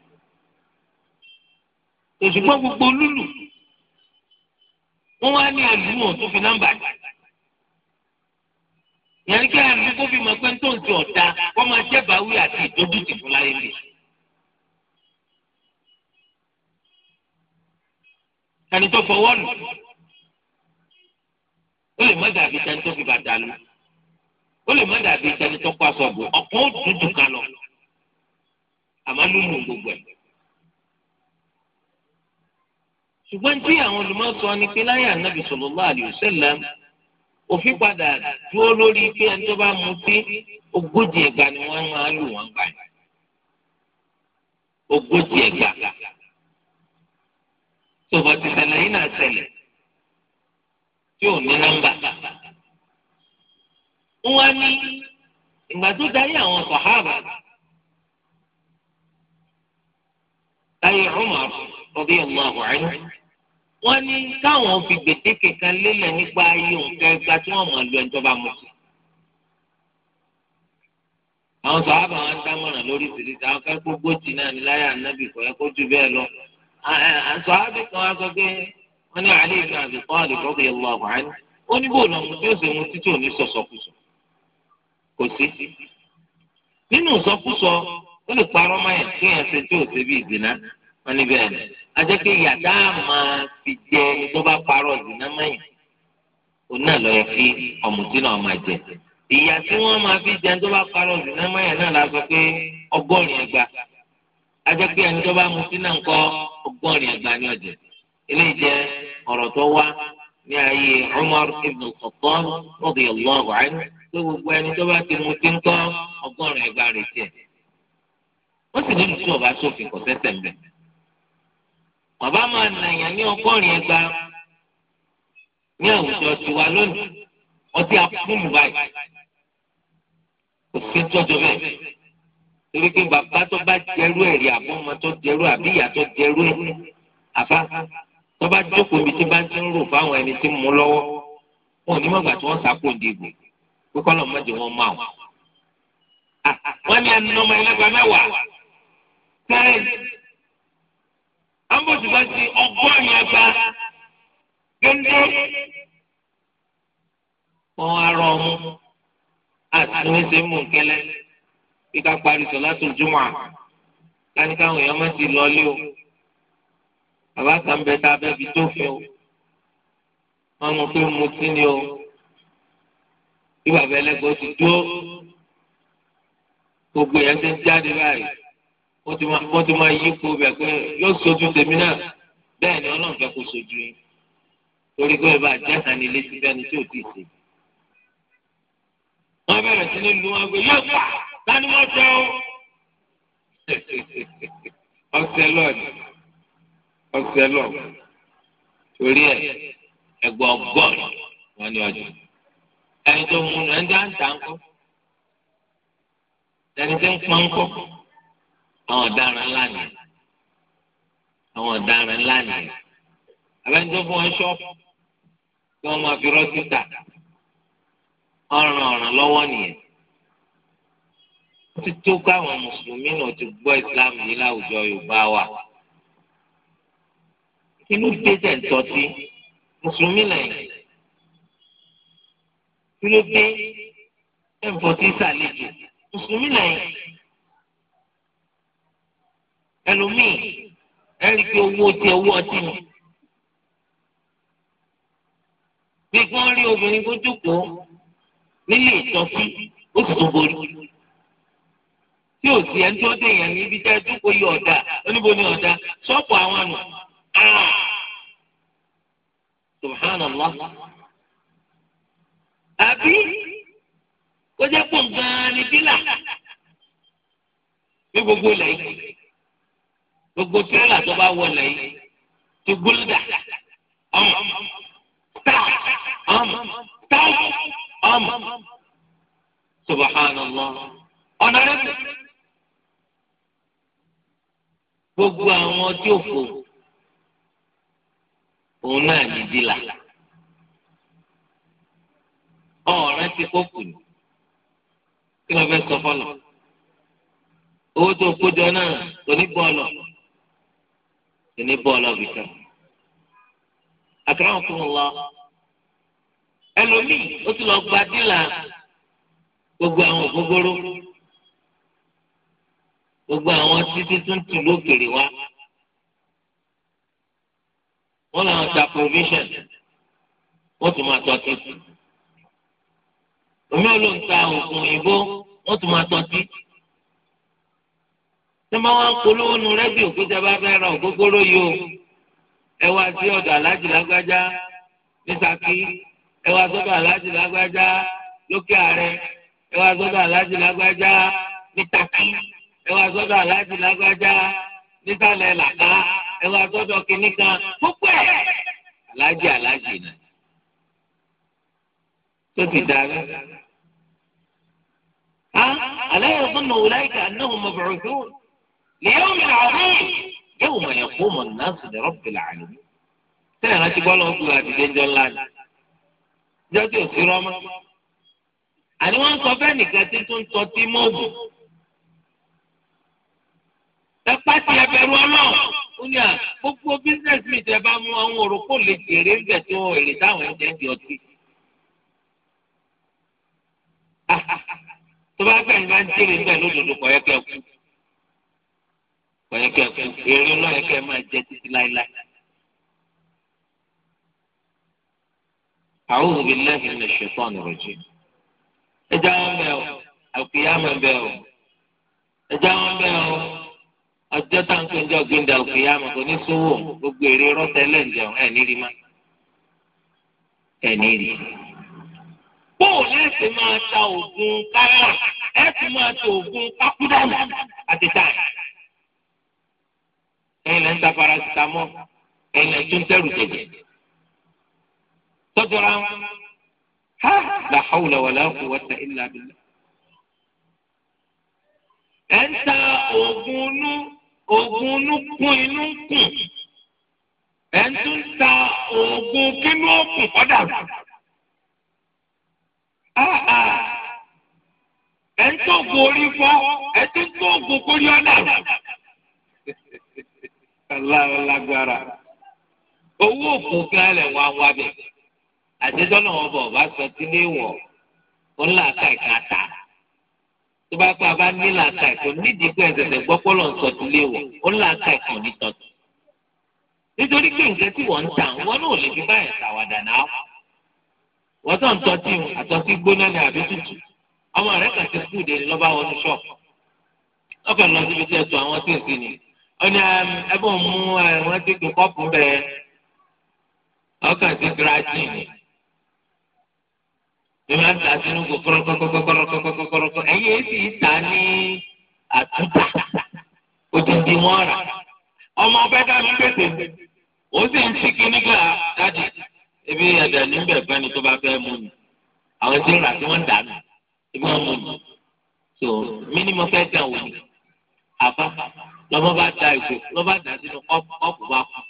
òṣùpọ̀ gbogbo lùlù wọ́n wá ní àlùmọ̀ tó fi nọ́mbà dì yẹn kí àlùmọ̀ tó fi mọ̀ pé tó ń ti ọ̀dà wọ́n máa jẹ́ báwí àti ìdójútì fún láyé lè. ẹni tó fọwọ́ lù ó lè má dàbí tẹni tó fi bàtà lù ó lè má dàbí tẹni tó kó aṣọ bò ọ̀pọ̀ ó dúdú kan lọ àmọ́ lùlù gbogbo ẹ̀. ṣùgbọ́n tí àwọn olùmọ̀sọ ni pé láyé ànábì sallallahu alaihi wasallam òfin padà dúró lórí pé ẹni tó bá mutí ogójì ẹ̀gbà ni wọ́n máa lù wọ́n gbà ogójì ẹ̀gbà tòbọ̀ ti ṣẹlẹ̀ yìí náà ṣẹlẹ̀ tí ò ní nọ́mbà. wọ́n ní ìgbà tó darí àwọn sàhábà láyé Umar radiyallahu anhu wọ́n ní káwọn fi gbèdéke kan lélẹ̀ nípa iye nǹkan ẹgbàá tí wọ́n mọ̀ lu ẹni tó bá mu sí. àwọn sọ̀hábà wọn ń dámọ̀ràn lórí ìṣèlérà àwọn kan gbogbo jì náà ní láyà nábì kò yẹ kó ju bẹ́ẹ̀ lọ. sọ̀hábì kan wá sọ pé wọ́n ní àlẹ́ ìlú àti kọ́ àlè kọ́kọ́ yẹ lọ àbáyé. ó ní bò lọ́mú tí ó sì mu títí òní sọ̀sọ̀kùsọ̀ kò sí. nínú ìsọkúsọ ó lè parọ́ máyà kí ajẹ́ pé yàtá máa fi jẹ ẹni tó bá parọ́ ìdùnnà mẹ́yìn òun náà lọ́ọ́ fi ọ̀mùtí náà máa jẹ ìyà tí wọ́n máa fi jẹ ẹni tó bá parọ́ ìdùnnà mẹ́yìn náà la sọ pé ọgọ́rin ẹgbà ajẹ́ pé ẹni tó bá mutí náà ń kọ́ ọgọ́rin ẹgbà ní ọ̀jẹ̀ eléyìí jẹ́ ọ̀rọ̀ tó wá ní ayé Umar ibn al-Khattab radiyallahu anhu pé gbogbo ẹni tó bá ti mutí ń kọ́ ọgọ́rin ẹgbà rẹ̀ tiẹ̀ wọ́n sì ní lùsùn ọ̀bá sófin kọ̀ tẹ́tẹ̀ mbẹ̀ bàbá máa nàyàn ní ọgọ́rin ẹgba ní àwùjọ tiwa lónìí ọtí akúlù báyìí kò sí tọ́jú bẹ́ẹ̀ torí pé bàbá tó bá jẹrú ẹ̀rí àbọ̀ ọmọ tó jẹrú àbí ìyá tó jẹrú ẹ̀ àbá tó bá jókòó ibi tí bá ti ń rò fáwọn ẹni tí ń mú lọ́wọ́ wọn ò ní mọ̀gbà tí wọ́n sápò dìbò kókó lọ́mọ jẹ wọn máa wọn. wọ́n ẹnu ọmọ ẹlẹ́gbẹ̀ẹ́ mẹ́wàá ambos bá ti ọgọ́rin ẹgbà gbẹ́ndé wọn arọ ọmú àtúnṣe mú kẹlẹ bí ká parí sọlá tó jùmọ̀ káni káwọn èèyàn má ti lọlé o bàbá kan bẹ tá a bẹ fi tó fi o wọn mú pé mo ti ní o bí bàbá ẹlẹgbẹ́ ti dúró gbogbo yẹn ti ń jáde báyìí wọ́n ti máa wọ́n ti máa yí kó bẹ̀ pé yóò sojú tèmi náà bẹ́ẹ̀ ni ọlọ́run fẹ́ kó sojú yín torí pé ìbá jẹ́sà ni ilé ti fẹ́ni tí ò tí ì ṣe. wọ́n bẹ̀rẹ̀ sí ní lu wọn pé yóò fà tani wọ́n jẹ́ o. <laughs> ọ̀sẹ̀ lọ́ọ̀dì ọ̀sẹ̀ lọ́ọ̀ torí ẹ̀ ẹgbẹ́ ọgọ́rin wọn ni ọjà ẹni tó ń mú ẹni tó ń ta ńkọ́ ẹni tó ń pọn ńkọ́ àwọn ọ̀daràn ńlá ni àwọn ọ̀daràn ńlá ni abẹ́ńtọ́ fún wọn ṣọ́ọ̀bù kí wọ́n máa fi rọ́ọ̀tì tà ọ̀ràn ọ̀ràn lọ́wọ́ nìyẹn ó ti tó káwọn mùsùlùmí náà ti gbọ́ islam yìí láwùjọ yorùbá wa kí ló dé tẹ̀ ń tọ́tí mùsùlùmí lẹ́yìn kí ló dé ẹ̀ ń fọtí sàlejò mùsùlùmí lẹ́yìn. ẹlòmíì ẹrí pé owó ti owó ọtí ni. bí wọ́n rí obìnrin tó jókòó nílé ìtọ́sí ó sì tó borí. tí ò sí ẹni tó dèèyàn ní ibi tá a jókòó yí ọ̀dà oníbo ni ọ̀dà ṣọ́ọ̀pù àwọn àná. Ah! àbí kó jẹ́ pọ̀ gbogbo ilẹ̀ yìí. gbogbo tírélà tó bá wọlé yìí tó gbólódà ọmọ tá ọmọ tá ọmọ subhanallah ọ̀nà rẹ̀ gbogbo àwọn tí ò fò òun náà ní dìlà ọ̀rẹ́ ti kó kù ní kí ló fẹ́ sọ fọlọ owó tó kó náà kò ní bọ́ ní bọ́ọ̀lù ọ̀bìkan. àkàrà òkú lọ ẹlòmíì ó ti lọ gba dílà gbogbo àwọn ògógóró gbogbo àwọn títí tó ń tù lókèrè wá wọn làwọn ta provision wọn tún máa tọ́tí omi olóńtà oògùn òyìnbó wọn tún máa tọ́tí tí wọ́n wá ń polówó nu rẹ́díò pé tí a bá fẹ́ ra ògógóró yìí o ẹ wá sí ọ̀dọ̀ aláàjì lágbájá ní Ṣakí ẹ wá sọ́dọ̀ aláàjì lágbájá lókè ààrẹ ẹ wá sọ́dọ̀ aláàjì lágbájá ní Takí ẹ wá sọ́dọ̀ aláàjì lágbájá nísàlẹ̀ làkà ẹ wá sọ́dọ̀ kìnní kan gbogbo ẹ̀ aláàjì aláàjì náà tó ti darí. ألا يظن أولئك أنهم مبعوثون lèyàn mi àbí yóò mọ̀ yẹn kó mọ̀ náà sì lọ́rọ̀ bìlà àlè mi. sẹ́yìn rántí bọ́lá ń gbúra àti déjọ́ ńlá ni jọ́ tí ò sí rọ́mọ́. àní wọ́n sọ bẹ́ẹ̀ nìkan tí tó ń tọ́ tí mọ́ọ̀bù. ẹ pàṣẹ ẹbẹ̀rù ọlọ́run ó ní à gbogbo bísíǹsì mi tẹ bá mú àwọn òròkó lè jèrè ń bẹ̀ tó èrè táwọn ẹ̀ jẹ́ ń di ọtí. tó bá gbẹ̀yìn bá ń jèrè ń bẹ̀ lódodo kọ̀ yẹ kẹ́ kú ọ̀yẹ̀kẹ́ èrè lọ́yẹ̀kẹ́ máa jẹ títí láéláé. A'udhu billahi minash shaitanir rajim. ẹja wọn bẹ ọ àkùyàmẹ bẹ ọ ẹja wọn bẹ ọ ọjọ́ táǹkì ń jọ gbẹndà àkùyàmẹ kò ní sówó gbogbo èrè rọtẹlẹ ń jẹun ẹ nírí má ẹ nírí bóò láti máa ta oògùn kára ẹ máa ta oògùn kápúdàmù àti táyà ẹ̀yin lẹ́ ń ta parasitamọ́ ẹ̀yin lẹ́ ń tún tẹ́rù jẹjẹ. tọ́jọ́ra ha la hawla wala quwwata illa billah. ẹ̀ ń ta oògùn inú oògùn inú kún inú ń tún ta oògùn kínú òkùn kọ́dà ẹ ń tó oògùn orí fọ́ ẹ tún tó oògùn kórí ọ̀nà alágbára owó òkun gánlẹ̀ wọn wá bẹ̀ àtijọ́ náà wọn bọ̀ bá sọ tí lé wọ̀ ó ń làákà ìkàtà tó bá pa bá ní làákà ìkò nídìí pé ẹ̀sẹ̀sẹ̀ gbọ́ pọ́lọ̀ ń sọ tí lé wọ̀ ó ń làákà ìkò nítọ́tù nítorí pé nǹkan tí wọ́n ń tà wọ́n náà lè fi báyìí ṣàwàdà náà wọ́n tó ń tọ́tí àtọ́tí gbóná ní àbí tútù ọmọ rẹ̀ kàn ti kú ìdè lọ́ba wọnú ṣọ́ọ̀pù ọkàn lọ síbi tí ẹ ọ̀nà ẹ̀bùn mú ẹ̀wọ̀n ti tún kọ́pù bẹ́ẹ̀ ọkàn ti gíràjì ni mi máa ta sínú kò kọ́rọ́kọ́kọ́kọ́kọ́kọ́kọ́kọ́ ẹ̀yìn èsì ìta ní àtúntà òdìdí wọn rà ọmọ ọbẹ̀ dá mi ó sì ń lọ́mọ bá da ìgò lọ́mọ bá da sínú kọ́ọ̀pù bá kú.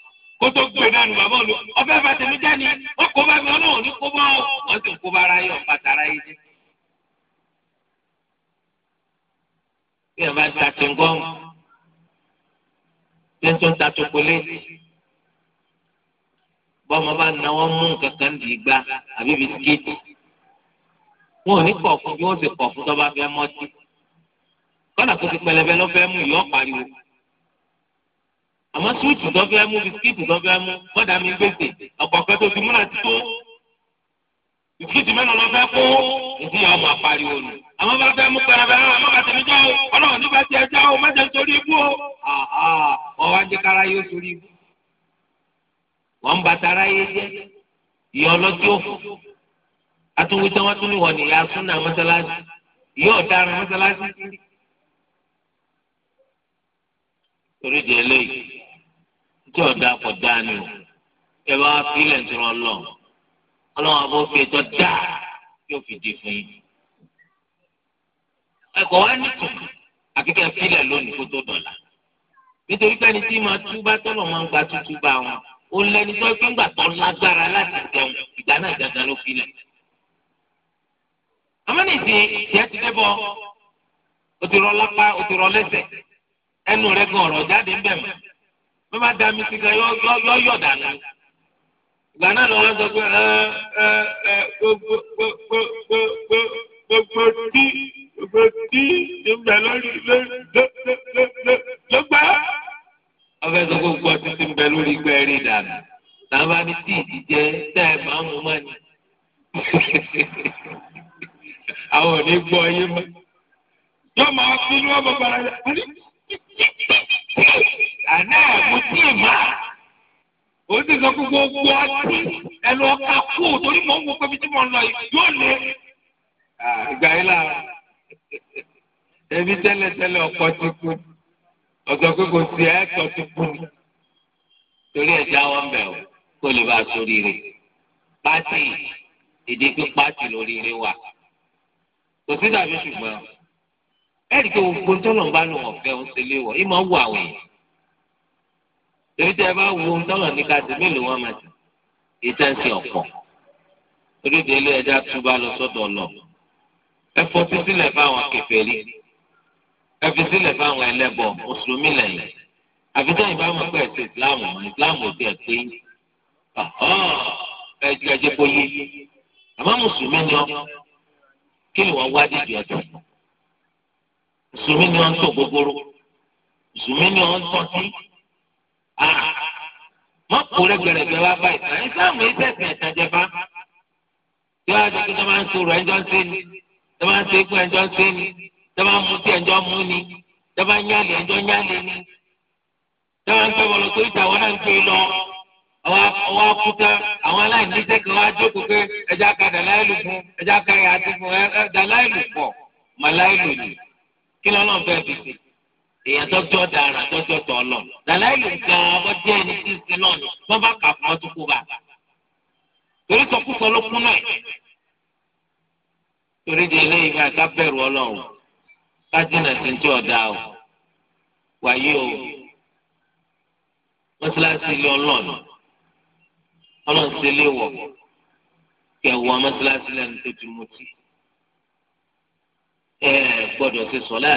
kó tó gbé náà e nù bàbá olú ọbẹ̀ bá tẹ̀mí jáde wọ́n kó bá mi ọlọ́run ní kó bá ọ wọ́n sì ń kó bá ara yẹ ọ̀pá tara yẹ jẹ́. bí ẹ bá ta tìǹgọ́ọ̀mù bí ẹ tó ń ta chocolate bọ́mọ bá náwó mú nǹkan kan dì í gbá àbí bisikíìtì wọn ò ní kọ̀ fún bí wọ́n ti kọ̀ fún tọ́ fẹ́ mọ́tì kọ́nà kó ti pẹlẹbẹ lọ́fẹ́ mú ìyọ́ pariwo àmọ́ súùtù tó fẹ́ mú bisikíìtì tó fẹ́ mú bọ́dà mi gbèsè ọ̀pọ̀pẹ́ tó ti múnà ti tó bisikíìtì mẹ́nu lọ fẹ́ kó ìdí ọmọ àpariwo nù àmọ́ bá fẹ́ mú pẹrẹbẹ náà má bàtẹ́ mi jọ́ o ọlọ́run nígbà tí ẹ já o má jẹ́ nítorí ibú o ọwọ́ ajé kára yóò torí ibú wọ́n ń bàtà ara yé jẹ́ ìyá ọlọ́tí òfò atúwítẹ́ wọn tún ní wọ̀n nìyá súnà mọ́sálásí ìyá ọ̀daràn mọ́sálásí torí di eléyìí tí ọ̀dà kò dání o ẹ bá fílẹ̀ tó rọ lọ ọlọ́run àbọ̀ fi ẹjọ́ dá yóò fi di fún yín. ẹ kò wá nìkan àkíkẹ́ fílẹ̀ lónìí kó tó dọ̀la nítorí pé ẹni tí máa túbá tọ́lọ̀ máa ń gba tútú bá wọn ó lẹ́ni tó fi ń gbà tọ́ lágbára láti jẹun ìgbà náà dandan ló fílẹ̀. àmọ́ nìsí ìjẹ́ ti dẹ́bọ̀ o ti rọ lápá o ti rọ lẹ́sẹ̀ ẹnu rẹ̀ gan ọ̀rọ̀ jáde ń bẹ̀ mọ́ bí wọ́n bá da mi sí gan yọ yọ dànù ìgbà náà ni wọ́n sọ pé ẹ ẹ ẹ gbogbo gbogbo gbogbo tí gbogbo tí ti ń bẹ lórí lọgbà ọbẹ̀ sọ gbogbo ọtí ti ń bẹ lórí gbẹ̀rí dànù làwọn bá ní tí ìdíjẹ tẹ́ ẹ máa ń mú mọ́ ni <laughs> àwọn ò ní gbọ́ yé mọ́ yọ máa fi ní wọ́n bọ̀ bàrà rẹ̀ àná ẹ̀mú tí ì má o ti sọ pé gbogbo ọtí ẹnu ọkà kú torí mò ń wo pébi tí mo ń lọ yìí yóò lé ìgbà yìí la ẹbí tẹ́lẹ̀tẹ́lẹ̀ ọkọ ti kú ọ̀sọ̀ pé kò sí ẹ̀tọ́ ti kú ni torí ẹ̀já wọn bẹ̀ ọ́ kó lè bá a sórí rẹ̀ pátì ìdí pé pátì lórí rẹ̀ wà kò sí dàbí ṣùgbọ́n ẹ̀rí pé gbogbo tọ́lọ̀ bá lò wọ́n fẹ́ ó ṣe léwọ̀ ìmọ̀ wù àwẹ̀ èyí tẹ́ ẹ bá wo ohun tọ́lọ̀ ní ká ti mélòó wọn máa ti ìtẹ́sí ọ̀pọ̀ orílẹ̀ èlé ẹja túbá lọ sọ́dọ̀ lọ ẹ fọtí sílẹ̀ fáwọn kèfèrí ẹ fi sílẹ̀ fáwọn ẹlẹ́bọ mùsùlùmí lẹ́yìn àfitẹ́ ìbámu pẹ̀ sí ìsìláàmù ìsìláàmù òde ẹ̀ pé ẹ̀jẹ̀ ẹ̀jẹ̀ bóyé àmọ́ mùsùlùmí ni ọ mùsùlùmí ni wọ́n ń tò gbogbooro mùsùlùmí ni wọ́n ń tọ́jú wọ́n kó rẹ́gbẹ̀rẹ́gbẹ́ wá bá ìtàn ìsìláàmù yìí tẹ̀sán ẹ̀tàn jẹba tí wọ́n á jẹ́ kí wọ́n máa ń sọ̀rọ̀ ẹjọ́ ń sẹ́ni tí wọ́n máa ń sọ ikú ẹjọ́ ń sẹ́ni tí wọ́n máa ń mú sí ẹjọ́ mú ni tí wọ́n máa ń yálè ni tí wọ́n máa ń tó ìtàn àwọn náà ń gbé lọ àwọn akúta àwọn aláìní tẹ́kẹ̀ wá jókòó pé ẹja ka dàláìlù fún ẹja ka yàtí fún ẹ kí lọ́nà fẹ́ fi ṣe èèyàn tọ́jọ́ dára tọ́jọ́ tọ́ lọ làlàyé nǹkan ọjọ́ ẹni tí ń sin náà ni wọ́n bá kà fún ọtún kó bá a torí sọkúsọ ló kún náà torí di eléyìí bá ká bẹ̀rù ọlọ́run ká jìnnà sí ti ọ̀dà o wàyí o mọ́sálásí ilé ọlọ́run ọlọ́run sí ilé wọ̀ kẹwàá mọ́sálásí lẹ́nu tó ti mú tì ẹ gbọ́dọ̀ ṣe sọlá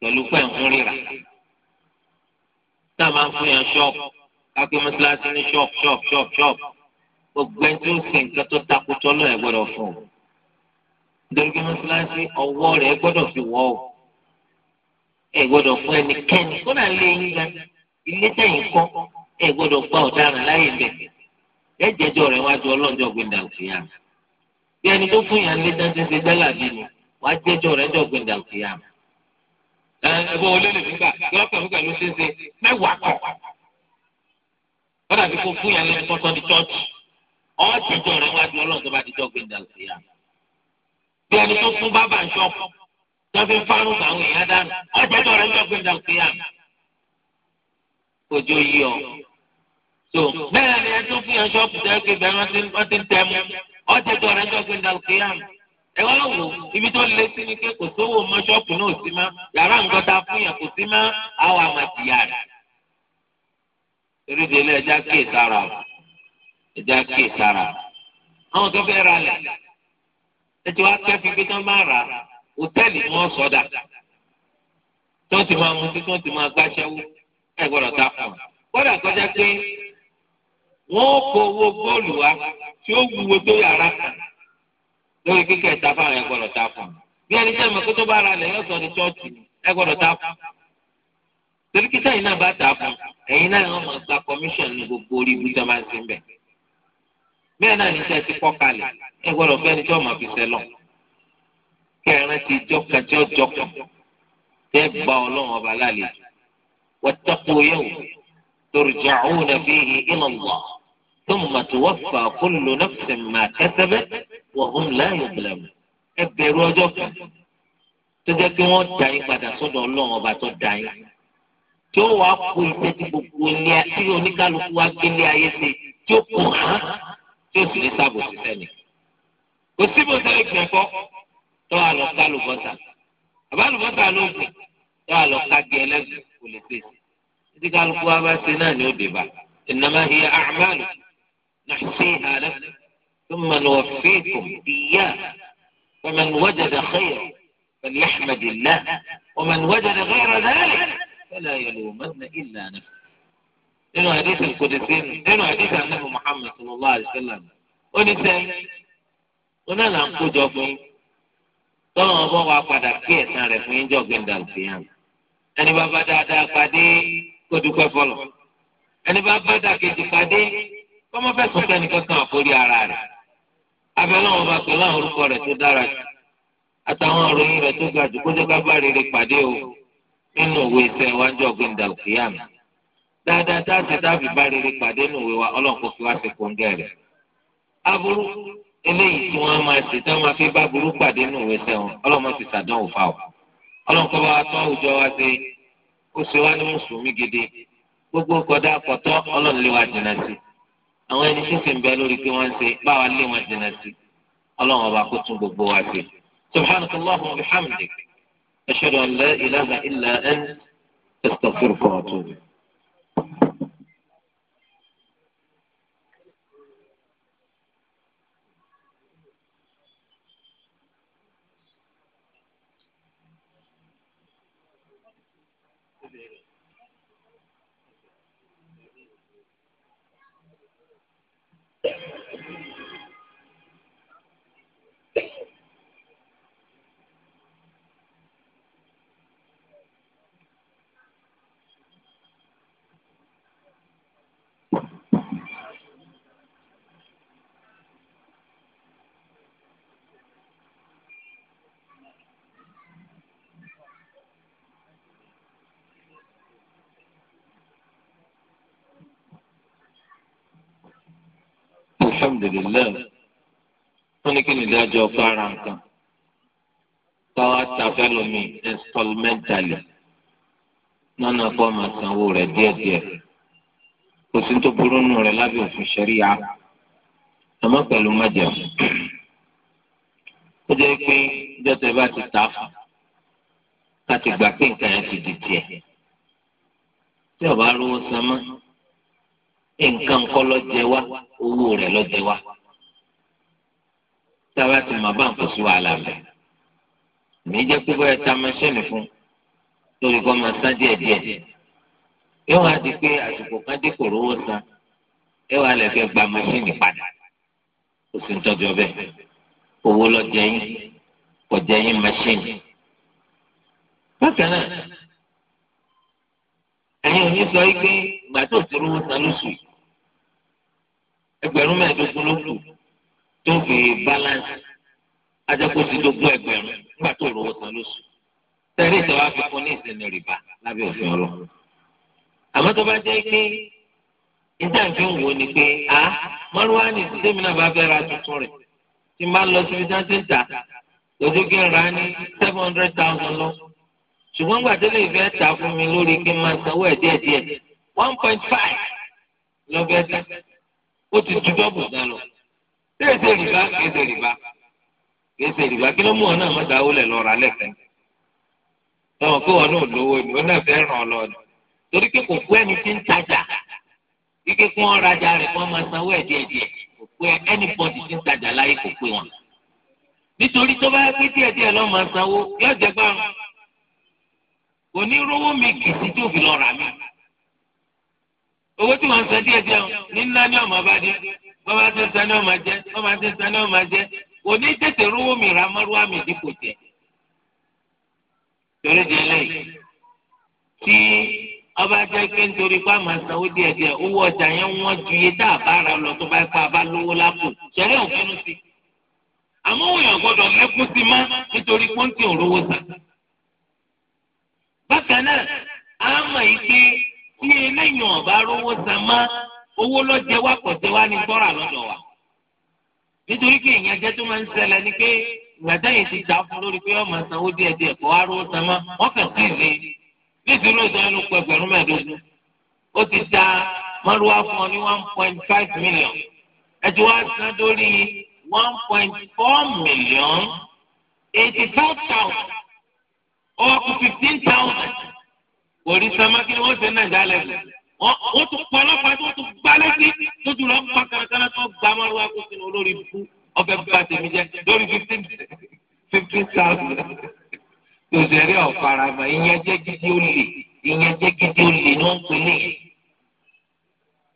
pẹ̀lú pẹǹfún rírà tá a máa ń fún yàn ṣọ́ọ̀bù kápẹ́ mọ́ṣáláṣí ní ṣọ́ọ̀bù ṣọ́ọ̀bù ṣọ́ọ̀bù ṣọ́ọ̀bù gbogbo ẹni tí ó sì nǹkan tó takùtọ́ lọ ẹ gbọ́dọ̀ fún un nítorí pé mọ́ṣáláṣí ọwọ́ rẹ̀ ẹ gbọ́dọ̀ fi wọ́ o ẹ gbọ́dọ̀ fún ẹnikẹ́ni kó náà lé yín gan ilé tẹ̀yìn kọ́ ẹ gbọ́dọ̀ gba ọ̀daràn láyé bẹ̀ ẹ jẹ́jọ́ rẹ̀ wájú ọlọ́njọ́ gbẹ̀dà òkè yàrá bí ẹni tó fún yàn lé dáńtẹ́sẹ̀ dálà ni wàá jẹ́jọ́ rẹ̀ jọ gbẹ̀ndà òkèèyàn. ẹ ẹ bọ́ olólè nígbà lọ́pọ̀ nígbà ló ṣe é ṣe mẹ́wàá kọ̀. kọ́dà bí kò fún yẹn lẹ́nu tọ́tọ́ di tọ́ọ̀tù ọ́ jẹ́jọ́ rẹ̀ wájú ọlọ́run tó bá ti jọ gbẹ̀ndà òkèèyàn. bí ẹni tó fún bábà ń ṣọ́ tọ́fẹ́ fárùn àwọn èèyàn dànù ọ́ jẹ́jọ́ rẹ̀ jọ gbẹ̀ndà òkèèyàn. òjò yí ọ so bẹ́ẹ̀ ni ẹ tó fún yẹn ṣọ́ọ̀pù ẹ wá wò ibi tó lé sí ni pé kò sówó mọ ṣọ́ọ̀pù náà sí má yàrá nǹkan ko si fún yàn kò sí má àwọn àmàdìyà rẹ̀. eréde ilé ẹja kí ìtara o ẹja kí ìtara àwọn tó fẹ́ ra lẹ̀ wá pé bá rà hòtẹ́ẹ̀lì ni wọ́n sọ̀dà tó ti máa mutí tó ti máa ẹ gbọ́dọ̀ ta fún un gbọ́dọ̀ kọjá pé wọ́n kó owó bọ́ọ̀lù wa tí ó wúwo tó yàrá lórí kíkẹ́ ìta fáwọn ẹ gbọ́dọ̀ ta fún un bí ẹni tẹ́ mọ̀ pé tó bá ra lẹ̀ yọ̀sọ̀ ní ṣọ́ọ̀ṣì ẹ gbọ́dọ̀ ta fún un torí kí sẹ́yìn náà bá ta fún un ẹ̀yin náà wọ́n máa gba commission ní gbogbo orí ibi tó máa ń sin bẹ̀ bẹ́ẹ̀ náà ní sẹ́ ti kọ́ kalẹ̀ ẹ gbọ́dọ̀ fẹ́ ni tí wọ́n fi sẹ́ lọ kẹrin ti jọkàjọ jọkàn ثم توفى كل نفس ما كسبت وهم لا يظلمون ẹ bẹ̀rù ọjọ́ kan tó jẹ́ pé wọ́n dá yín padà sọ́dọ̀ Ọlọ́run ọba tó dá yín tí ó wàá kó ìfẹ́ tí gbogbo ilé tí oníkálukú wá gbélé ayé ṣe tí ó kù hàn tí ó sì ní sábò sí sẹ́ni. kò síbò sẹ́ni gbẹ̀ kọ́ tó wà lọ ká lùbọ́sà àbá lùbọ́sà ló gbìn tó wà lọ ká gé ẹlẹ́gùn kò lè pèsè. títí kálukú wa bá ṣe náà ni ó dé bá ìnáwó yẹ àmàlù. نحصيها لكم ثم نوفيكم إياه فمن وجد خيرا فليحمد الله ومن وجد غير ذلك فلا يلومن إلا نفسه nínú hadith al-qudsi nínú hadith anabi muhammed sallallahu alayhi wa sallam ó ní sẹ́yìn ó náà là ń kójọ fún yín tọ́lọ́ wọn bọ́ wa padà kí ẹ̀san rẹ̀ fún yín jọ gbẹ̀ndà òfìyàn ẹni bá bá dáadáa pàdé kó dúpẹ́ fọlọ̀ ẹni bá bá dàkejì pàdé kọ́mọ fẹ́ sùn kẹ́nìkan kan àforí ara rẹ̀ abẹ́lẹ́ wọn bá pẹ̀lú àwọn orúkọ rẹ̀ tó dára jù àtàwọn ìròyìn rẹ̀ tó ga jù kó jẹ́ ká bá rere pàdé o nínú òwe iṣẹ́ wájú ọ̀gbìn dàlùkìyàmù dáadáa táàtì táàbì bá rere pàdé nínú òwe wa ọlọ́nkó fi wá sí kóńgẹ́ rẹ̀ aburú eléyìí tí wọ́n máa ṣe táwọn afi bá burú pàdé nínú òwe iṣẹ́ wọn ọlọ́mọ àwọn ẹni tí ń sìn bẹ lórí pé wọ́n ń ṣe báwa lé wọn jìnnà sí ọlọ́run ọba kó tún gbogbo wa sí. subhanaka allahumma wa bihamdik ashhadu an la ilaha illa anta astaghfiruka wa atubu. alihamudulilayi wọn ní kí ni ìdájọ́ fara nǹkan káwá tafẹ́lómi ẹ̀sítọ́lmẹ́ntàlì nánà fọ́ọ̀mù sanwó rẹ̀ díẹ̀díẹ̀ kò sí tó burú nù rẹ̀ lábẹ́ òfin ṣẹ̀ríya àmọ́ pẹ̀lú májẹ̀mú ó jẹ́ pé jọ́tẹ̀ bá ti tà fún láti gbà pé nǹkan yẹn ti di tiẹ̀ tí ọba rówó san nǹkan kọ́ jẹ wá owó rẹ̀ lọ́dẹ wa táwa ti mọ̀ bá ń kó sí wàhálà rẹ̀ mi jẹ́ pé bóyá ta mẹ́ṣẹ́nì fún lórí kọ́ máa sá díẹ̀díẹ̀ yóò wá di pé àsìkò kan dé kò rówó san ẹ wà lè fẹ́ gba mẹ́ṣẹ́nì padà kò sí ń tọ́jú ọbẹ̀ owó lọ́jẹ́ yín kọjá yín mẹ́ṣẹ́nì bákan náà ẹ̀yin ò ní sọ yí pé ìgbà tó rówó san lóṣù yìí ẹgbẹ̀rún mẹ́ẹ̀ẹ́dógún ló kù tó fi balance ajẹ́kọ̀ọ́sí dógún ẹgbẹ̀rún nígbà tó lówó san lóṣù tẹ̀lé ìtọ́wá fi fún ní ìsinmi rìbá lábẹ́ òfin ọlọ́run àmọ́ tó bá jẹ́ pé níta fi ń wò ni pé a mọ́rúwá ní ìdílé mi náà bá fẹ́ ra tuntun rẹ̀ tí máa lọ síbi tí wọ́n ti ń tà lójú kí n ra ní seven hundred thousand lọ ṣùgbọ́n gbà tó lè fẹ́ tà fún mi lórí kí n máa sanwó ẹ̀ díẹ̀ one point five lọ́fẹ́ ó ti ju dọ́bù dá lọ kéèsè rìbá kéèsè rìbá kéèsè rìbá kí ló mú ọ náà má dáwó lẹ̀ lọ ra lẹ́kẹ́ ọmọ kó wọn náà lówó ni wọn náà fẹ́ ràn ọ lọ ni torí pé kò fún ẹni tí ń tajà ike kí wọn rajà rẹ̀ kí wọn máa sanwó ẹ̀ díẹ̀díẹ̀ kò fún ẹni bọ́dì tí ń tajà láyé kò pé wọn nítorí tó bá pé díẹ̀díẹ̀ lọ́ máa sanwó yóò jẹ́ gbàrún kò ní rówó mi kìsì tó fi lọ rà mí owó tí wọ́n ń san díẹ̀ díẹ̀ ní ńlá ní ọmọ bá dé wọ́n máa ti ń san ní ọmọ jẹ́ wọ́n máa ti ń san ní ọmọ jẹ́ òní tètè rówó mi ra mọ́rúwá mi dípò jẹ́ torí di eléyìí tí ọba jẹ́ pé nítorí pé àmà sanwó díẹ̀ díẹ̀ owó ọjà yẹn wọ́n ju iye tá a bá ra lọ tó bá pa a bá lówó lápò ṣẹlẹ̀ òfin sí àmọ́ òyìn ọ̀gbọ́dọ̀ mẹ́kún sí má nítorí pọ́ńtì òrówó sà bákan náà àmọ̀ yìí pé tí eléyìí ọ̀bá rówó san má owó lọ́jẹ́ wá kò jẹ́ wá ní gbọ́ra lọ́dọ̀ wa. nítorí kí èèyàn jẹ́ tó máa ń ṣẹlẹ̀ ni pé ìgbàdá yìí ti dà fún lórí pé ọmọ sanwó díẹ̀ díẹ̀ kọ́ wá rówó san má wọ́n fẹ̀ sí ìlé nítorí ó sọ ẹnu pọ̀ ẹgbẹ̀rún mẹ́ẹ̀ẹ́dógún ó ti da márùwá fún ọ ní one point five million ẹ ti san dórí one point four million eighty five thousand ó fifteen thousand orí sọmọ kí ni wọ́n ṣe náà jálẹ̀ wọ́n tún pọ̀ ọlọ́pàá tó tún gbá létí tó tún lọ pa kankan tó gbá mọ́lúwa kó sínú olórí ikú ọbẹ̀ bá tèmi jẹ lórí fifteen fifteen thousand tòṣèré ọ̀farama ìyẹn jẹ́ gidi ó lè ìyẹn jẹ́ gidi ó lè ní wọ́n pè lè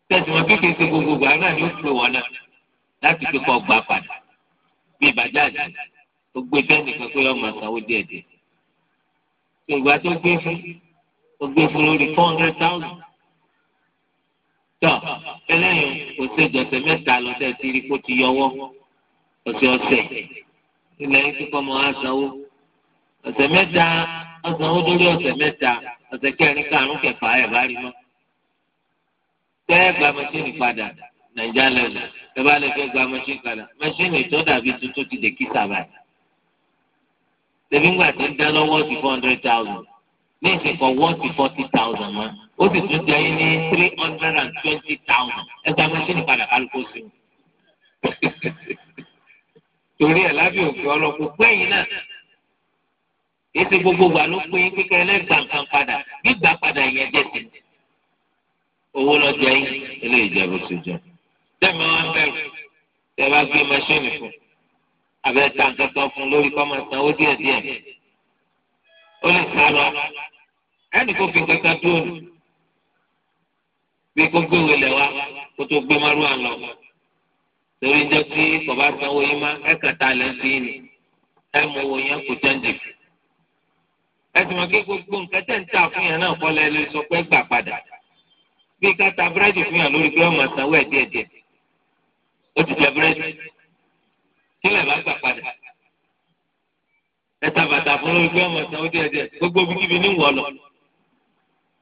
tẹ̀sán kékeré ṣe gbogbo gbà náà ni ó pè wọ́n náà láti fi kọ́ gbà padà bí ìbàjáde ó gbé bẹ́ẹ̀ pé ọmọ àtàwọn díẹ̀ díẹ̀ ìgbà tó gbé fún ó gbé fún lórí four hundred thousand. tọ́ ẹlẹ́yìn kò ṣe jọ̀sẹ̀ mẹ́ta lọ́sẹ̀ tí rí kó ti yọwọ́ ọ̀sẹ̀ ọ̀sẹ̀ ilẹ̀ yìí ti kọ́ mọ́ àsanwó ọ̀sẹ̀ mẹ́ta àsanwó lórí ọ̀sẹ̀ mẹ́ta ọ̀sẹ̀ kẹrin karùn-ún kẹfà ẹ̀ bá rí mọ́. tẹ́ gba mọ́ṣíìnì padà nàìjà lẹ́nu ẹ bá lè fẹ́ gba mọ́ṣíìnì padà mọ́ṣíìnì tó dàbí tuntun ti dè kí sàbàdì. tẹ̀bí ńgbà tí ń dá lọ́wọ́ sí four hundred thousand ní ìsìnkọ one to forty thousand mọ́ ó sì tún jẹ́ yín ní three hundred and twenty thousand ẹgbẹ́ amẹ́sìnì padà kálukú sí i. torí ẹ̀ lábẹ́ òfin ọlọ́pọ̀ pẹ́yìn náà èsì gbogbo wa ló pé kíkẹ́ ẹlẹ́gbàá kan padà gbígbà padà yẹn jẹ́ sí i. owó lọ́jọ́ yín ilé ìjẹ̀bù sì jẹ́. tẹ́mi wọn bẹ̀rù tẹ́ bá gbé mẹ́sìnì fún abẹ́ tàǹkẹ́tọ̀ fún lórí kọ́mọ̀tàn ó díẹ̀díẹ̀. ó lè sá lọ ẹnì kò fi kankan dúró bí gbé wa kó tó gbé márùn àlọ torí jẹ kí bàbá sanwó yín má ẹ kàtà lẹsí ni ẹ mọ owó yẹn kò jẹǹdì ẹ sì gbogbo sọ pé gbà padà bí búrẹ́dì fún lórí pé ọmọ sanwó ẹ̀ díẹ̀díẹ̀ ó ti jẹ búrẹ́dì kí lè bá gbà padà. ẹta bàtà fún lórí pé ọmọ ìsanwó díẹ̀ díẹ̀ gbogbo bíkíbi ní wọlọ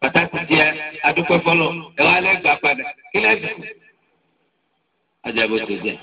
bàtà ti jẹ adúpẹ́ fọlọ ẹ wá lẹgbàá padà kí lẹsùn. ajá bó ti jẹ.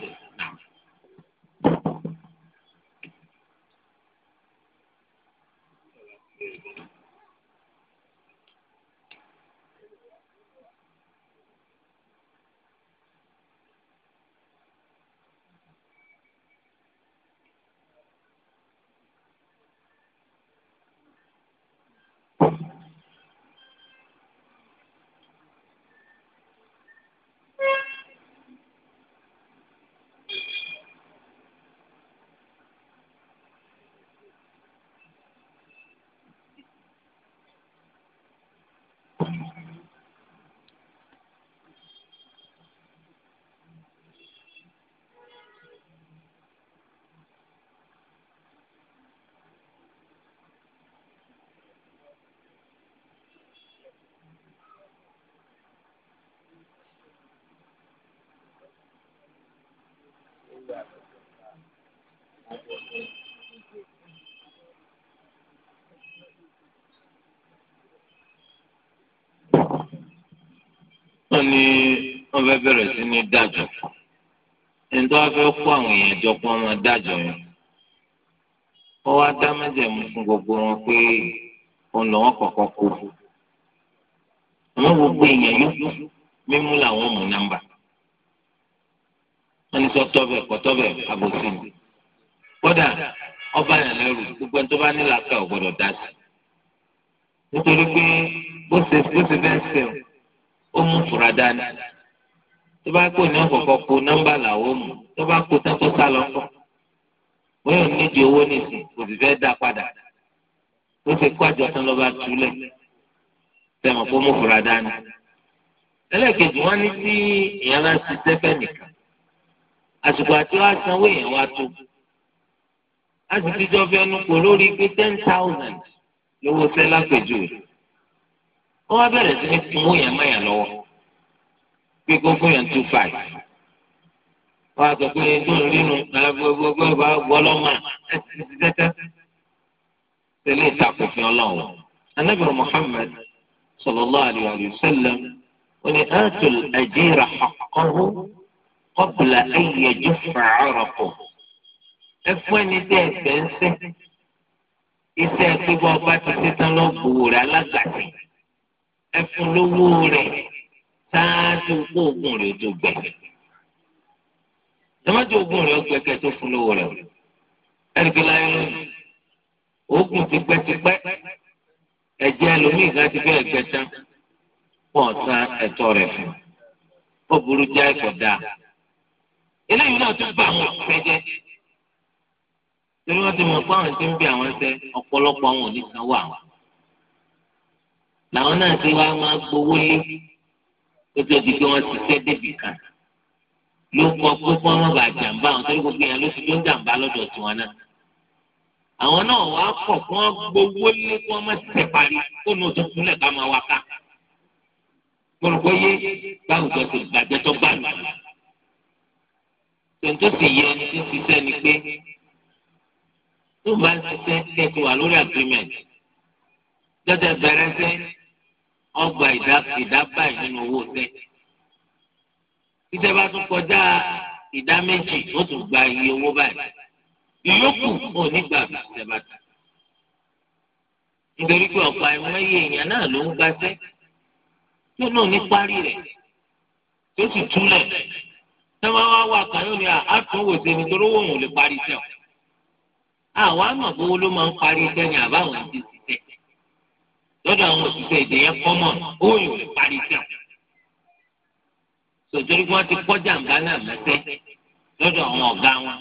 ọlọ́run ni wọ́n fẹ́ bẹ̀rẹ̀ sí ní dájọ́ ẹni tó wá fẹ́ kó àwọn èèyàn jọ pé wọ́n máa dájọ́ yẹn wọ́n wá dá májẹ̀mú fún gbogbo wọn pé òun lọ́wọ́ kọ̀ọ̀kan kó àwọn gbogbo èèyàn yókù mímú làwọn mú nọ́mbà wọ́n ní sọ tọ́bẹ̀ kọ́tọ́bẹ̀ àbòsí ni kódà ọba yẹn lẹ́rù gbogbo ẹni tó bá ní làákà ò gbọ́dọ̀ dá sí nítorí pé bó ṣe bó ṣe fẹ́ ṣe o ó mú fura dání tó bá kó ní ọkọ̀ọ̀kọ̀ kó nọ́mbà làwọn ò mú tó bá kó tán tó sá lọ kọ́ wọ́n yóò nídìí owó nìsín kò sì fẹ́ dá padà ó ti kó àjọ tán lọ́ba túlẹ̀ tẹ̀mọ̀ kó mú fura dání ẹlẹ́ẹ̀kejì wọ́n ní sí èèyàn bá ti sẹ́fẹ́ nìkan àsìkò àti wá sanwó èèyàn wá tó a sì jọ fi ẹnu kò lórí pé ten thousand lówó sẹ́lá pẹ̀jù rẹ̀ wọ́n wá bẹ̀rẹ̀ sí ní fi mú yẹn mọ́ yẹn lọ́wọ́ pé kó fún yẹn two five wọ́n á sọ pé tó ń rínu gbogbo ìbá gbọ́lọ́mà tẹ́tẹ́tẹ́ tẹ́lẹ̀ ìtàkùnfin ọlọ́run anábì Muhammad sallallahu alayhi wa oní àtúl àjẹrà àkọ́rọ́ qabla an yajuffa araquhu ẹni tí ẹ̀fẹ̀ ń iṣẹ́ pé bọ́ ti ṣe tán lọ́ọ́ alágbàtì ẹfun lówó rẹ̀ ṣáájú oògùn rẹ̀ tó gbẹ tọ́mọ́tò oògùn rẹ̀ ó gbẹkẹ tó fún lówó rẹ̀ ẹnìkan láyé lónìí oògùn tipẹ́tipẹ́ ẹ̀jẹ̀ ẹlòmíì kan ti fẹ́ ẹ̀gbẹ́ta pọ̀ san ẹ̀tọ́ rẹ̀ fún ó burú já ẹ̀kọ́ dáa eléyìí náà tún bá àwọn òṣìṣẹ́ torí wọ́n ti mọ̀ pé àwọn ti ń bí àwọn ẹsẹ̀ ọ̀pọ̀lọpọ̀ àwọn ò àwọn làwọn náà ti wá máa gbowó lé tó tó di pé wọ́n ti tẹ́ débì kan ló kọ pé kí wọ́n bá jàǹbá àwọn tó gbogbo yẹn ló ti ló ń jàǹbá lọ́dọ̀ tiwọn náà àwọn náà wá pọ̀ kí wọ́n gbowó lé kí wọ́n má ti tẹ̀ parí kó nu tó kúnlẹ̀ ká máa wá ká gbọ́dọ̀ yé báwùjọ ti gbàjẹ́ tó bá lù tòǹtò sì yẹ ẹni tó ti sẹ́ ni pé tó bá ń ṣiṣẹ́ kẹ́tù wà lórí agreement dọ́tẹ̀ bẹ̀rẹ̀ sẹ́yìn ọgbà ìdá báyìí nínú owó tẹ títẹ bá tún kọjá ìdá méjì ó tún gba iye owó báyìí ìyókù ò ní gbà títẹ bá tún nítorí pé ọ̀pọ̀ àìmọye èèyàn náà ló ń gbaṣẹ́ tó náà ní parí rẹ̀ tó sì túlẹ̀ tẹ́wọ́n wá wà kàn yóò ní àtúnwò sẹ́ni tó rówó òun ò lè parí iṣẹ́ o àwọn àmọ̀ gbowó ló máa ń parí iṣẹ́ ni àbáwọn ti sè lọ́dọ̀ àwọn òṣìṣẹ́ èdè yẹn kọ́mọ̀ owó yóò lè parí iṣẹ́. sòtòrí wọn ti kọ́ jàǹbá náà mẹ́tẹ́ lọ́dọ̀ àwọn ọ̀gá wọn.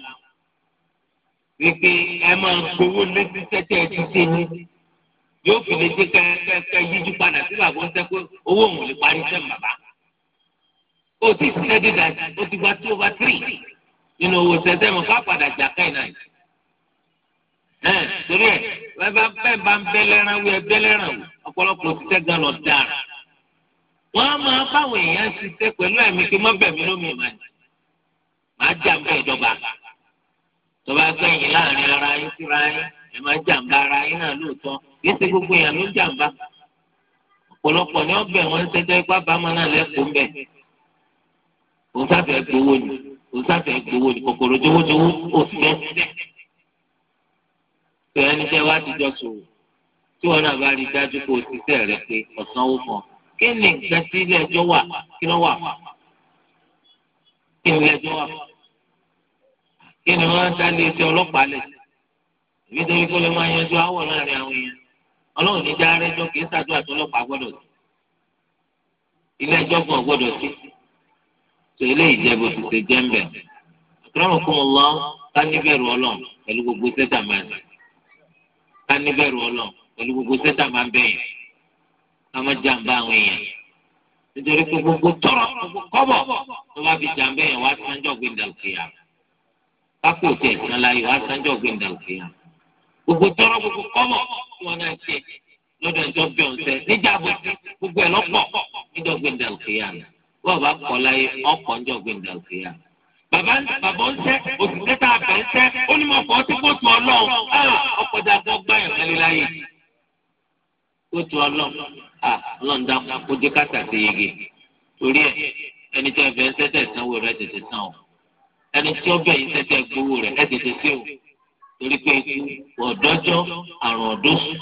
wípé ẹ máa gbowó létí tẹ́tẹ́ ẹ ti ṣe ní yóò fi lè dé kẹ́kẹ́ yíjú padà sí bàbá ń tẹ́ pé owó òun lè parí iṣẹ́ bàbá. ó ti sílẹ̀ dídà ó ti gba two over three nínú owó tẹ́tẹ́ mọ̀ padà jà káyìn náà. ẹ bẹ́ẹ̀ bẹ́ẹ̀ bá ń bẹ́lẹ́ràn wí ẹ bẹ́lẹ́ràn wí ọ̀pọ̀lọpọ̀ ti tẹ́gàn lọ wọ́n á máa báwọn èèyàn ti pẹ̀lú ẹ̀mí kí má bẹ̀mí lómi ìmọ̀ máa jà ń bẹ́ ìjọba. tó láàrin ara yín síra yín ẹ máa ara yín náà gbogbo èèyàn ló ọ̀pọ̀lọpọ̀ ni wọn ipá pé ẹni tẹ́ wá ti jọ sòrò tí wọn náà bá rí i dájú kó o ti tẹ̀ rẹ pé ọ̀sán ó mọ̀ kí ni nǹkan tí ilé ẹjọ́ wà kí ló wà kí ni ilé ẹjọ́ wà kí ni wọ́n ń dá lé iṣẹ́ ọlọ́pàá lẹ̀ ìbí torí kó lè máa yanjú áwọ̀ láàrin àwọn èèyàn ọlọ́run ní dáa rẹ́jọ́ kì í ṣàdúrà tó ọlọ́pàá gbọ́dọ̀ sí ilé ẹjọ́ gan gbọ́dọ̀ sí tó eléyìí jẹ́ bó ti ń bẹ̀ àtúrọ̀mù fún ọlọ́ ká níbẹ̀rù pẹ̀lú gbogbo sẹ́tà máa ń sẹ́ ká níbẹ̀rù ọlọ pẹ̀lú gbogbo sẹ́tà máa ń bẹ̀ yẹn ká má jàǹbá àwọn èèyàn nítorí pé gbogbo tọrọ gbogbo kọ́bọ̀ tó bá fi jàǹbá yẹn wá sanjọ́ gbẹ̀ndà òkèèyàn kápò tẹ̀ sàn láyé wá sanjọ́ gbẹ̀ndà òkèèyàn gbogbo tọrọ gbogbo kọ́bọ̀ tí wọ́n náà ṣe lọ́dọ̀ ìjọ bẹ̀ ọ̀sẹ̀ níjà bọ̀ gbogbo ẹ̀ lọ́pọ̀ níjọ́ gbẹ̀ndà òkèèyàn wọ́n bá kọ́ láyé ọkọ̀ níjọ́ gbẹ̀ndà òkèèyàn bàbá bàbá ń tẹ òṣìṣẹ́ tá a bẹ̀ ń tẹ ó ní mọ̀ fọ́ tí kò tù ọlọ́run ah, ọkọjà gbọ́ gbá ẹ̀rọ líláyè kò tù ọlọ́run ah, ọlọ́run dá kó jẹ́ ká tàṣe yege torí ẹ ẹni tí ọbẹ̀ ń tẹ́tẹ̀ sanwó rẹ̀ tètè san o ẹni tí ọbẹ̀ yìí tẹ́tẹ̀ gbowó rẹ̀ ẹ̀ tètè sí o torí pé ọ̀dọ́jọ́ àrùn ọ̀dọ́sùn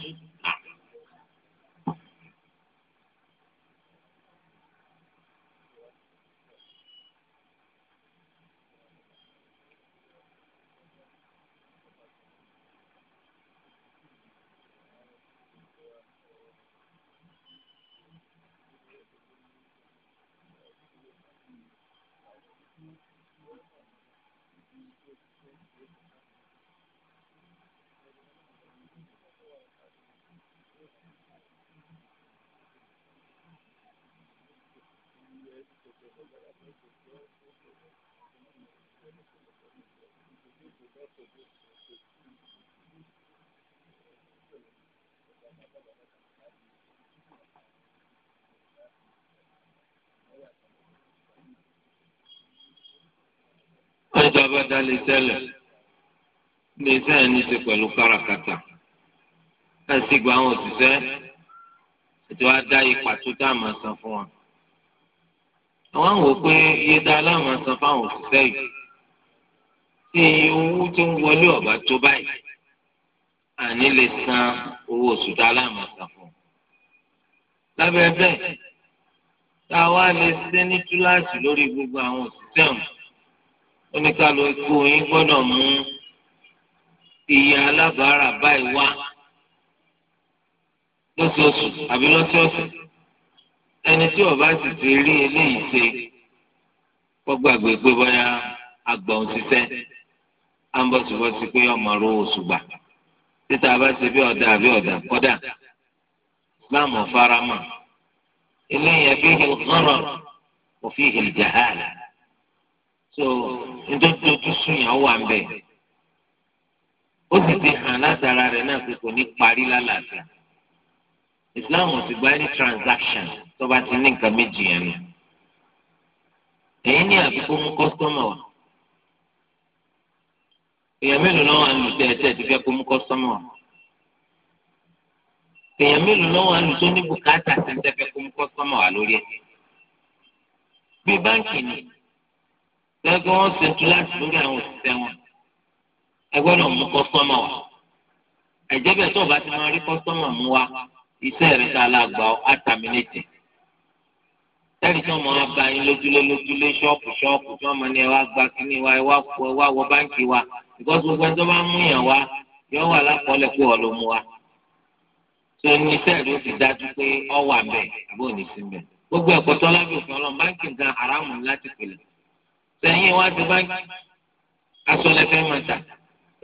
bá dálé tẹ́lẹ̀ ilé iṣẹ́ yẹn ní í ṣe pẹ̀lú káràkátà láti gba àwọn òṣìṣẹ́ ètò adá ipa tó dá àmà san fún wa. àwọn àwọn pé iye dá aláàmà san fáwọn òṣìṣẹ́ yìí tí iye owó tó ń wọlé ọ̀bá tó báyìí àní lè san owó oṣù dá aláàmà san fún wa. lábẹ́ bẹ́ẹ̀ tá lè ṣe ní túláàsì lórí gbogbo àwọn òṣìṣẹ́ ọ̀hún oníkàlùkù yín gbọ́dọ̀ mú iye alábàárà báyìí wá lóṣooṣù àbí lọ́sọ̀ọ̀sẹ̀ ẹni tí ó bá sì ti rí eléyìí ṣe kó gbàgbé pé bóyá àgbà òṣìṣẹ́ á ń bọ̀sibọ́sí pé ọmọ ro oṣù gbà títa bá ṣe bí ọ̀dà àbí ọ̀dà kọ́dà islam ọ̀farama eléyìí ẹbí hìl kọ́rọ̀ òfin hìl jahala so nítorí ojú sùnyàn wà ń bẹ̀ ó sì ti hàn látara rẹ̀ náà pé kò ní parí lálàáfíà Islam ò sì gba any transaction tó bá ti ní nǹkan méjì yẹn nù èyí ní àbíkó mú kọ́sítọ́mà wá èèyàn mélòó náà wà lù tẹ́tẹ́ ti fẹ́ kó mú kọ́sítọ́mà wá èèyàn mélòó náà wà lù tó ní bùkátà tẹ́tẹ́ fẹ́ kó mú kọ́sítọ́mà wá lórí ẹ̀ bí báńkì ni gbẹ́gbẹ́ wọn ṣe kíláàsì lórí àwọn òṣìṣẹ́ wọn ẹ gbọ́dọ̀ mú kọ́sọ́mà wá ẹ̀jẹ̀ bẹ́ẹ̀ tó o bá ti máa rí kọ́sọ́mà mú wá iṣẹ́ rẹ̀ tá a la gbà ọ́ àtàmínétì tẹ́lẹ̀ tí wọ́n máa bá yín lójúlé lójúlé ṣọ́ọ̀pù ṣọ́ọ̀pù tí wọ́n máa ní ẹ wá gba kíní wa ẹ wá kú ẹ wá wọ báǹkì wa because gbogbo ẹni tó bá mú yàn wá yọ wà lápọ̀ọ́lẹ̀ pé ọ̀lọ́ mu wa tó ní sẹ́ẹ̀lì ó ti dájú pé ọ wà bẹ́ẹ̀ àbí sí bẹ́ẹ̀ gbogbo ẹ̀kọ́ tó lábẹ́ òfin ọlọ́run báǹkì gan haramu láti pèlè sẹ́yìn wá ti báńkì aṣọ lẹ́fẹ́ máa tà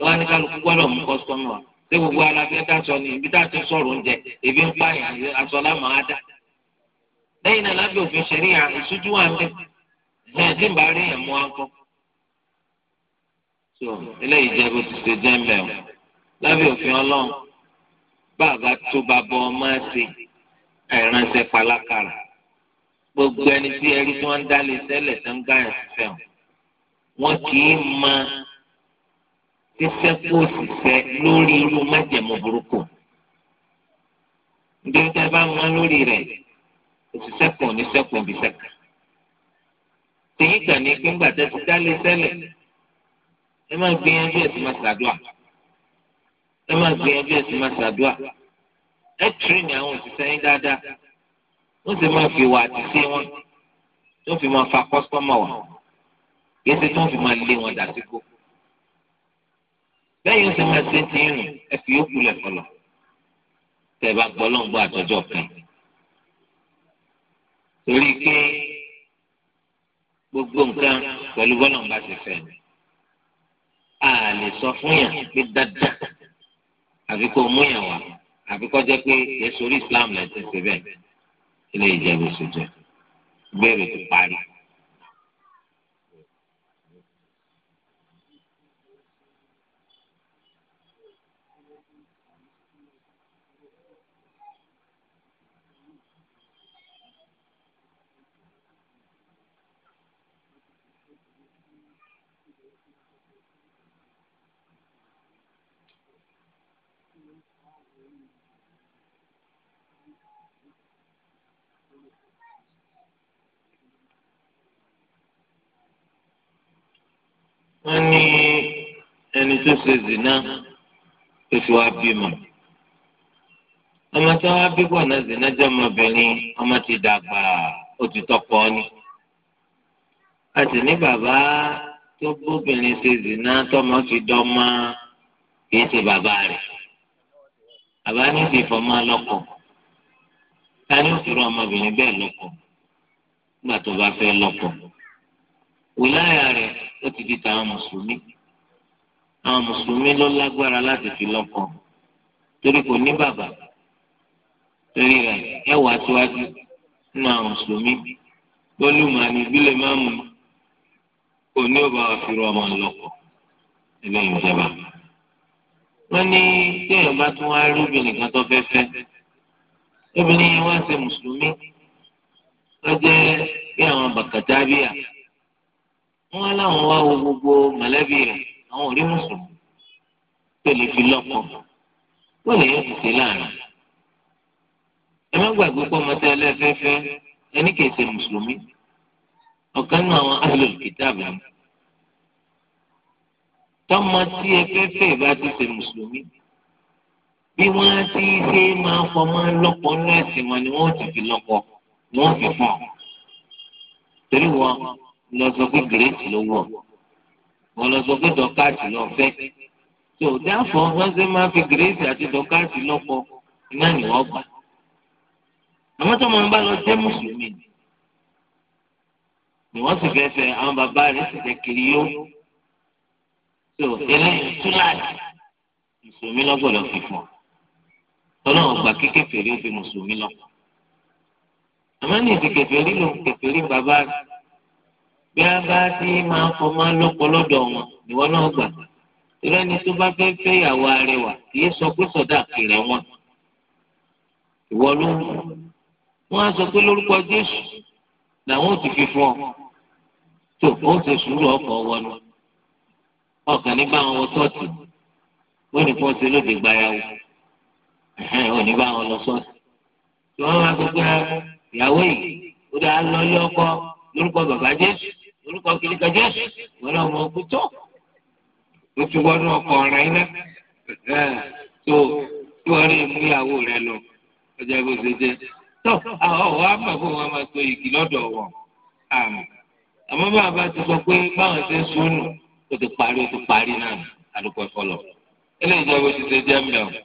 wọ́n á ní kálukú gbọ́dọ̀ mú kọ́sítọ́mù wa ṣé gbogbo aláfẹ́ dáṣọ ni ibi tá a ti sọ̀rọ̀ oúnjẹ ebi ń pààyàn aṣọ lámà á dá. lẹ́yìn náà lábẹ́ òfin ṣẹ̀rí à ìṣújú wa ń bẹ̀ ẹ̀ tí ń bá rí ẹ̀ mú wa kọ́. so eléyìí jẹ́ bó ti ṣe jẹ́ mbẹ́ o lábẹ́ òfin ọlọ́run bàbá tó bá bọ́ ọ máa ṣe ẹ̀ránṣẹ́ palákàrà gbogbo ẹni tí ẹrí tí wọ́n ń dálé tẹ́lẹ̀ tó ń gbà yẹn o wọ́n kì í mọ ṣíṣẹ́ kó ṣiṣẹ́ lórí irú májẹ̀mú burúkú nítorí tẹ́ bá mọ lórí rẹ̀ òṣìṣẹ́ kan ní sẹ́kùn bí sẹ́kà tèyí kàn ní pé ńgbà tẹ́ ti dálé tẹ́lẹ̀ ẹ máa gbìyànjú ẹ̀ sì máa ṣàdúà ẹ máa gbìyànjú ẹ̀ sì máa ṣàdúà ẹ tìrì ní àwọn òṣìṣẹ́ yín dáadáa wọ́n sì máa fi wà àti sí wọn tó fi máa fa kọ́sítọ́mọ̀ wà yìí ṣe tó fi máa lé wọn dà sí kó. lẹ́yìn oṣù máa ṣe ti rìn ẹ fi yókù lẹ̀ fọlọ̀ tẹ̀ bá gbọ́ lọ́ngbọ́ àtọ́jọ́ kan. torí pé gbogbo nǹkan pẹ̀lú bọ́lọ̀ ń bá ṣe fẹ́ a lè sọ fún yàn pé dáadáa àfi kó mú yàn wá àfi kó jẹ́ pé èso orí Islam lẹ́sìn ṣe bẹ́ẹ̀ ilé ìjẹun ìṣòjẹ ìbéèrè ti parí. wọ́n ní ẹni tó ṣe zina tó fi wá bímọ ọmọ tí wọ́n bí pọ̀ náà zina jẹ́ ọmọbìnrin ọmọ ti dàgbà ó ti tọkọ ni a sì ní bàbá tó bóbìnrin ṣe zina tọmọ fi dọ́mọ kì í ṣe bàbá rẹ̀ bàbá ní ti fọmọ lọ́kọ̀ọ́ ta ni òṣèré ọmọbìnrin bẹ́ẹ̀ lọ́kọ nígbà tó bá fẹ́ lọ́kọ wòláyà rẹ̀ ó ti di tàwọn mùsùlùmí àwọn mùsùlùmí ló lágbára láti fi lọ́kọ torí kò ní bàbá torí rẹ̀ ẹ wà síwájú nínú àwọn mùsùlùmí gbólúmọ̀ọ́nì ìbílẹ̀ máa mú òní ò bá ọmọ lọ́kọ ẹlẹ́yìn ìjọba. wọ́n ní téèyàn bá tún wá rí kan tó fẹ́ fẹ́ obìnrin yẹn wọ́n ṣe mùsùlùmí lọ́jẹ́ bí àwọn bàkàtàbíà wọ́n láwọn wá wo gbogbo mọ̀lẹ́bí rẹ̀ àwọn òrí mùsùlùmí tó lè fi lọ́kọ wọ́n lè yẹ kò sí láàrin ẹ má gbàgbé pé ọmọ tẹ ẹlẹ́fẹ́fẹ́ ẹni kìí ṣe mùsùlùmí ọ̀kan nínú àwọn ahlul kitab tọ́mọ tí ẹ fẹ́ fẹ́ ìbá ti ṣe mùsùlùmí bí wọ́n ti ṣe máa fọmọ lọ́pọ̀ nọ́ọ̀sì wọn ni wọ́n ti fi lọ́pọ̀ ni wọ́n fi fọ̀ torí wọn lọ sọ pé gírèsì ló wọ̀ wọn lọ sọ pé dọ́kàtì lọ fẹ́ tó dáàfọ̀ wọ́n ṣe máa fi gírèsì àti dọ́kàtì lọ́pọ̀ iná ni wọ́n gbà àwọn tó máa ń bá lọ jẹ́ mùsùlùmí ni wọ́n sì fẹ́ fẹ́ àwọn bàbá rẹ̀ sì fẹ́ kiri yó tó eléyìí túláàdì mùsùlùmí lọ́gbọ̀dọ̀ fi fọ̀ ọlọ́run gbà kí kèfèrí ó fi mùsùlùmí lọ. àmọ́ ní ìdí kèfèrí ló ń kèfèrí bàbá rẹ̀ bí a bá ti máa fọ máa lọ́pọ̀ lọ́dọ̀ wọn ìwọ náà gbà. ìrẹ́ ni tó bá fẹ́ fẹ́ ìyàwó arẹwà kì í sọ pé sọ̀dà kìrẹ̀ wọn. ìwọ ló ń wọn á sọ pé lórúkọ Jésù làwọn ò ti fi fún ọ. tó o ṣe sùúrù ọkọ̀ wọnú ọkàn ní báwọn wọ wọ́n ní fọ́ọ̀tì lóde gbáyàwó òní bá wọn lọ sọ́ọ̀sì tí wọ́n máa gbogbo ìyàwó yìí ó dáa lọ ilé ọkọ lórúkọ bàbá jésù lórúkọ kìlìkà jésù wọn náà mọ ọkú tó ó ti wọnú ọkọ ọ̀ràn iná tó tí wọ́n rí ìmúyàwó rẹ lọ ọjà bó ṣe jẹ tó àwọn ọ̀wọ́ àmọ̀ fún wọn máa so ìgì lọ́dọ̀ wọn àmọ́ bàbá ti sọ pé báwọn ṣe ń sùn nù ó ti parí ó ti parí náà àdúgbò ìfọlọ́ eléyìí jẹ́ bó ti ṣe jẹ́ mẹ́wọ̀n.